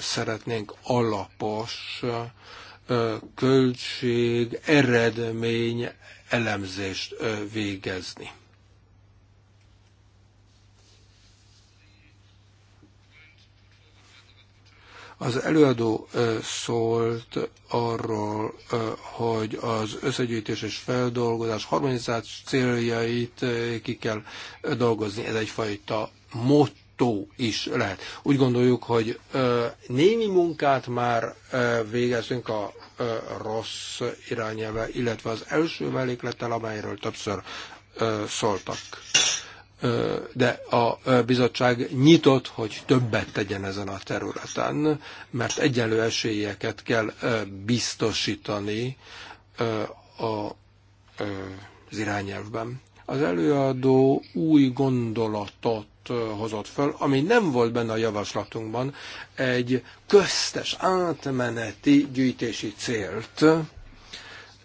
szeretnénk alapos költség, eredmény elemzést végezni. Az előadó szólt arról, hogy az összegyűjtés és feldolgozás harmonizációs céljait ki kell dolgozni. Ez egyfajta motto is lehet. Úgy gondoljuk, hogy némi munkát már végezünk a rossz irányelve, illetve az első melléklettel, amelyről többször szóltak de a bizottság nyitott, hogy többet tegyen ezen a területen, mert egyenlő esélyeket kell biztosítani az irányelvben. Az előadó új gondolatot hozott föl, ami nem volt benne a javaslatunkban, egy köztes átmeneti gyűjtési célt,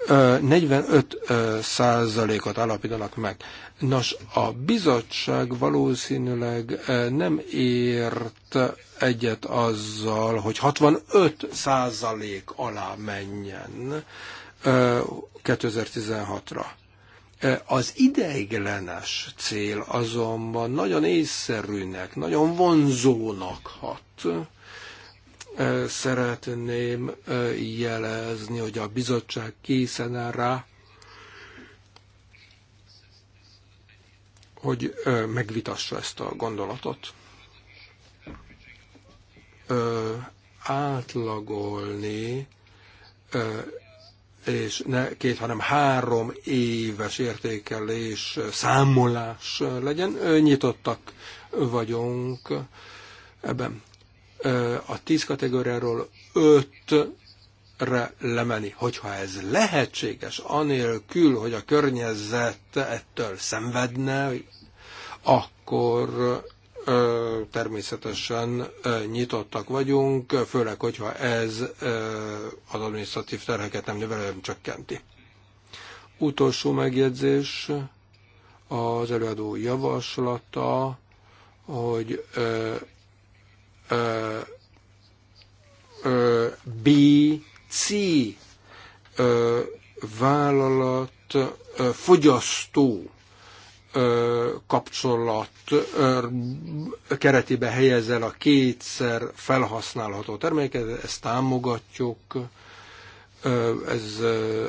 45 százalékot alapítanak meg. Nos, a bizottság valószínűleg nem ért egyet azzal, hogy 65 százalék alá menjen 2016-ra. Az ideiglenes cél azonban nagyon észszerűnek, nagyon vonzónak hat Szeretném jelezni, hogy a bizottság készen áll rá, hogy megvitassa ezt a gondolatot. Átlagolni és ne két, hanem három éves értékelés, számolás legyen. Nyitottak vagyunk ebben a tíz kategóriáról ötre lemenni, hogyha ez lehetséges, anélkül, hogy a környezet ettől szenvedne, akkor természetesen nyitottak vagyunk, főleg, hogyha ez az adminisztratív terheket nem növel, nem csökkenti. Utolsó megjegyzés, az előadó javaslata, hogy B, C vállalat fogyasztó kapcsolat keretébe helyezel a kétszer felhasználható terméket, ezt támogatjuk, ez,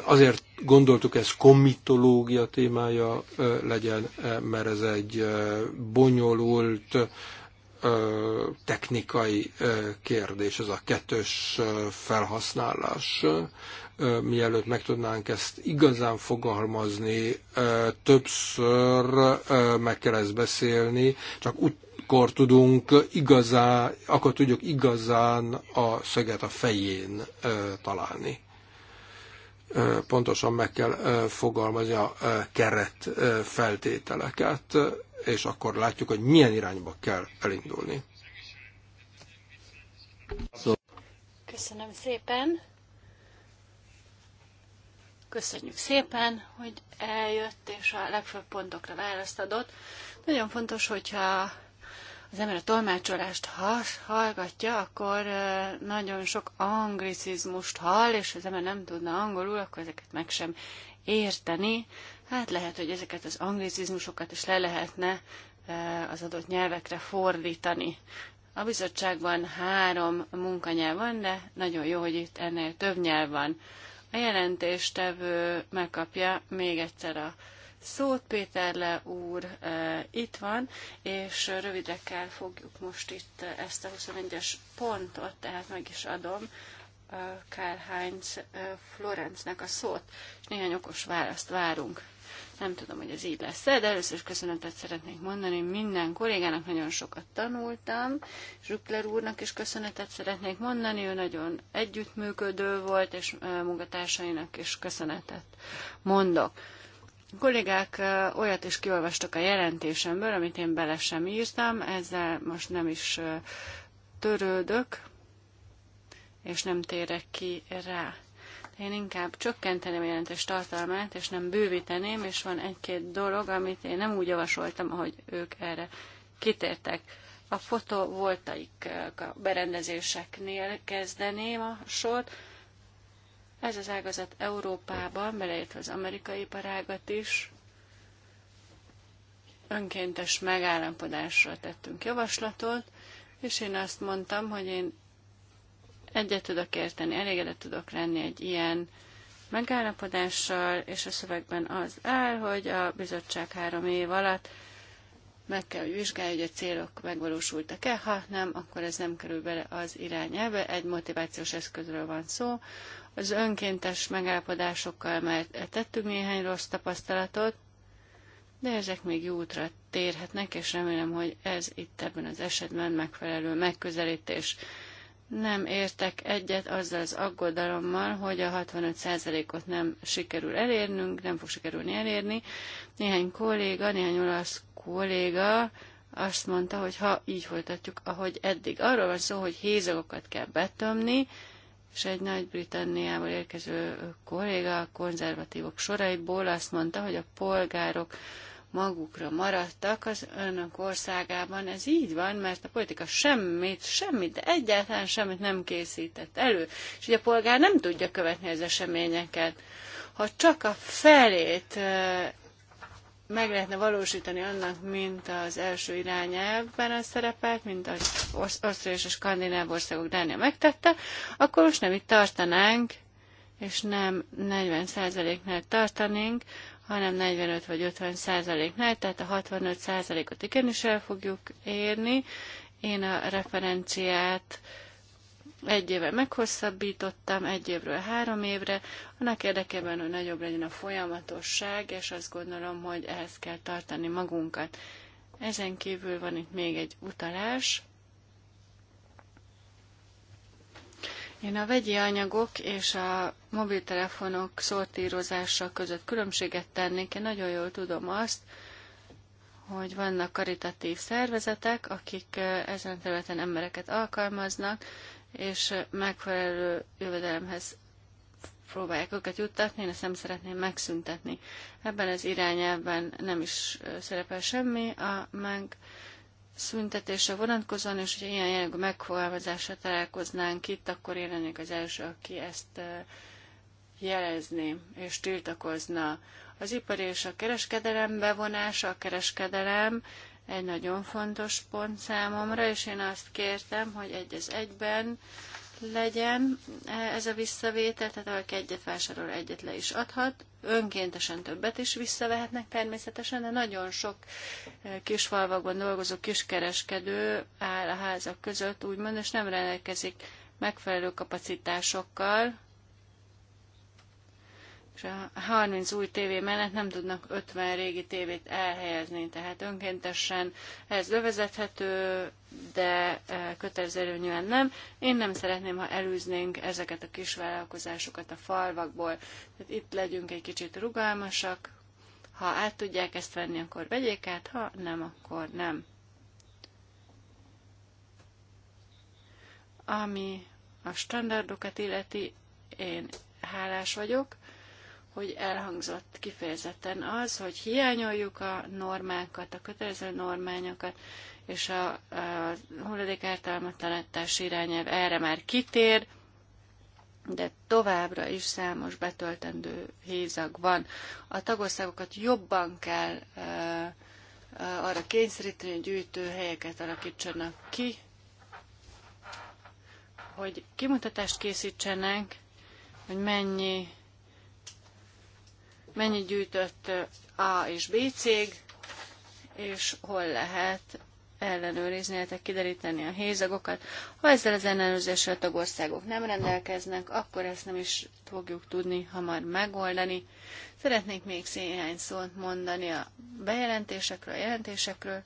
azért gondoltuk, ez komitológia témája legyen, mert ez egy bonyolult ö, technikai ö, kérdés, ez a kettős ö, felhasználás. Ö, mielőtt meg tudnánk ezt igazán fogalmazni, ö, többször ö, meg kell ezt beszélni, csak akkor tudunk igazán, akkor tudjuk igazán a szöget a fején találni pontosan meg kell fogalmazni a keret feltételeket és akkor látjuk, hogy milyen irányba kell elindulni. Köszönöm szépen. Köszönjük szépen, hogy eljött és a legfőbb pontokra választ adott. Nagyon fontos, hogyha az ember a tolmácsolást hallgatja, akkor nagyon sok anglicizmust hall, és az ember nem tudna angolul, akkor ezeket meg sem érteni. Hát lehet, hogy ezeket az anglicizmusokat is le lehetne e, az adott nyelvekre fordítani. A bizottságban három munkanyelv van, de nagyon jó, hogy itt ennél több nyelv van. A jelentéstevő megkapja még egyszer a szót. Péterle úr e, itt van, és rövidre kell fogjuk most itt ezt a 21-es pontot, tehát meg is adom e, Karl Heinz e, Florencnek a szót, és néhány okos választ várunk. Nem tudom, hogy ez így lesz -e, de először is köszönetet szeretnék mondani minden kollégának, nagyon sokat tanultam. Zsukler úrnak is köszönetet szeretnék mondani, ő nagyon együttműködő volt, és munkatársainak is köszönetet mondok. A kollégák olyat is kiolvastak a jelentésemből, amit én bele sem írtam, ezzel most nem is törődök, és nem térek ki rá. Én inkább csökkenteném a jelentés tartalmát, és nem bővíteném, és van egy-két dolog, amit én nem úgy javasoltam, ahogy ők erre kitértek. A fotovoltaik berendezéseknél kezdeném a sort. Ez az ágazat Európában, beleértve az amerikai iparágat is, önkéntes megállapodásra tettünk javaslatot, és én azt mondtam, hogy én Egyet tudok érteni, elégedett tudok lenni egy ilyen megállapodással, és a szövegben az áll, hogy a bizottság három év alatt meg kell, hogy vizsgálja, hogy a célok megvalósultak-e, ha nem, akkor ez nem kerül bele az irányelve, egy motivációs eszközről van szó. Az önkéntes megállapodásokkal már tettünk néhány rossz tapasztalatot, de ezek még jó útra térhetnek, és remélem, hogy ez itt ebben az esetben megfelelő megközelítés nem értek egyet azzal az aggodalommal, hogy a 65%-ot nem sikerül elérnünk, nem fog sikerülni elérni. Néhány kolléga, néhány olasz kolléga azt mondta, hogy ha így folytatjuk, ahogy eddig. Arról van szó, hogy hézagokat kell betömni, és egy Nagy-Britanniából érkező kolléga a konzervatívok soraiból azt mondta, hogy a polgárok magukra maradtak az önök országában. Ez így van, mert a politika semmit, semmit, de egyáltalán semmit nem készített elő, és ugye a polgár nem tudja követni az eseményeket. Ha csak a felét meg lehetne valósítani annak, mint az első irányelvben az szerepelt, mint az Ausztria és a Skandináv országok Dánia megtette, akkor most nem itt tartanánk, és nem 40%-nál tartanénk, hanem 45 vagy 50 százaléknál, tehát a 65 százalékot igenis el fogjuk érni. Én a referenciát egy éve meghosszabbítottam, egy évről három évre, annak érdekében, hogy nagyobb legyen a folyamatosság, és azt gondolom, hogy ehhez kell tartani magunkat. Ezen kívül van itt még egy utalás. Én a vegyi anyagok és a mobiltelefonok szortírozása között különbséget tennék. Én nagyon jól tudom azt, hogy vannak karitatív szervezetek, akik eh, ezen a területen embereket alkalmaznak, és eh, megfelelő jövedelemhez próbálják őket juttatni, én ezt nem szeretném megszüntetni. Ebben az irányában nem is eh, szerepel semmi, a megszüntetése vonatkozóan, és hogyha ilyen jellegű megfogalmazásra találkoznánk itt, akkor én lennék az első, aki ezt jelezni és tiltakozna. Az ipar és a kereskedelem bevonása, a kereskedelem egy nagyon fontos pont számomra, és én azt kértem, hogy egy az egyben legyen ez a visszavétel, tehát valaki egyet vásárol, egyet le is adhat. Önkéntesen többet is visszavehetnek természetesen, de nagyon sok eh, kisfalvakban dolgozó kiskereskedő áll a házak között, úgymond, és nem rendelkezik megfelelő kapacitásokkal, és a 30 új tévé mellett nem tudnak 50 régi tévét elhelyezni, tehát önkéntesen ez lövezethető, de e, kötelező nyilván nem. Én nem szeretném, ha elűznénk ezeket a kis vállalkozásokat a falvakból. Tehát itt legyünk egy kicsit rugalmasak, ha át tudják ezt venni, akkor vegyék át, ha nem, akkor nem. Ami a standardokat illeti, én hálás vagyok, hogy elhangzott kifejezetten az, hogy hiányoljuk a normákat, a kötelező normányokat, és a, a hulladék ártalmatlanítás irányelv erre már kitér, de továbbra is számos betöltendő hézag van. A tagországokat jobban kell e, e, arra kényszeríteni, hogy gyűjtőhelyeket alakítsanak ki, hogy kimutatást készítsenek, hogy mennyi mennyit gyűjtött A és B cég, és hol lehet ellenőrizni, illetve kideríteni a hézagokat. Ha ezzel az ellenőrzéssel a tagországok nem rendelkeznek, akkor ezt nem is fogjuk tudni hamar megoldani. Szeretnék még néhány szót mondani a bejelentésekről, a jelentésekről.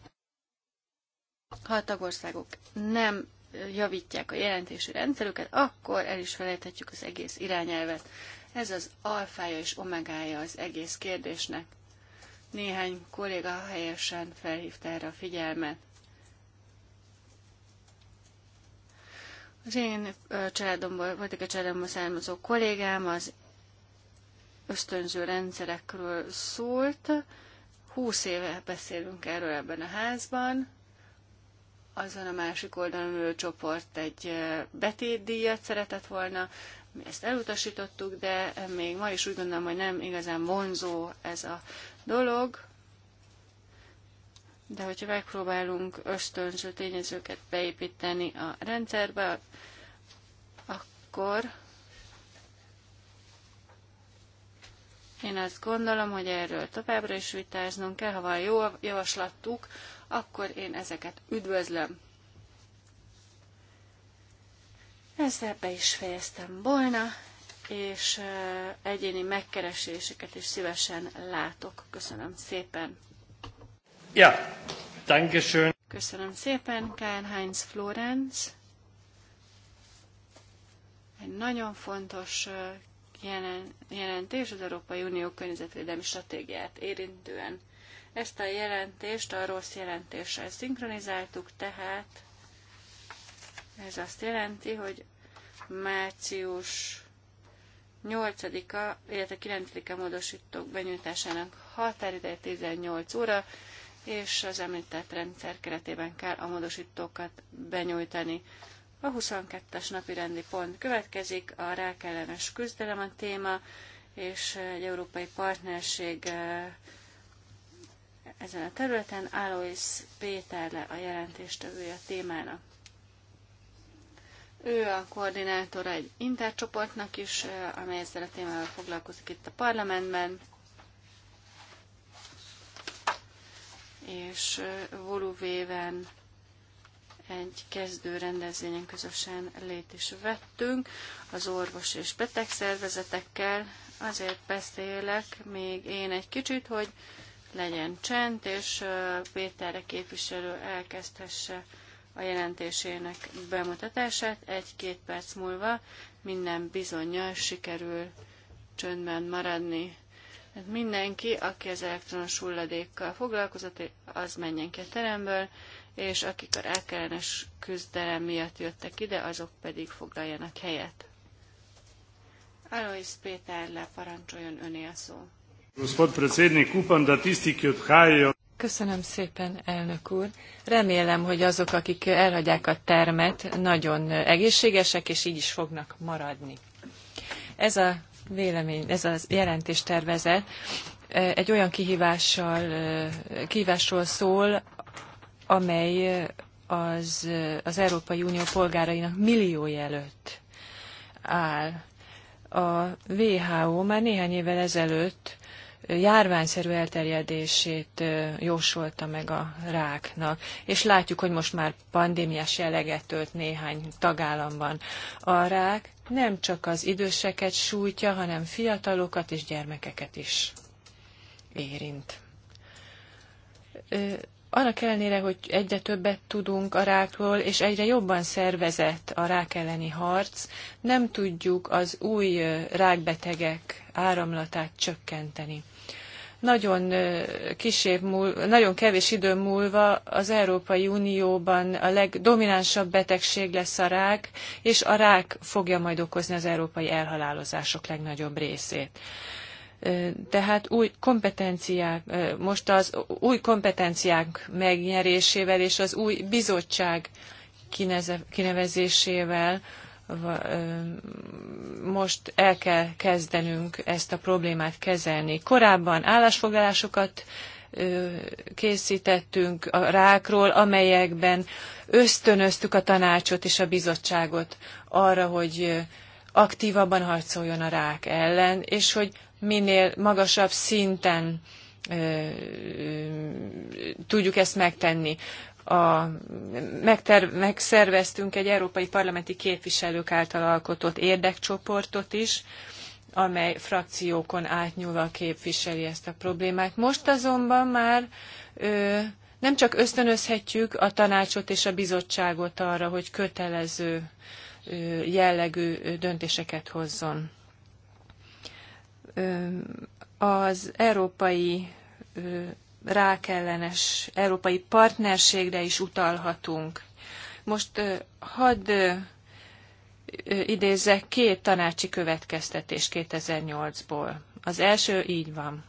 Ha a tagországok nem javítják a jelentési rendszerüket, akkor el is felejthetjük az egész irányelvet. Ez az alfája és omegája az egész kérdésnek. Néhány kolléga helyesen felhívta erre a figyelmet. Az én családomból, voltak a családomból származó kollégám, az ösztönző rendszerekről szólt. Húsz éve beszélünk erről ebben a házban. Azon a másik oldalon ülő csoport egy betétdíjat szeretett volna mi ezt elutasítottuk, de még ma is úgy gondolom, hogy nem igazán vonzó ez a dolog. De hogyha megpróbálunk ösztönző tényezőket beépíteni a rendszerbe, akkor Én azt gondolom, hogy erről továbbra is vitáznunk kell, ha van jó javaslatuk, akkor én ezeket üdvözlöm. Ezzel be is fejeztem volna, és egyéni megkereséseket is szívesen látok. Köszönöm szépen. Ja, danke schön. Köszönöm szépen, Karl-Heinz Florenz. Egy nagyon fontos jelentés az Európai Unió környezetvédelmi stratégiát érintően. Ezt a jelentést a rossz jelentéssel szinkronizáltuk, tehát ez azt jelenti, hogy március 8-a, illetve 9-a módosítók benyújtásának határideje 18 óra, és az említett rendszer keretében kell a módosítókat benyújtani. A 22-es napi rendi pont következik, a rákellenes küzdelem a téma, és egy európai partnerség eh, ezen a területen Alois Péter le a jelentéstevője a témának. Ő a koordinátor egy intercsoportnak is, amely ezzel a témával foglalkozik itt a parlamentben. És Voluvéven egy kezdő rendezvényen közösen lét is vettünk az orvos és szervezetekkel. Azért beszélek még én egy kicsit, hogy legyen csend, és Péterre képviselő elkezdhesse a jelentésének bemutatását. Egy-két perc múlva minden bizonyal sikerül csöndben maradni. Hát mindenki, aki az elektronos hulladékkal foglalkozott, az menjen ki a teremből, és akik a rákellenes küzdelem miatt jöttek ide, azok pedig foglaljanak helyet. Alois Péter, leparancsoljon öné a szó. Gospod predsednik, upam, da tisti, ki odhajajo... Köszönöm szépen, elnök úr. Remélem, hogy azok, akik elhagyják a termet, nagyon egészségesek, és így is fognak maradni. Ez a vélemény, ez a jelentéstervezet egy olyan kihívással, kihívásról szól, amely az, az Európai Unió polgárainak milliói előtt áll. A WHO már néhány évvel ezelőtt járványszerű elterjedését jósolta meg a ráknak. És látjuk, hogy most már pandémiás jelleget tölt néhány tagállamban. A rák nem csak az időseket sújtja, hanem fiatalokat és gyermekeket is érint. Annak ellenére, hogy egyre többet tudunk a rákról, és egyre jobban szervezett a rák elleni harc, nem tudjuk az új rákbetegek áramlatát csökkenteni nagyon, kis év múlva, nagyon kevés idő múlva az Európai Unióban a legdominánsabb betegség lesz a rák, és a rák fogja majd okozni az európai elhalálozások legnagyobb részét. Tehát új kompetenciák, most az új kompetenciák megnyerésével és az új bizottság kinevezésével most el kell kezdenünk ezt a problémát kezelni. Korábban állásfoglalásokat készítettünk a rákról, amelyekben ösztönöztük a tanácsot és a bizottságot arra, hogy aktívabban harcoljon a rák ellen, és hogy minél magasabb szinten tudjuk ezt megtenni a, megter, megszerveztünk egy európai parlamenti képviselők által alkotott érdekcsoportot is, amely frakciókon átnyúlva képviseli ezt a problémát. Most azonban már ö, nem csak ösztönözhetjük a tanácsot és a bizottságot arra, hogy kötelező ö, jellegű döntéseket hozzon. Ö, az európai rákellenes európai partnerségre is utalhatunk. Most hadd idézzek két tanácsi következtetés 2008-ból. Az első így van.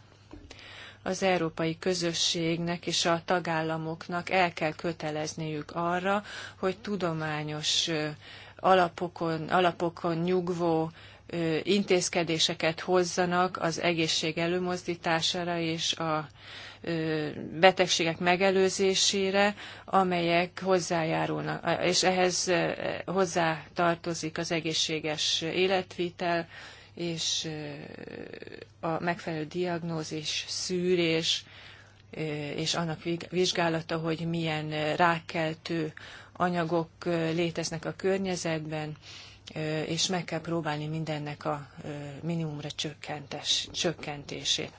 Az európai közösségnek és a tagállamoknak el kell kötelezniük arra, hogy tudományos alapokon, alapokon nyugvó intézkedéseket hozzanak az egészség előmozdítására és a betegségek megelőzésére, amelyek hozzájárulnak, és ehhez hozzá tartozik az egészséges életvitel, és a megfelelő diagnózis, szűrés, és annak vizsgálata, hogy milyen rákkeltő anyagok léteznek a környezetben, és meg kell próbálni mindennek a minimumra csökkentes, csökkentését.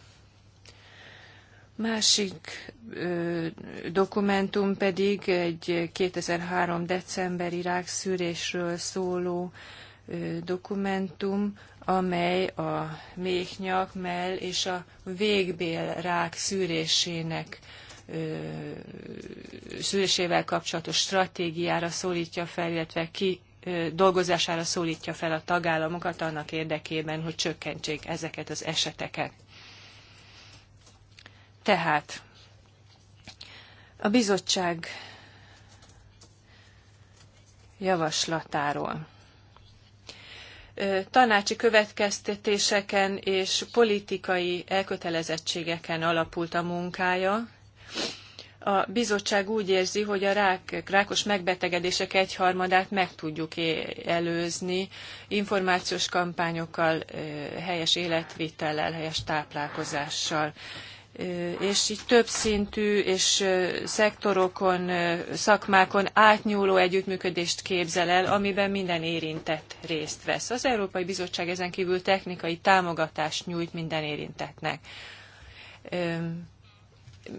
Másik ö, dokumentum pedig egy 2003. december irák szűrésről szóló ö, dokumentum, amely a méhnyak, mell és a végbél rák szűrésének ö, szűrésével kapcsolatos stratégiára szólítja fel, illetve ki dolgozására szólítja fel a tagállamokat annak érdekében, hogy csökkentsék ezeket az eseteket. Tehát a bizottság javaslatáról tanácsi következtetéseken és politikai elkötelezettségeken alapult a munkája, a bizottság úgy érzi, hogy a rák, rákos megbetegedések egyharmadát meg tudjuk előzni információs kampányokkal, helyes életvitellel, helyes táplálkozással. És így többszintű és szektorokon, szakmákon átnyúló együttműködést képzel el, amiben minden érintett részt vesz. Az Európai Bizottság ezen kívül technikai támogatást nyújt minden érintettnek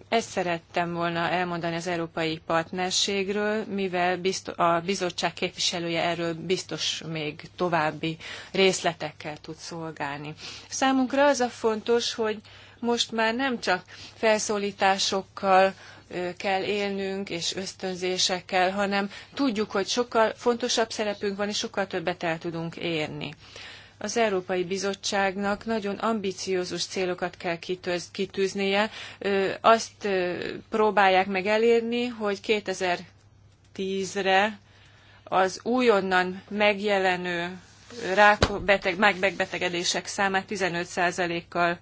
ezt szerettem volna elmondani az európai partnerségről, mivel a bizottság képviselője erről biztos még további részletekkel tud szolgálni. Számunkra az a fontos, hogy most már nem csak felszólításokkal kell élnünk, és ösztönzésekkel, hanem tudjuk, hogy sokkal fontosabb szerepünk van, és sokkal többet el tudunk érni az Európai Bizottságnak nagyon ambiciózus célokat kell kitűznie. Azt próbálják meg elérni, hogy 2010-re az újonnan megjelenő rákbeteg, megbetegedések számát 15%-kal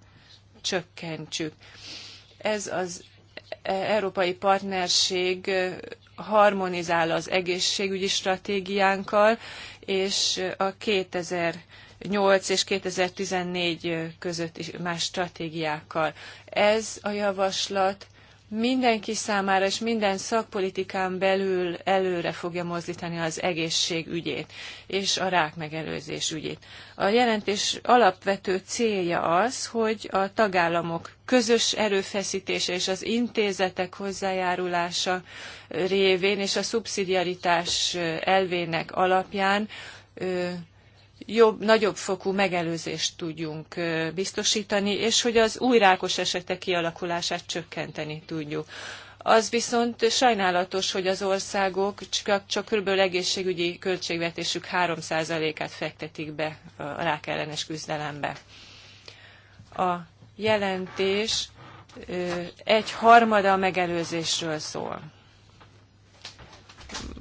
csökkentsük. Ez az e, európai partnerség harmonizál az egészségügyi stratégiánkkal, és a 2000 8 és 2014 között is más stratégiákkal. Ez a javaslat mindenki számára és minden szakpolitikán belül előre fogja mozdítani az egészség ügyét és a rák megelőzés ügyét. A jelentés alapvető célja az, hogy a tagállamok közös erőfeszítése és az intézetek hozzájárulása révén és a szubszidiaritás elvének alapján jobb, nagyobb fokú megelőzést tudjunk biztosítani, és hogy az új rákos esetek kialakulását csökkenteni tudjuk. Az viszont sajnálatos, hogy az országok csak, csak kb. egészségügyi költségvetésük 3%-át fektetik be a rákellenes küzdelembe. A jelentés egy harmada a megelőzésről szól.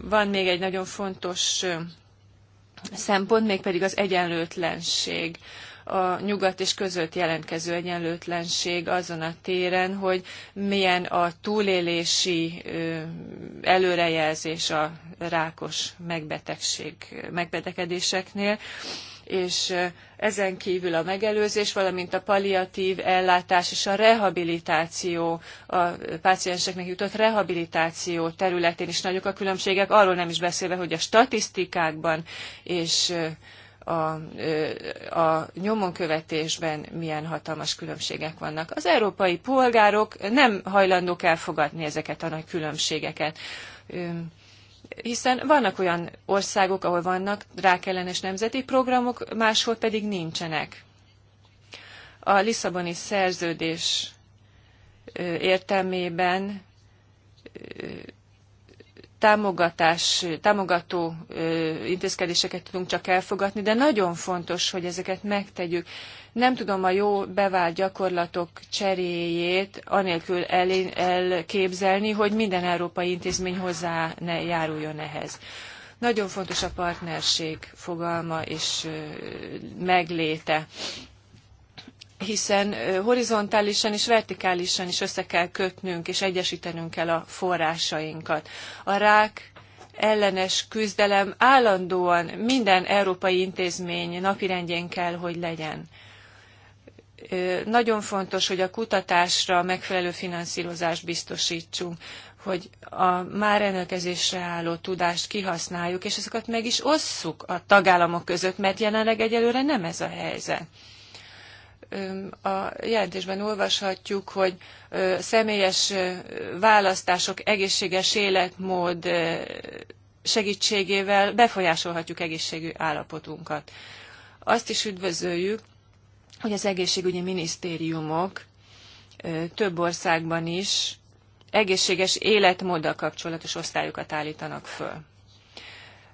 Van még egy nagyon fontos szempont, mégpedig az egyenlőtlenség a nyugat és között jelentkező egyenlőtlenség azon a téren, hogy milyen a túlélési előrejelzés a rákos megbetegség, megbetegedéseknél és ezen kívül a megelőzés, valamint a palliatív ellátás és a rehabilitáció, a pácienseknek jutott rehabilitáció területén is nagyok a különbségek, arról nem is beszélve, hogy a statisztikákban és a, a nyomonkövetésben milyen hatalmas különbségek vannak. Az európai polgárok nem hajlandók elfogadni ezeket a nagy különbségeket hiszen vannak olyan országok, ahol vannak rákellenes nemzeti programok, máshol pedig nincsenek. A Lisszaboni szerződés értelmében támogatás, támogató intézkedéseket tudunk csak elfogadni, de nagyon fontos, hogy ezeket megtegyük. Nem tudom a jó bevált gyakorlatok cseréjét anélkül el, elképzelni, hogy minden európai intézmény hozzá ne járuljon ehhez. Nagyon fontos a partnerség fogalma és megléte hiszen horizontálisan és vertikálisan is össze kell kötnünk és egyesítenünk kell a forrásainkat. A rák ellenes küzdelem állandóan minden európai intézmény napirendjén kell, hogy legyen. Nagyon fontos, hogy a kutatásra megfelelő finanszírozást biztosítsunk, hogy a már rendelkezésre álló tudást kihasználjuk, és ezeket meg is osszuk a tagállamok között, mert jelenleg egyelőre nem ez a helyzet a jelentésben olvashatjuk, hogy személyes választások, egészséges életmód segítségével befolyásolhatjuk egészségű állapotunkat. Azt is üdvözöljük, hogy az egészségügyi minisztériumok több országban is egészséges életmóddal kapcsolatos osztályokat állítanak föl.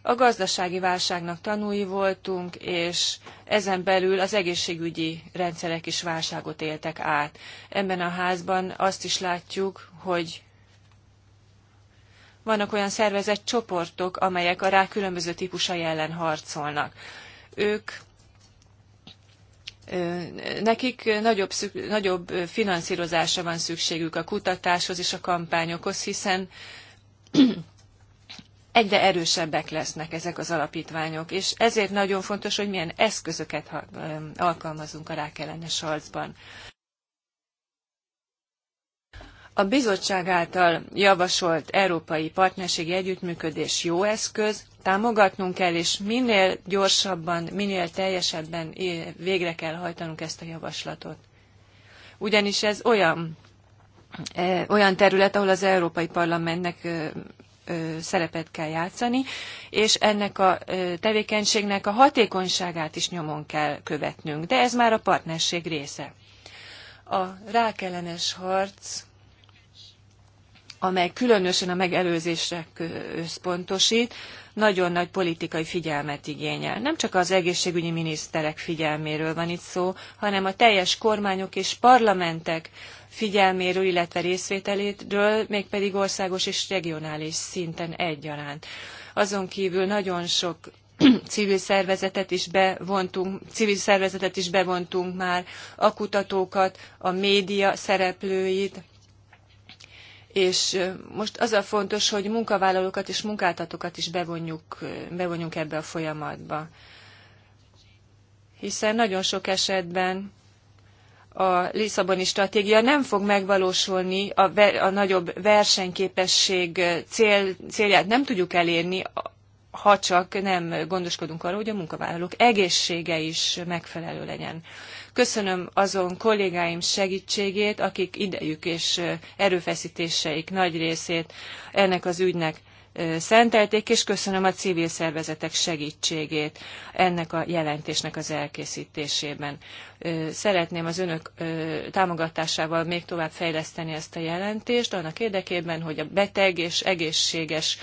A gazdasági válságnak tanúi voltunk, és ezen belül az egészségügyi rendszerek is válságot éltek át. Ebben a házban azt is látjuk, hogy vannak olyan szervezett csoportok, amelyek a rák különböző típusai ellen harcolnak. Ők Nekik nagyobb, szük, nagyobb finanszírozásra van szükségük a kutatáshoz és a kampányokhoz, hiszen egyre erősebbek lesznek ezek az alapítványok, és ezért nagyon fontos, hogy milyen eszközöket alkalmazunk a rákellenes harcban. A bizottság által javasolt európai partnerségi együttműködés jó eszköz, támogatnunk kell, és minél gyorsabban, minél teljesebben végre kell hajtanunk ezt a javaslatot. Ugyanis ez olyan e, olyan terület, ahol az Európai Parlamentnek szerepet kell játszani, és ennek a tevékenységnek a hatékonyságát is nyomon kell követnünk. De ez már a partnerség része. A rákellenes harc amely különösen a megelőzésre összpontosít, nagyon nagy politikai figyelmet igényel. Nem csak az egészségügyi miniszterek figyelméről van itt szó, hanem a teljes kormányok és parlamentek figyelméről, illetve részvételétről, mégpedig országos és regionális szinten egyaránt. Azon kívül nagyon sok civil szervezetet is bevontunk, civil szervezetet is bevontunk már, a kutatókat, a média szereplőit, és most az a fontos, hogy munkavállalókat és munkáltatókat is bevonjuk, bevonjunk ebbe a folyamatba. Hiszen nagyon sok esetben a Lisszaboni stratégia nem fog megvalósulni, a, a nagyobb versenyképesség cél, célját nem tudjuk elérni, ha csak nem gondoskodunk arról, hogy a munkavállalók egészsége is megfelelő legyen. Köszönöm azon kollégáim segítségét, akik idejük és erőfeszítéseik nagy részét ennek az ügynek szentelték, és köszönöm a civil szervezetek segítségét ennek a jelentésnek az elkészítésében. Szeretném az önök támogatásával még tovább fejleszteni ezt a jelentést, annak érdekében, hogy a beteg és egészséges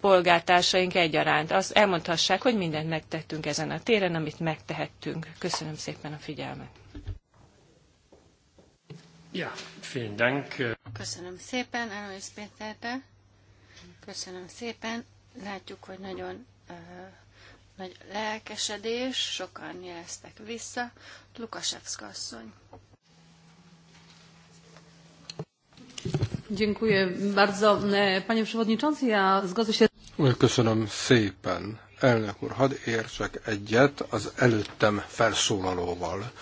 polgártársaink egyaránt azt elmondhassák, hogy mindent megtettünk ezen a téren, amit megtehettünk. Köszönöm szépen a figyelmet. Ja, vielen Dank. Köszönöm szépen Alois Péterre. Köszönöm szépen. Látjuk, hogy nagyon uh, nagy lelkesedés, sokan jeleztek vissza. Lukasevszka asszony. Dziękuję bardzo. E, panie Przewodniczący, ja zgodzę się... Köszönöm szépen, Elnök úr, hadd értsek egyet az előttem felszólalóval.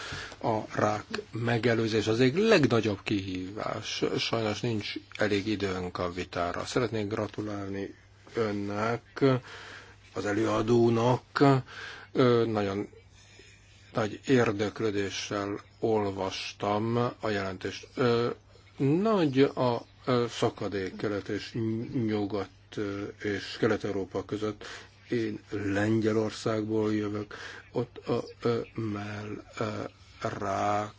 A rák megelőzés az egyik legnagyobb kihívás. Sajnos nincs elég időnk a vitára. Szeretnék gratulálni önnek, az előadónak. Nagyon nagy érdeklődéssel olvastam a jelentést. Nagy a szakadék kelet és nyugat és Kelet-Európa között, én Lengyelországból jövök, ott a mell rák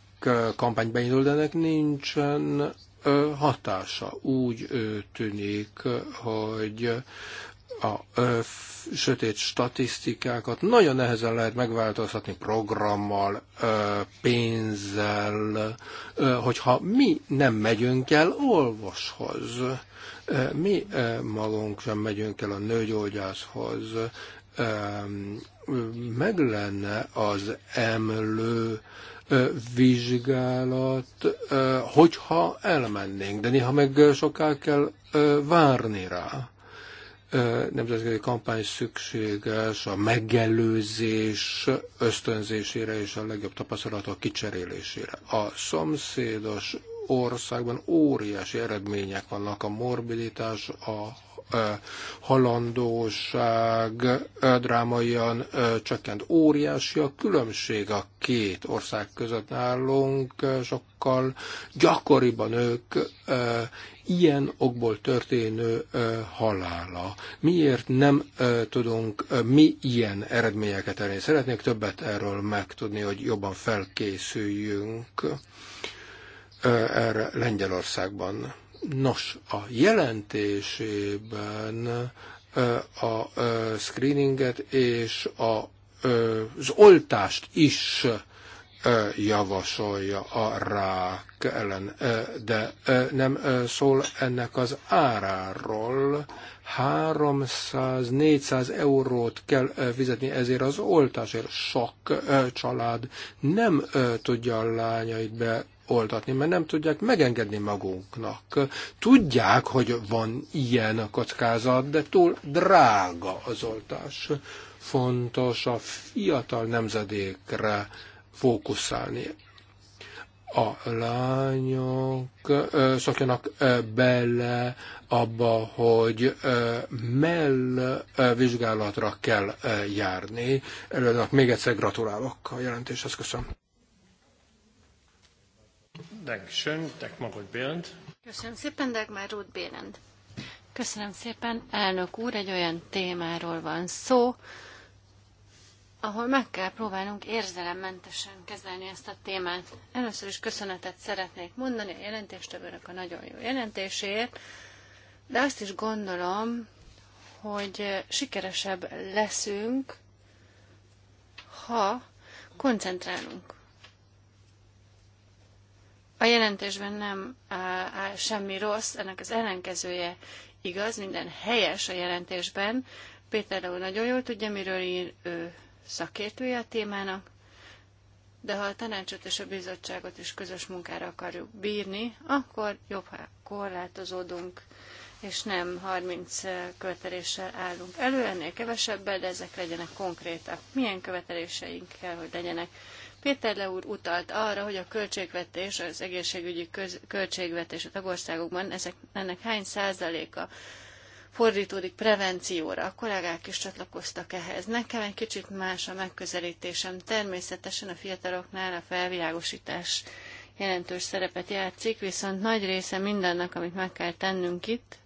kampányt beindul, de ennek nincsen hatása. Úgy tűnik, hogy a sötét statisztikákat nagyon nehezen lehet megváltoztatni programmal, pénzzel, hogyha mi nem megyünk el orvoshoz. Mi magunk sem megyünk el a nőgyógyászhoz. Meg lenne az emlő vizsgálat, hogyha elmennénk, de néha meg soká kell várni rá nemzetközi kampány szükséges, a megelőzés ösztönzésére és a legjobb tapasztalatok kicserélésére. A szomszédos országban óriási eredmények vannak a morbiditás, a halandóság drámaian csökkent. Óriási a különbség a két ország között nálunk, sokkal gyakoriban ők ilyen okból történő halála. Miért nem tudunk mi ilyen eredményeket elérni? Szeretnék többet erről megtudni, hogy jobban felkészüljünk erre Lengyelországban. Nos, a jelentésében a screeninget és a, az oltást is javasolja a rák ellen, de nem szól ennek az áráról. 300-400 eurót kell fizetni ezért az oltásért. Sok család nem tudja a lányait be oldatni, mert nem tudják megengedni magunknak. Tudják, hogy van ilyen a kockázat, de túl drága az oltás. Fontos a fiatal nemzedékre fókuszálni. A lányok szokjanak bele abba, hogy mell vizsgálatra kell járni. Előadnak még egyszer gratulálok a jelentéshez, köszönöm. Dankeschön, Dagmar Roth-Bérend. Köszönöm szépen, Dagmar Roth-Bérend. Köszönöm szépen, elnök úr, egy olyan témáról van szó, ahol meg kell próbálnunk érzelemmentesen kezelni ezt a témát. Először is köszönetet szeretnék mondani a jelentéstevőnek a nagyon jó jelentéséért, de azt is gondolom, hogy sikeresebb leszünk, ha koncentrálunk a jelentésben nem áll semmi rossz, ennek az ellenkezője igaz, minden helyes a jelentésben. Péter Leó nagyon jól tudja, miről ír ő szakértője a témának, de ha a tanácsot és a bizottságot is közös munkára akarjuk bírni, akkor jobb, ha korlátozódunk, és nem 30 követeléssel állunk elő, ennél kevesebbel, de ezek legyenek konkrétak. Milyen követeléseink kell, hogy legyenek? Péter Le úr utalt arra, hogy a költségvetés, az egészségügyi köz, költségvetés a tagországokban, ezek, ennek hány százaléka fordítódik prevencióra. A kollégák is csatlakoztak ehhez. Nekem egy kicsit más a megközelítésem. Természetesen a fiataloknál a felvilágosítás jelentős szerepet játszik, viszont nagy része mindennek, amit meg kell tennünk itt,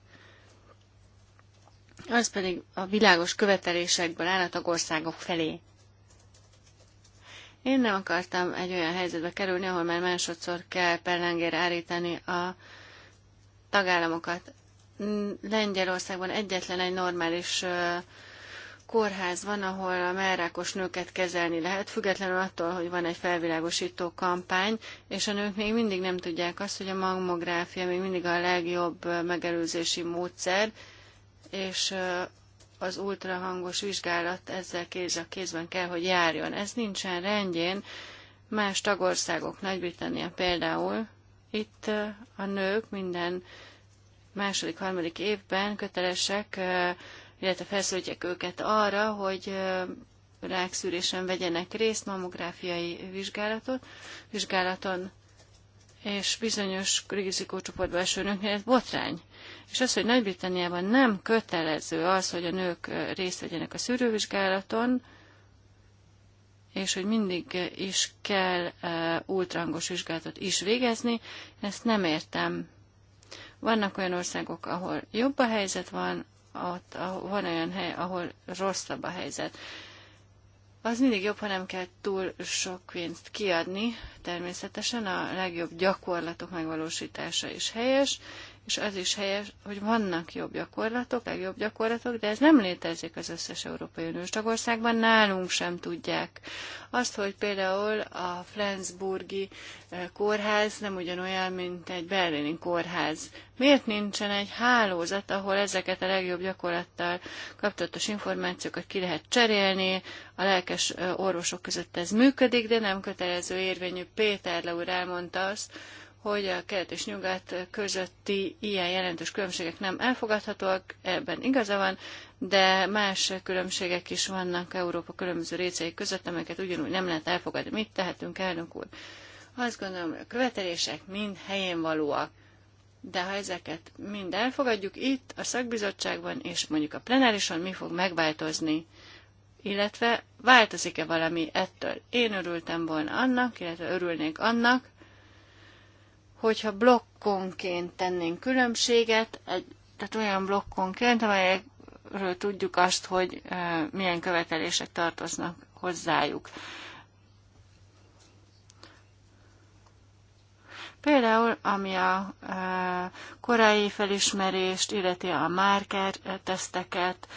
az pedig a világos követelésekből áll a tagországok felé. Én nem akartam egy olyan helyzetbe kerülni, ahol már másodszor kell pellengére állítani a tagállamokat. Lengyelországban egyetlen egy normális kórház van, ahol a merrákos nőket kezelni lehet, függetlenül attól, hogy van egy felvilágosító kampány, és a nők még mindig nem tudják azt, hogy a mammográfia még mindig a legjobb megelőzési módszer, és az ultrahangos vizsgálat ezzel kéz a kézben kell, hogy járjon. Ez nincsen rendjén. Más tagországok, Nagy-Britannia például, itt eh, a nők minden második, harmadik évben kötelesek, eh, illetve felszólítják őket arra, hogy eh, rákszűrésen vegyenek részt mammográfiai vizsgálatot, vizsgálaton, és bizonyos rizikócsoportban eső nőknél ez botrány és az, hogy Nagy-Britanniában nem kötelező az, hogy a nők részt vegyenek a szűrővizsgálaton, és hogy mindig is kell ultrangos vizsgálatot is végezni, ezt nem értem. Vannak olyan országok, ahol jobb a helyzet van, ott, ahol, van olyan hely, ahol rosszabb a helyzet. Az mindig jobb, ha nem kell túl sok pénzt kiadni, természetesen a legjobb gyakorlatok megvalósítása is helyes, és az is helyes, hogy vannak jobb gyakorlatok, legjobb gyakorlatok, de ez nem létezik az összes Európai Uniós tagországban, nálunk sem tudják. Azt, hogy például a Flensburgi eh, kórház nem ugyanolyan, mint egy berlini kórház. Miért nincsen egy hálózat, ahol ezeket a legjobb gyakorlattal kapcsolatos információkat ki lehet cserélni, a lelkes eh, orvosok között ez működik, de nem kötelező érvényű. Péter Leúr elmondta azt, hogy a kelet és nyugat közötti ilyen jelentős különbségek nem elfogadhatóak, ebben igaza van, de más különbségek is vannak Európa különböző részei között, amelyeket ugyanúgy nem lehet elfogadni. Mit tehetünk, elnök úr? Azt gondolom, hogy a követelések mind helyén valóak. De ha ezeket mind elfogadjuk itt, a szakbizottságban és mondjuk a plenárison mi fog megváltozni? Illetve változik-e valami ettől? Én örültem volna annak, illetve örülnék annak, hogyha blokkonként tennénk különbséget, egy, tehát olyan blokkonként, amelyekről tudjuk azt, hogy milyen követelések tartoznak hozzájuk. Például, ami a korai felismerést, illeti a marker teszteket,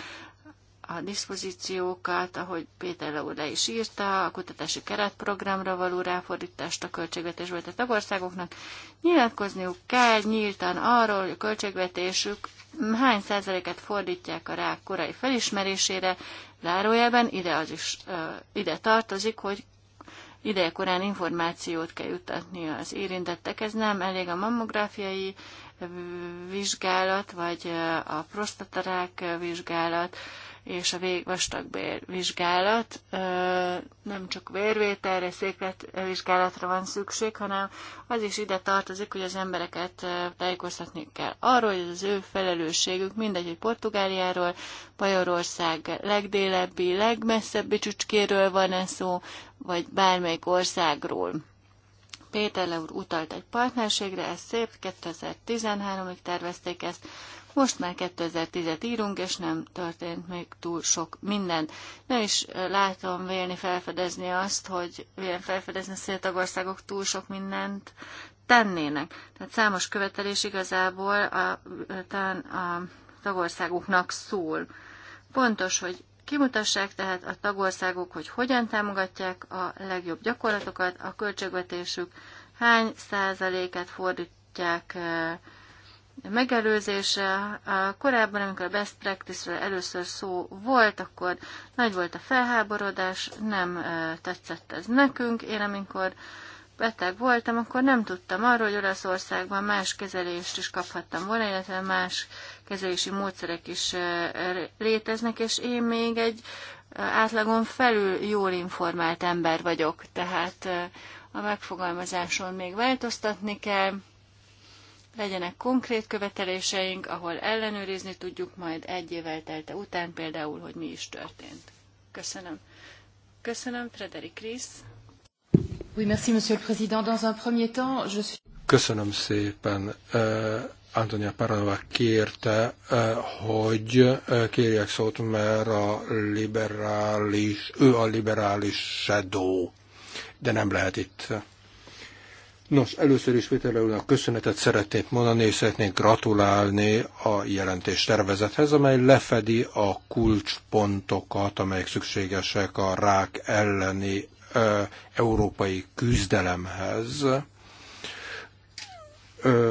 a diszpozíciókat, ahogy Péter Lauda is írta, a kutatási keretprogramra való ráfordítást a költségvetésből, tehát tagországoknak nyilatkozniuk kell nyíltan arról, hogy a költségvetésük hány százaléket fordítják a rák korai felismerésére, zárójelben ide, az is, ide tartozik, hogy idejekorán információt kell juttatni az érintettek. Ez nem elég a mammográfiai vizsgálat, vagy a prostatarák vizsgálat, és a vastagbér vizsgálat. Nem csak vérvételre, székletvizsgálatra van szükség, hanem az is ide tartozik, hogy az embereket tájékoztatni kell arról, hogy az ő felelősségük, mindegy, hogy Portugáliáról, Bajorország legdélebbi, legmesszebbi csücskéről van ez szó, vagy bármelyik országról. Péter Leur utalt egy partnerségre, ez szép, 2013-ig tervezték ezt, most már 2010-et írunk, és nem történt még túl sok minden. Nem is látom vélni felfedezni azt, hogy vélem felfedezni a tagországok túl sok mindent tennének. Tehát számos követelés igazából a, a, a tagországoknak szól. Pontos, hogy kimutassák tehát a tagországok, hogy hogyan támogatják a legjobb gyakorlatokat, a költségvetésük hány százalékát fordítják megelőzése. Korábban, amikor a best practice-ről először szó volt, akkor nagy volt a felháborodás, nem tetszett ez nekünk. Én amikor beteg voltam, akkor nem tudtam arról, hogy Olaszországban más kezelést is kaphattam volna, illetve más kezelési módszerek is léteznek, és én még egy átlagon felül jól informált ember vagyok, tehát a megfogalmazáson még változtatni kell legyenek konkrét követeléseink, ahol ellenőrizni tudjuk majd egy év eltelte után például, hogy mi is történt. Köszönöm. Köszönöm, Frederik Rész. Oui, merci, monsieur le président. Dans un premier temps, je suis... Köszönöm szépen. Antonia Paranova kérte, hogy kérjek szót, mert a liberális, ő a liberális shadow, de nem lehet itt. Nos, először is Péter a köszönetet szeretnék mondani, és szeretnék gratulálni a jelentés tervezethez, amely lefedi a kulcspontokat, amelyek szükségesek a rák elleni ö, európai küzdelemhez.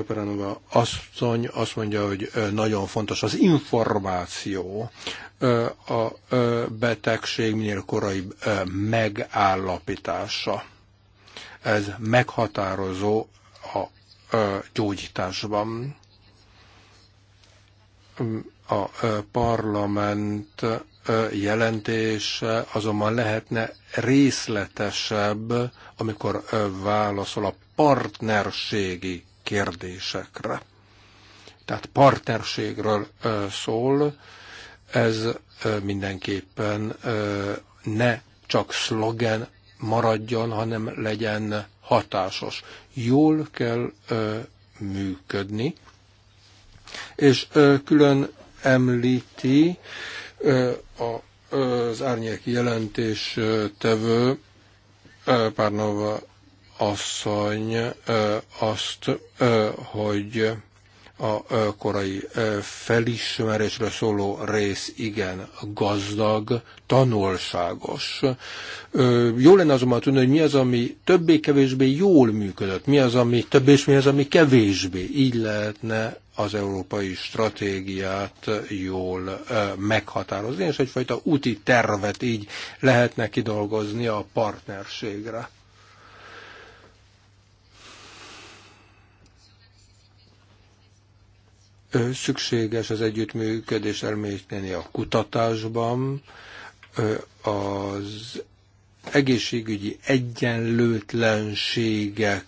Peranova asszony azt mondja, hogy nagyon fontos az információ, a betegség minél korai megállapítása ez meghatározó a gyógyításban. A parlament jelentése azonban lehetne részletesebb, amikor válaszol a partnerségi kérdésekre. Tehát partnerségről szól, ez mindenképpen ne csak szlogen maradjon, hanem legyen hatásos. Jól kell ö, működni, és ö, külön említi ö, a, ö, az árnyék jelentés ö, tevő ö, Párnova asszony ö, azt, ö, hogy a korai felismerésre szóló rész igen gazdag, tanulságos. Jó lenne azonban tudni, hogy mi az, ami többé-kevésbé jól működött, mi az, ami több és mi az, ami kevésbé. Így lehetne az európai stratégiát jól meghatározni, és egyfajta úti tervet így lehetne kidolgozni a partnerségre Szükséges az együttműködés elmélyíteni a kutatásban, az egészségügyi egyenlőtlenségeket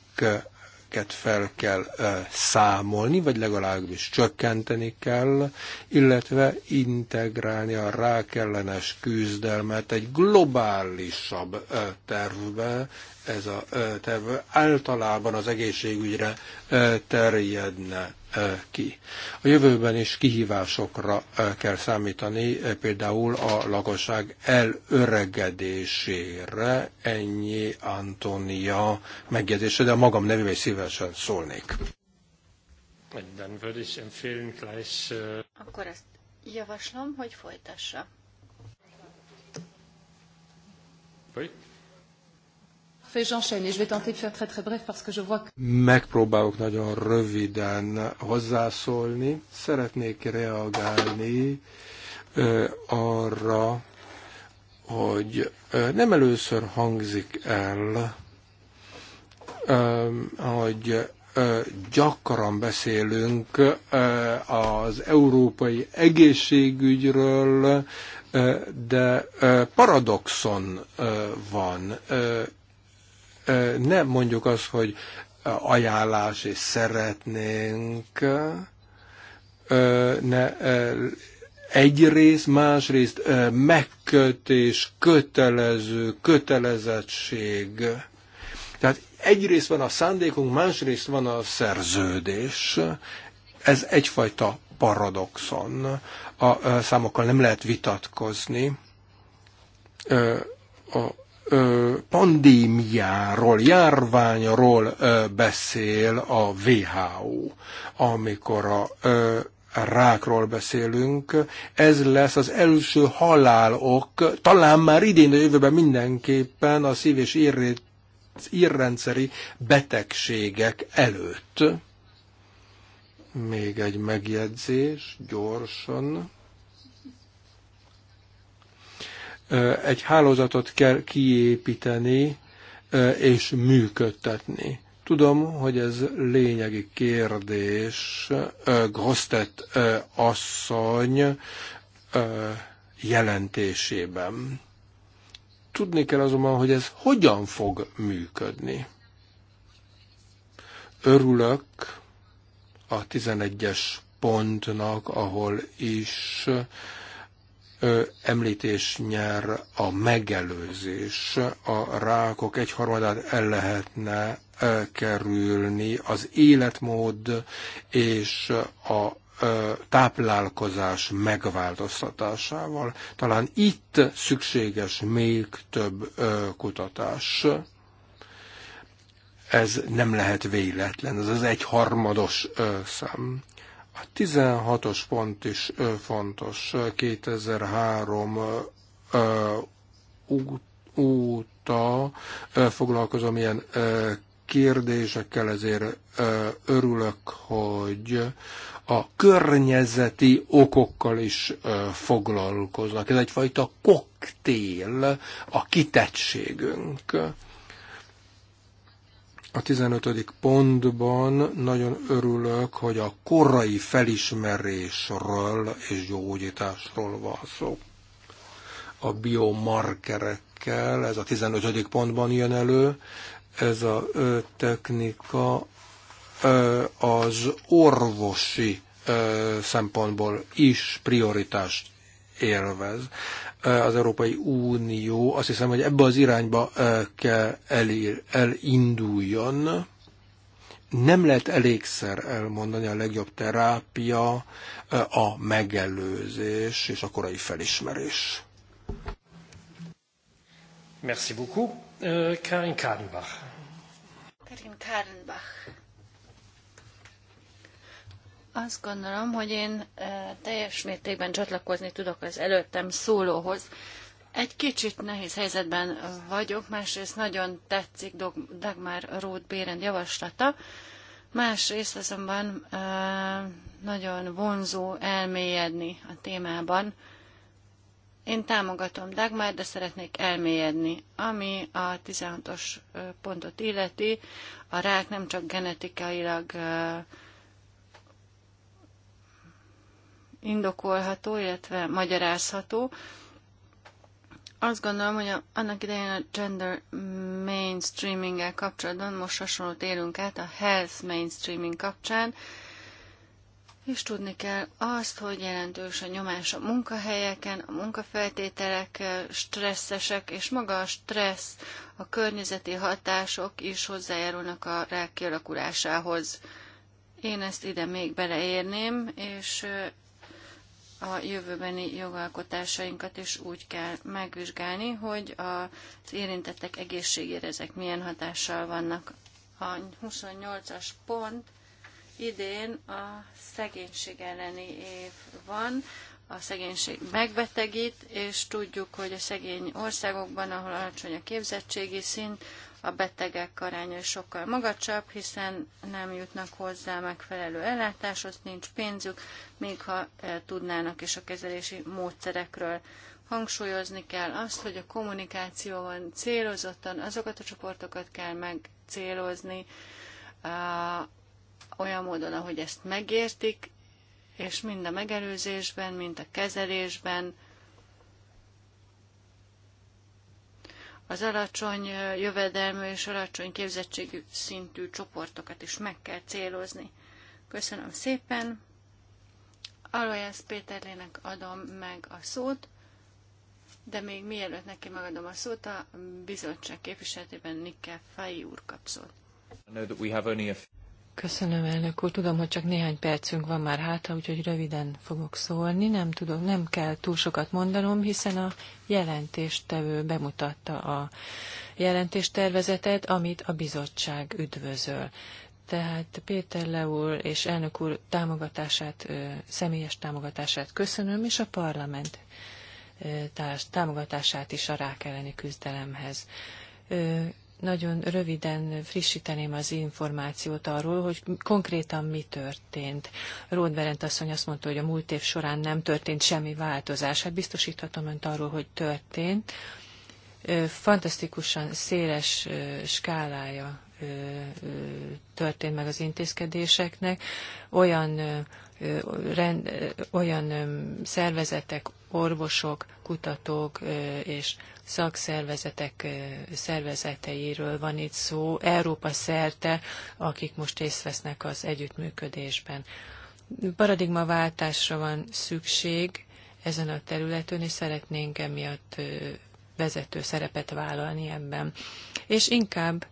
fel kell számolni, vagy legalábbis csökkenteni kell, illetve integrálni a rákellenes küzdelmet egy globálisabb tervbe, ez a terv általában az egészségügyre terjedne ki. A jövőben is kihívásokra kell számítani, például a lakosság elöregedésére. Ennyi Antonia megjegyzése, de a magam nevében szívesen szólnék. Akkor ezt javaslom, hogy folytassa. Oui. Megpróbálok nagyon röviden hozzászólni. Szeretnék reagálni ö, arra, hogy ö, nem először hangzik el, ö, hogy gyakran beszélünk az európai egészségügyről, de paradoxon van nem mondjuk azt, hogy ajánlás és szeretnénk, ne, egyrészt, másrészt megkötés, kötelező, kötelezettség. Tehát egyrészt van a szándékunk, másrészt van a szerződés. Ez egyfajta paradoxon. A számokkal nem lehet vitatkozni. A pandémiáról, járványról beszél a WHO, amikor a rákról beszélünk. Ez lesz az első halálok, talán már idén, de jövőben mindenképpen a szív- és írrendszeri betegségek előtt. Még egy megjegyzés, gyorsan. Egy hálózatot kell kiépíteni és működtetni. Tudom, hogy ez lényegi kérdés. Grosztet asszony jelentésében. Tudni kell azonban, hogy ez hogyan fog működni. Örülök a 11-es pontnak, ahol is említés nyer a megelőzés. A rákok egyharmadát el lehetne kerülni az életmód és a táplálkozás megváltoztatásával. Talán itt szükséges még több kutatás. Ez nem lehet véletlen, ez az egy harmados szám a 16-os pont is fontos. 2003 óta foglalkozom ilyen kérdésekkel, ezért örülök, hogy a környezeti okokkal is foglalkoznak. Ez egyfajta koktél a kitettségünk. A 15. pontban nagyon örülök, hogy a korai felismerésről és gyógyításról van szó. A biomarkerekkel, ez a 15. pontban jön elő, ez a technika az orvosi szempontból is prioritást élvez az Európai Unió azt hiszem, hogy ebbe az irányba kell elér, elinduljon. Nem lehet elégszer elmondani a legjobb terápia, a megelőzés és a korai felismerés. Merci beaucoup. Euh, Karin Kadenbach. Karin Kadenbach. Azt gondolom, hogy én e, teljes mértékben csatlakozni tudok az előttem szólóhoz. Egy kicsit nehéz helyzetben vagyok, másrészt nagyon tetszik Dagmar Roth Bérend javaslata, másrészt azonban e, nagyon vonzó elmélyedni a témában. Én támogatom Dagmar, de szeretnék elmélyedni. Ami a 16-os pontot illeti, a rák nem csak genetikailag indokolható, illetve magyarázható. Azt gondolom, hogy a, annak idején a gender mainstreaminggel kapcsolatban most hasonlót élünk át a health mainstreaming kapcsán, és tudni kell azt, hogy jelentős a nyomás a munkahelyeken, a munkafeltételek eh, stresszesek, és maga a stressz, a környezeti hatások is hozzájárulnak a rák kialakulásához. Én ezt ide még beleérném, és eh, a jövőbeni jogalkotásainkat is úgy kell megvizsgálni, hogy az érintettek egészségére ezek milyen hatással vannak. A 28-as pont idén a szegénység elleni év van, a szegénység megbetegít, és tudjuk, hogy a szegény országokban, ahol alacsony a képzettségi szint, a betegek aránya sokkal magasabb, hiszen nem jutnak hozzá megfelelő ellátáshoz, nincs pénzük, még ha e, tudnának is a kezelési módszerekről. Hangsúlyozni kell azt, hogy a kommunikációban célozottan azokat a csoportokat kell megcélozni, olyan módon, ahogy ezt megértik, és mind a megelőzésben, mind a kezelésben, az alacsony jövedelmű és alacsony képzettségű szintű csoportokat is meg kell célozni. Köszönöm szépen. Alojász Péterlének adom meg a szót, de még mielőtt neki megadom a szót, a bizottság képviseletében Nikke Fai úr kap Köszönöm, elnök úr. Tudom, hogy csak néhány percünk van már hátra, úgyhogy röviden fogok szólni. Nem tudom, nem kell túl sokat mondanom, hiszen a jelentéstevő bemutatta a jelentéstervezetet, amit a bizottság üdvözöl. Tehát Péter Le és elnök úr támogatását, személyes támogatását köszönöm, és a parlament támogatását is a rák elleni küzdelemhez nagyon röviden frissíteném az információt arról, hogy konkrétan mi történt. Ród Berent asszony azt mondta, hogy a múlt év során nem történt semmi változás. Hát biztosíthatom önt arról, hogy történt. Fantasztikusan széles skálája történt meg az intézkedéseknek. Olyan, rend, olyan szervezetek, orvosok, kutatók és szakszervezetek szervezeteiről van itt szó, Európa szerte, akik most részt vesznek az együttműködésben. Paradigmaváltásra van szükség ezen a területen, és szeretnénk emiatt vezető szerepet vállalni ebben. És inkább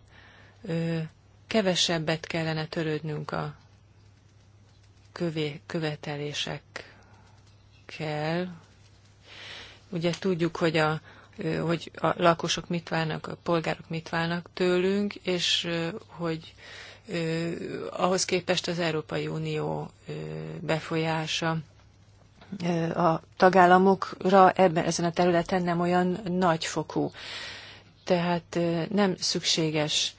kevesebbet kellene törődnünk a kövé, követelésekkel. Ugye tudjuk, hogy a hogy a lakosok mit válnak, a polgárok mit válnak tőlünk, és hogy ahhoz képest az Európai Unió befolyása a tagállamokra ebben ezen a területen nem olyan nagyfokú. Tehát nem szükséges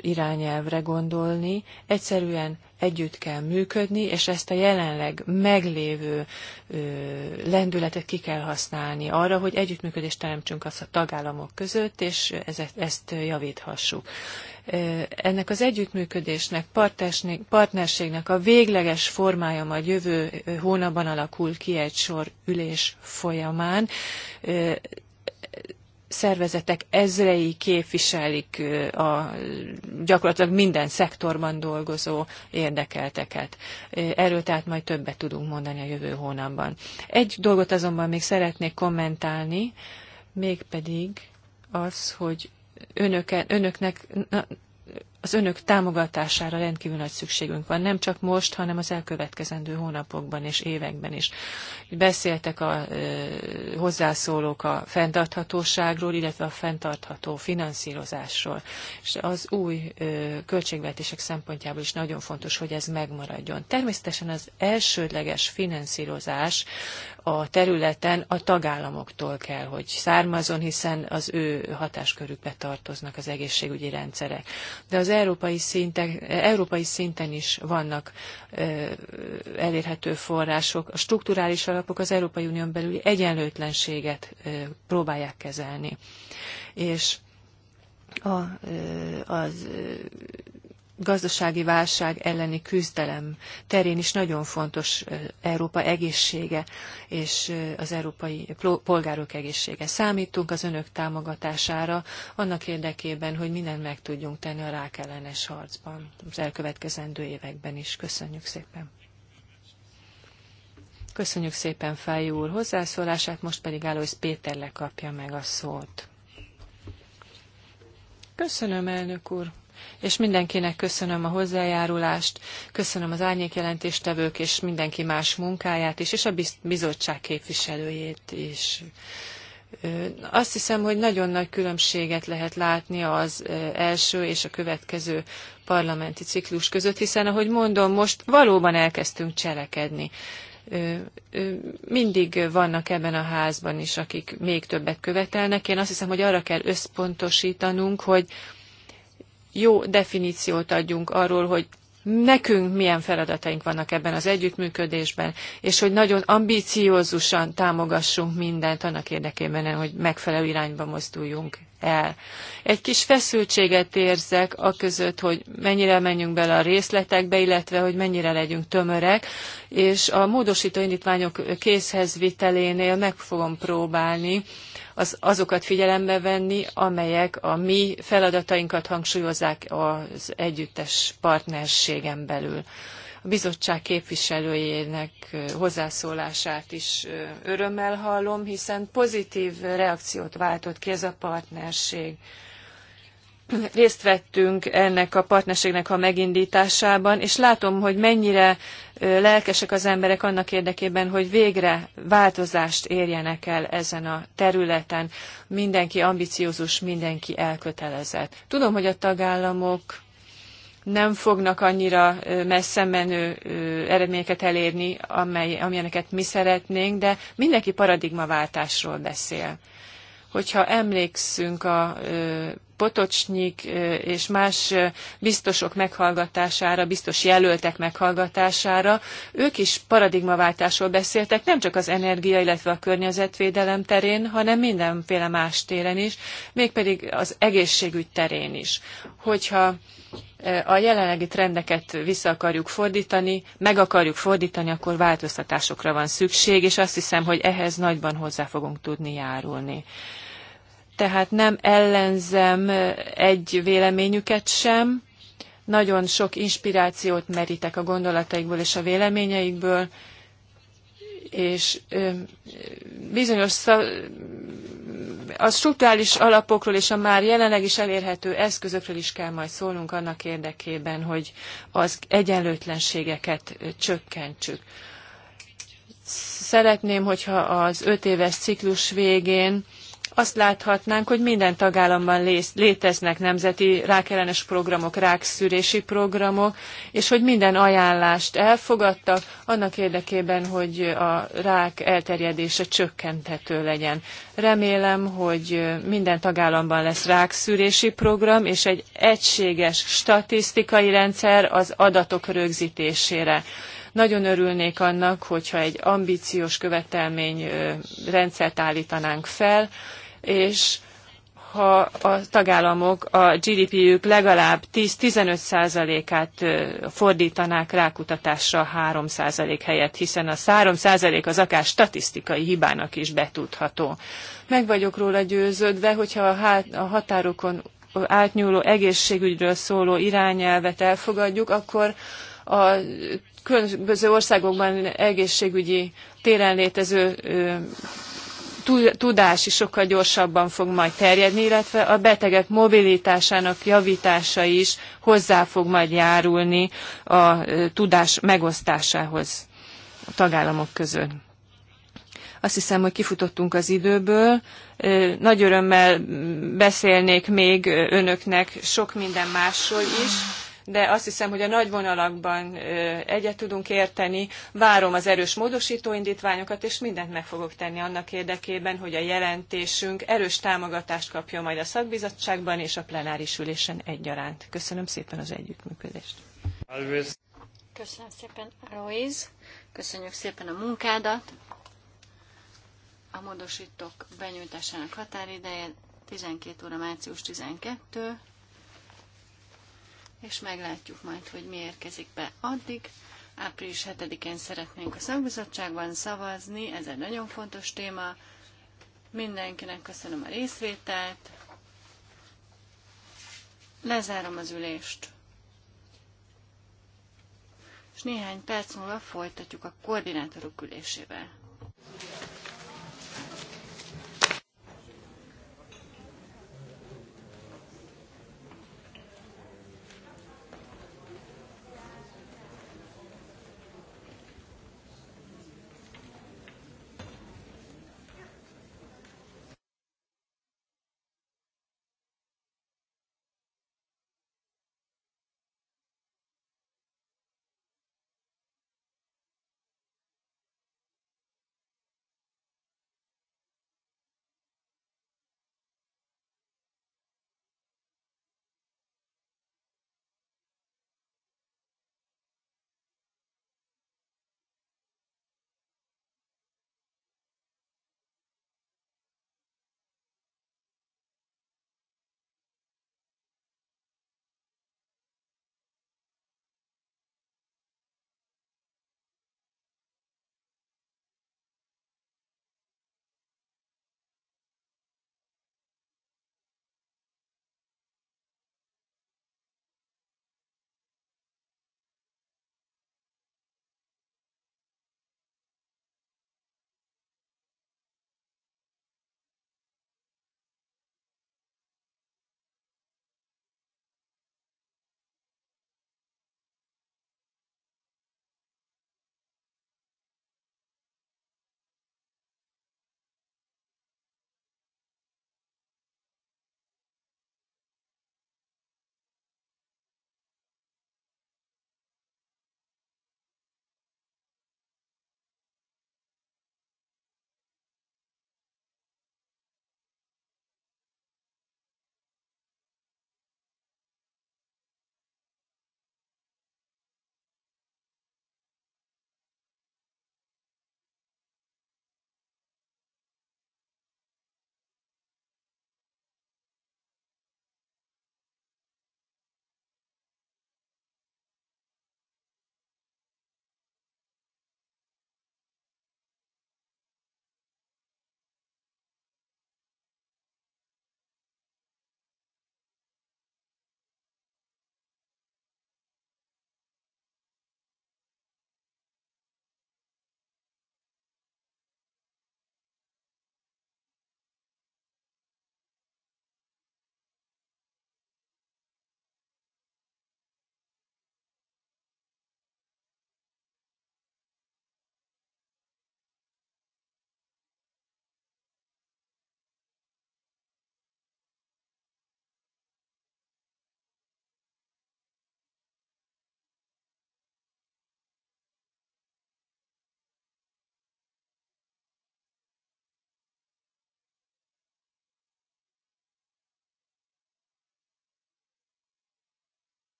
irányelvre gondolni, egyszerűen együtt kell működni, és ezt a jelenleg meglévő lendületet ki kell használni arra, hogy együttműködést teremtsünk az a tagállamok között, és ezt javíthassuk. Ennek az együttműködésnek, partnerségnek a végleges formája majd jövő hónapban alakul ki egy sor ülés folyamán szervezetek ezrei képviselik a gyakorlatilag minden szektorban dolgozó érdekelteket. Erről tehát majd többet tudunk mondani a jövő hónapban. Egy dolgot azonban még szeretnék kommentálni, mégpedig az, hogy önöke, önöknek az önök támogatására rendkívül nagy szükségünk van, nem csak most, hanem az elkövetkezendő hónapokban és években is. Beszéltek a ö, hozzászólók a fenntarthatóságról, illetve a fenntartható finanszírozásról. És az új ö, költségvetések szempontjából is nagyon fontos, hogy ez megmaradjon. Természetesen az elsődleges finanszírozás a területen a tagállamoktól kell, hogy származon, hiszen az ő hatáskörükbe tartoznak az egészségügyi rendszerek. De az európai szinten, európai szinten is vannak elérhető források. A strukturális alapok az Európai Unión belüli egyenlőtlenséget próbálják kezelni. És a, az gazdasági válság elleni küzdelem terén is nagyon fontos Európa egészsége és az európai polgárok egészsége. Számítunk az önök támogatására annak érdekében, hogy mindent meg tudjunk tenni a rák ellenes harcban az elkövetkezendő években is. Köszönjük szépen! Köszönjük szépen Fájú úr hozzászólását, most pedig Alois Péter lekapja meg a szót. Köszönöm, elnök úr! és mindenkinek köszönöm a hozzájárulást, köszönöm az árnyékjelentéstevők és mindenki más munkáját is, és a bizottság képviselőjét is. Azt hiszem, hogy nagyon nagy különbséget lehet látni az első és a következő parlamenti ciklus között, hiszen ahogy mondom, most valóban elkezdtünk cselekedni mindig vannak ebben a házban is, akik még többet követelnek. Én azt hiszem, hogy arra kell összpontosítanunk, hogy jó definíciót adjunk arról, hogy nekünk milyen feladataink vannak ebben az együttműködésben, és hogy nagyon ambíciózusan támogassunk mindent annak érdekében, hogy megfelelő irányba mozduljunk el. Egy kis feszültséget érzek a között, hogy mennyire menjünk bele a részletekbe, illetve hogy mennyire legyünk tömörek, és a módosító indítványok készhez vitelénél meg fogom próbálni, az, azokat figyelembe venni, amelyek a mi feladatainkat hangsúlyozzák az együttes partnerségen belül. A bizottság képviselőjének hozzászólását is örömmel hallom, hiszen pozitív reakciót váltott ki ez a partnerség részt vettünk ennek a partnerségnek a megindításában, és látom, hogy mennyire lelkesek az emberek annak érdekében, hogy végre változást érjenek el ezen a területen. Mindenki ambiciózus, mindenki elkötelezett. Tudom, hogy a tagállamok nem fognak annyira messze menő eredményeket elérni, amely, amilyeneket mi szeretnénk, de mindenki paradigmaváltásról beszél. Hogyha emlékszünk a Potocsnyik és más biztosok meghallgatására, biztos jelöltek meghallgatására, ők is paradigmaváltásról beszéltek, nem csak az energia, illetve a környezetvédelem terén, hanem mindenféle más téren is, mégpedig az egészségügy terén is. Hogyha a jelenlegi trendeket vissza akarjuk fordítani, meg akarjuk fordítani, akkor változtatásokra van szükség, és azt hiszem, hogy ehhez nagyban hozzá fogunk tudni járulni tehát nem ellenzem egy véleményüket sem, nagyon sok inspirációt merítek a gondolataikból és a véleményeikből, és bizonyos a struktúrális alapokról és a már jelenleg is elérhető eszközökről is kell majd szólnunk annak érdekében, hogy az egyenlőtlenségeket csökkentsük. Szeretném, hogyha az öt éves ciklus végén azt láthatnánk, hogy minden tagállamban léteznek nemzeti rákellenes programok, rákszűrési programok, és hogy minden ajánlást elfogadtak annak érdekében, hogy a rák elterjedése csökkenthető legyen. Remélem, hogy minden tagállamban lesz rákszűrési program, és egy egységes statisztikai rendszer az adatok rögzítésére nagyon örülnék annak, hogyha egy ambíciós követelmény rendszert állítanánk fel, és ha a tagállamok a GDP-jük legalább 10-15%-át fordítanák rákutatásra 3% helyett, hiszen a 3% az akár statisztikai hibának is betudható. Meg vagyok róla győződve, hogyha hát, a határokon átnyúló egészségügyről szóló irányelvet elfogadjuk, akkor a különböző országokban egészségügyi téren létező tudás is sokkal gyorsabban fog majd terjedni, illetve a betegek mobilitásának javítása is hozzá fog majd járulni a tudás megosztásához a tagállamok között. Azt hiszem, hogy kifutottunk az időből. Nagy örömmel mm, beszélnék még önöknek sok minden másról is de azt hiszem, hogy a nagy vonalakban egyet tudunk érteni. Várom az erős módosító indítványokat, és mindent meg fogok tenni annak érdekében, hogy a jelentésünk erős támogatást kapjon majd a szakbizottságban és a plenáris ülésen egyaránt. Köszönöm szépen az együttműködést. Köszönöm szépen, Roiz. Köszönjük szépen a munkádat. A módosítók benyújtásának határideje 12 óra március 12 és meglátjuk majd, hogy mi érkezik be addig. Április 7-én szeretnénk a szakbizottságban szavazni, ez egy nagyon fontos téma. Mindenkinek köszönöm a részvételt. Lezárom az ülést. És néhány perc múlva folytatjuk a koordinátorok ülésével.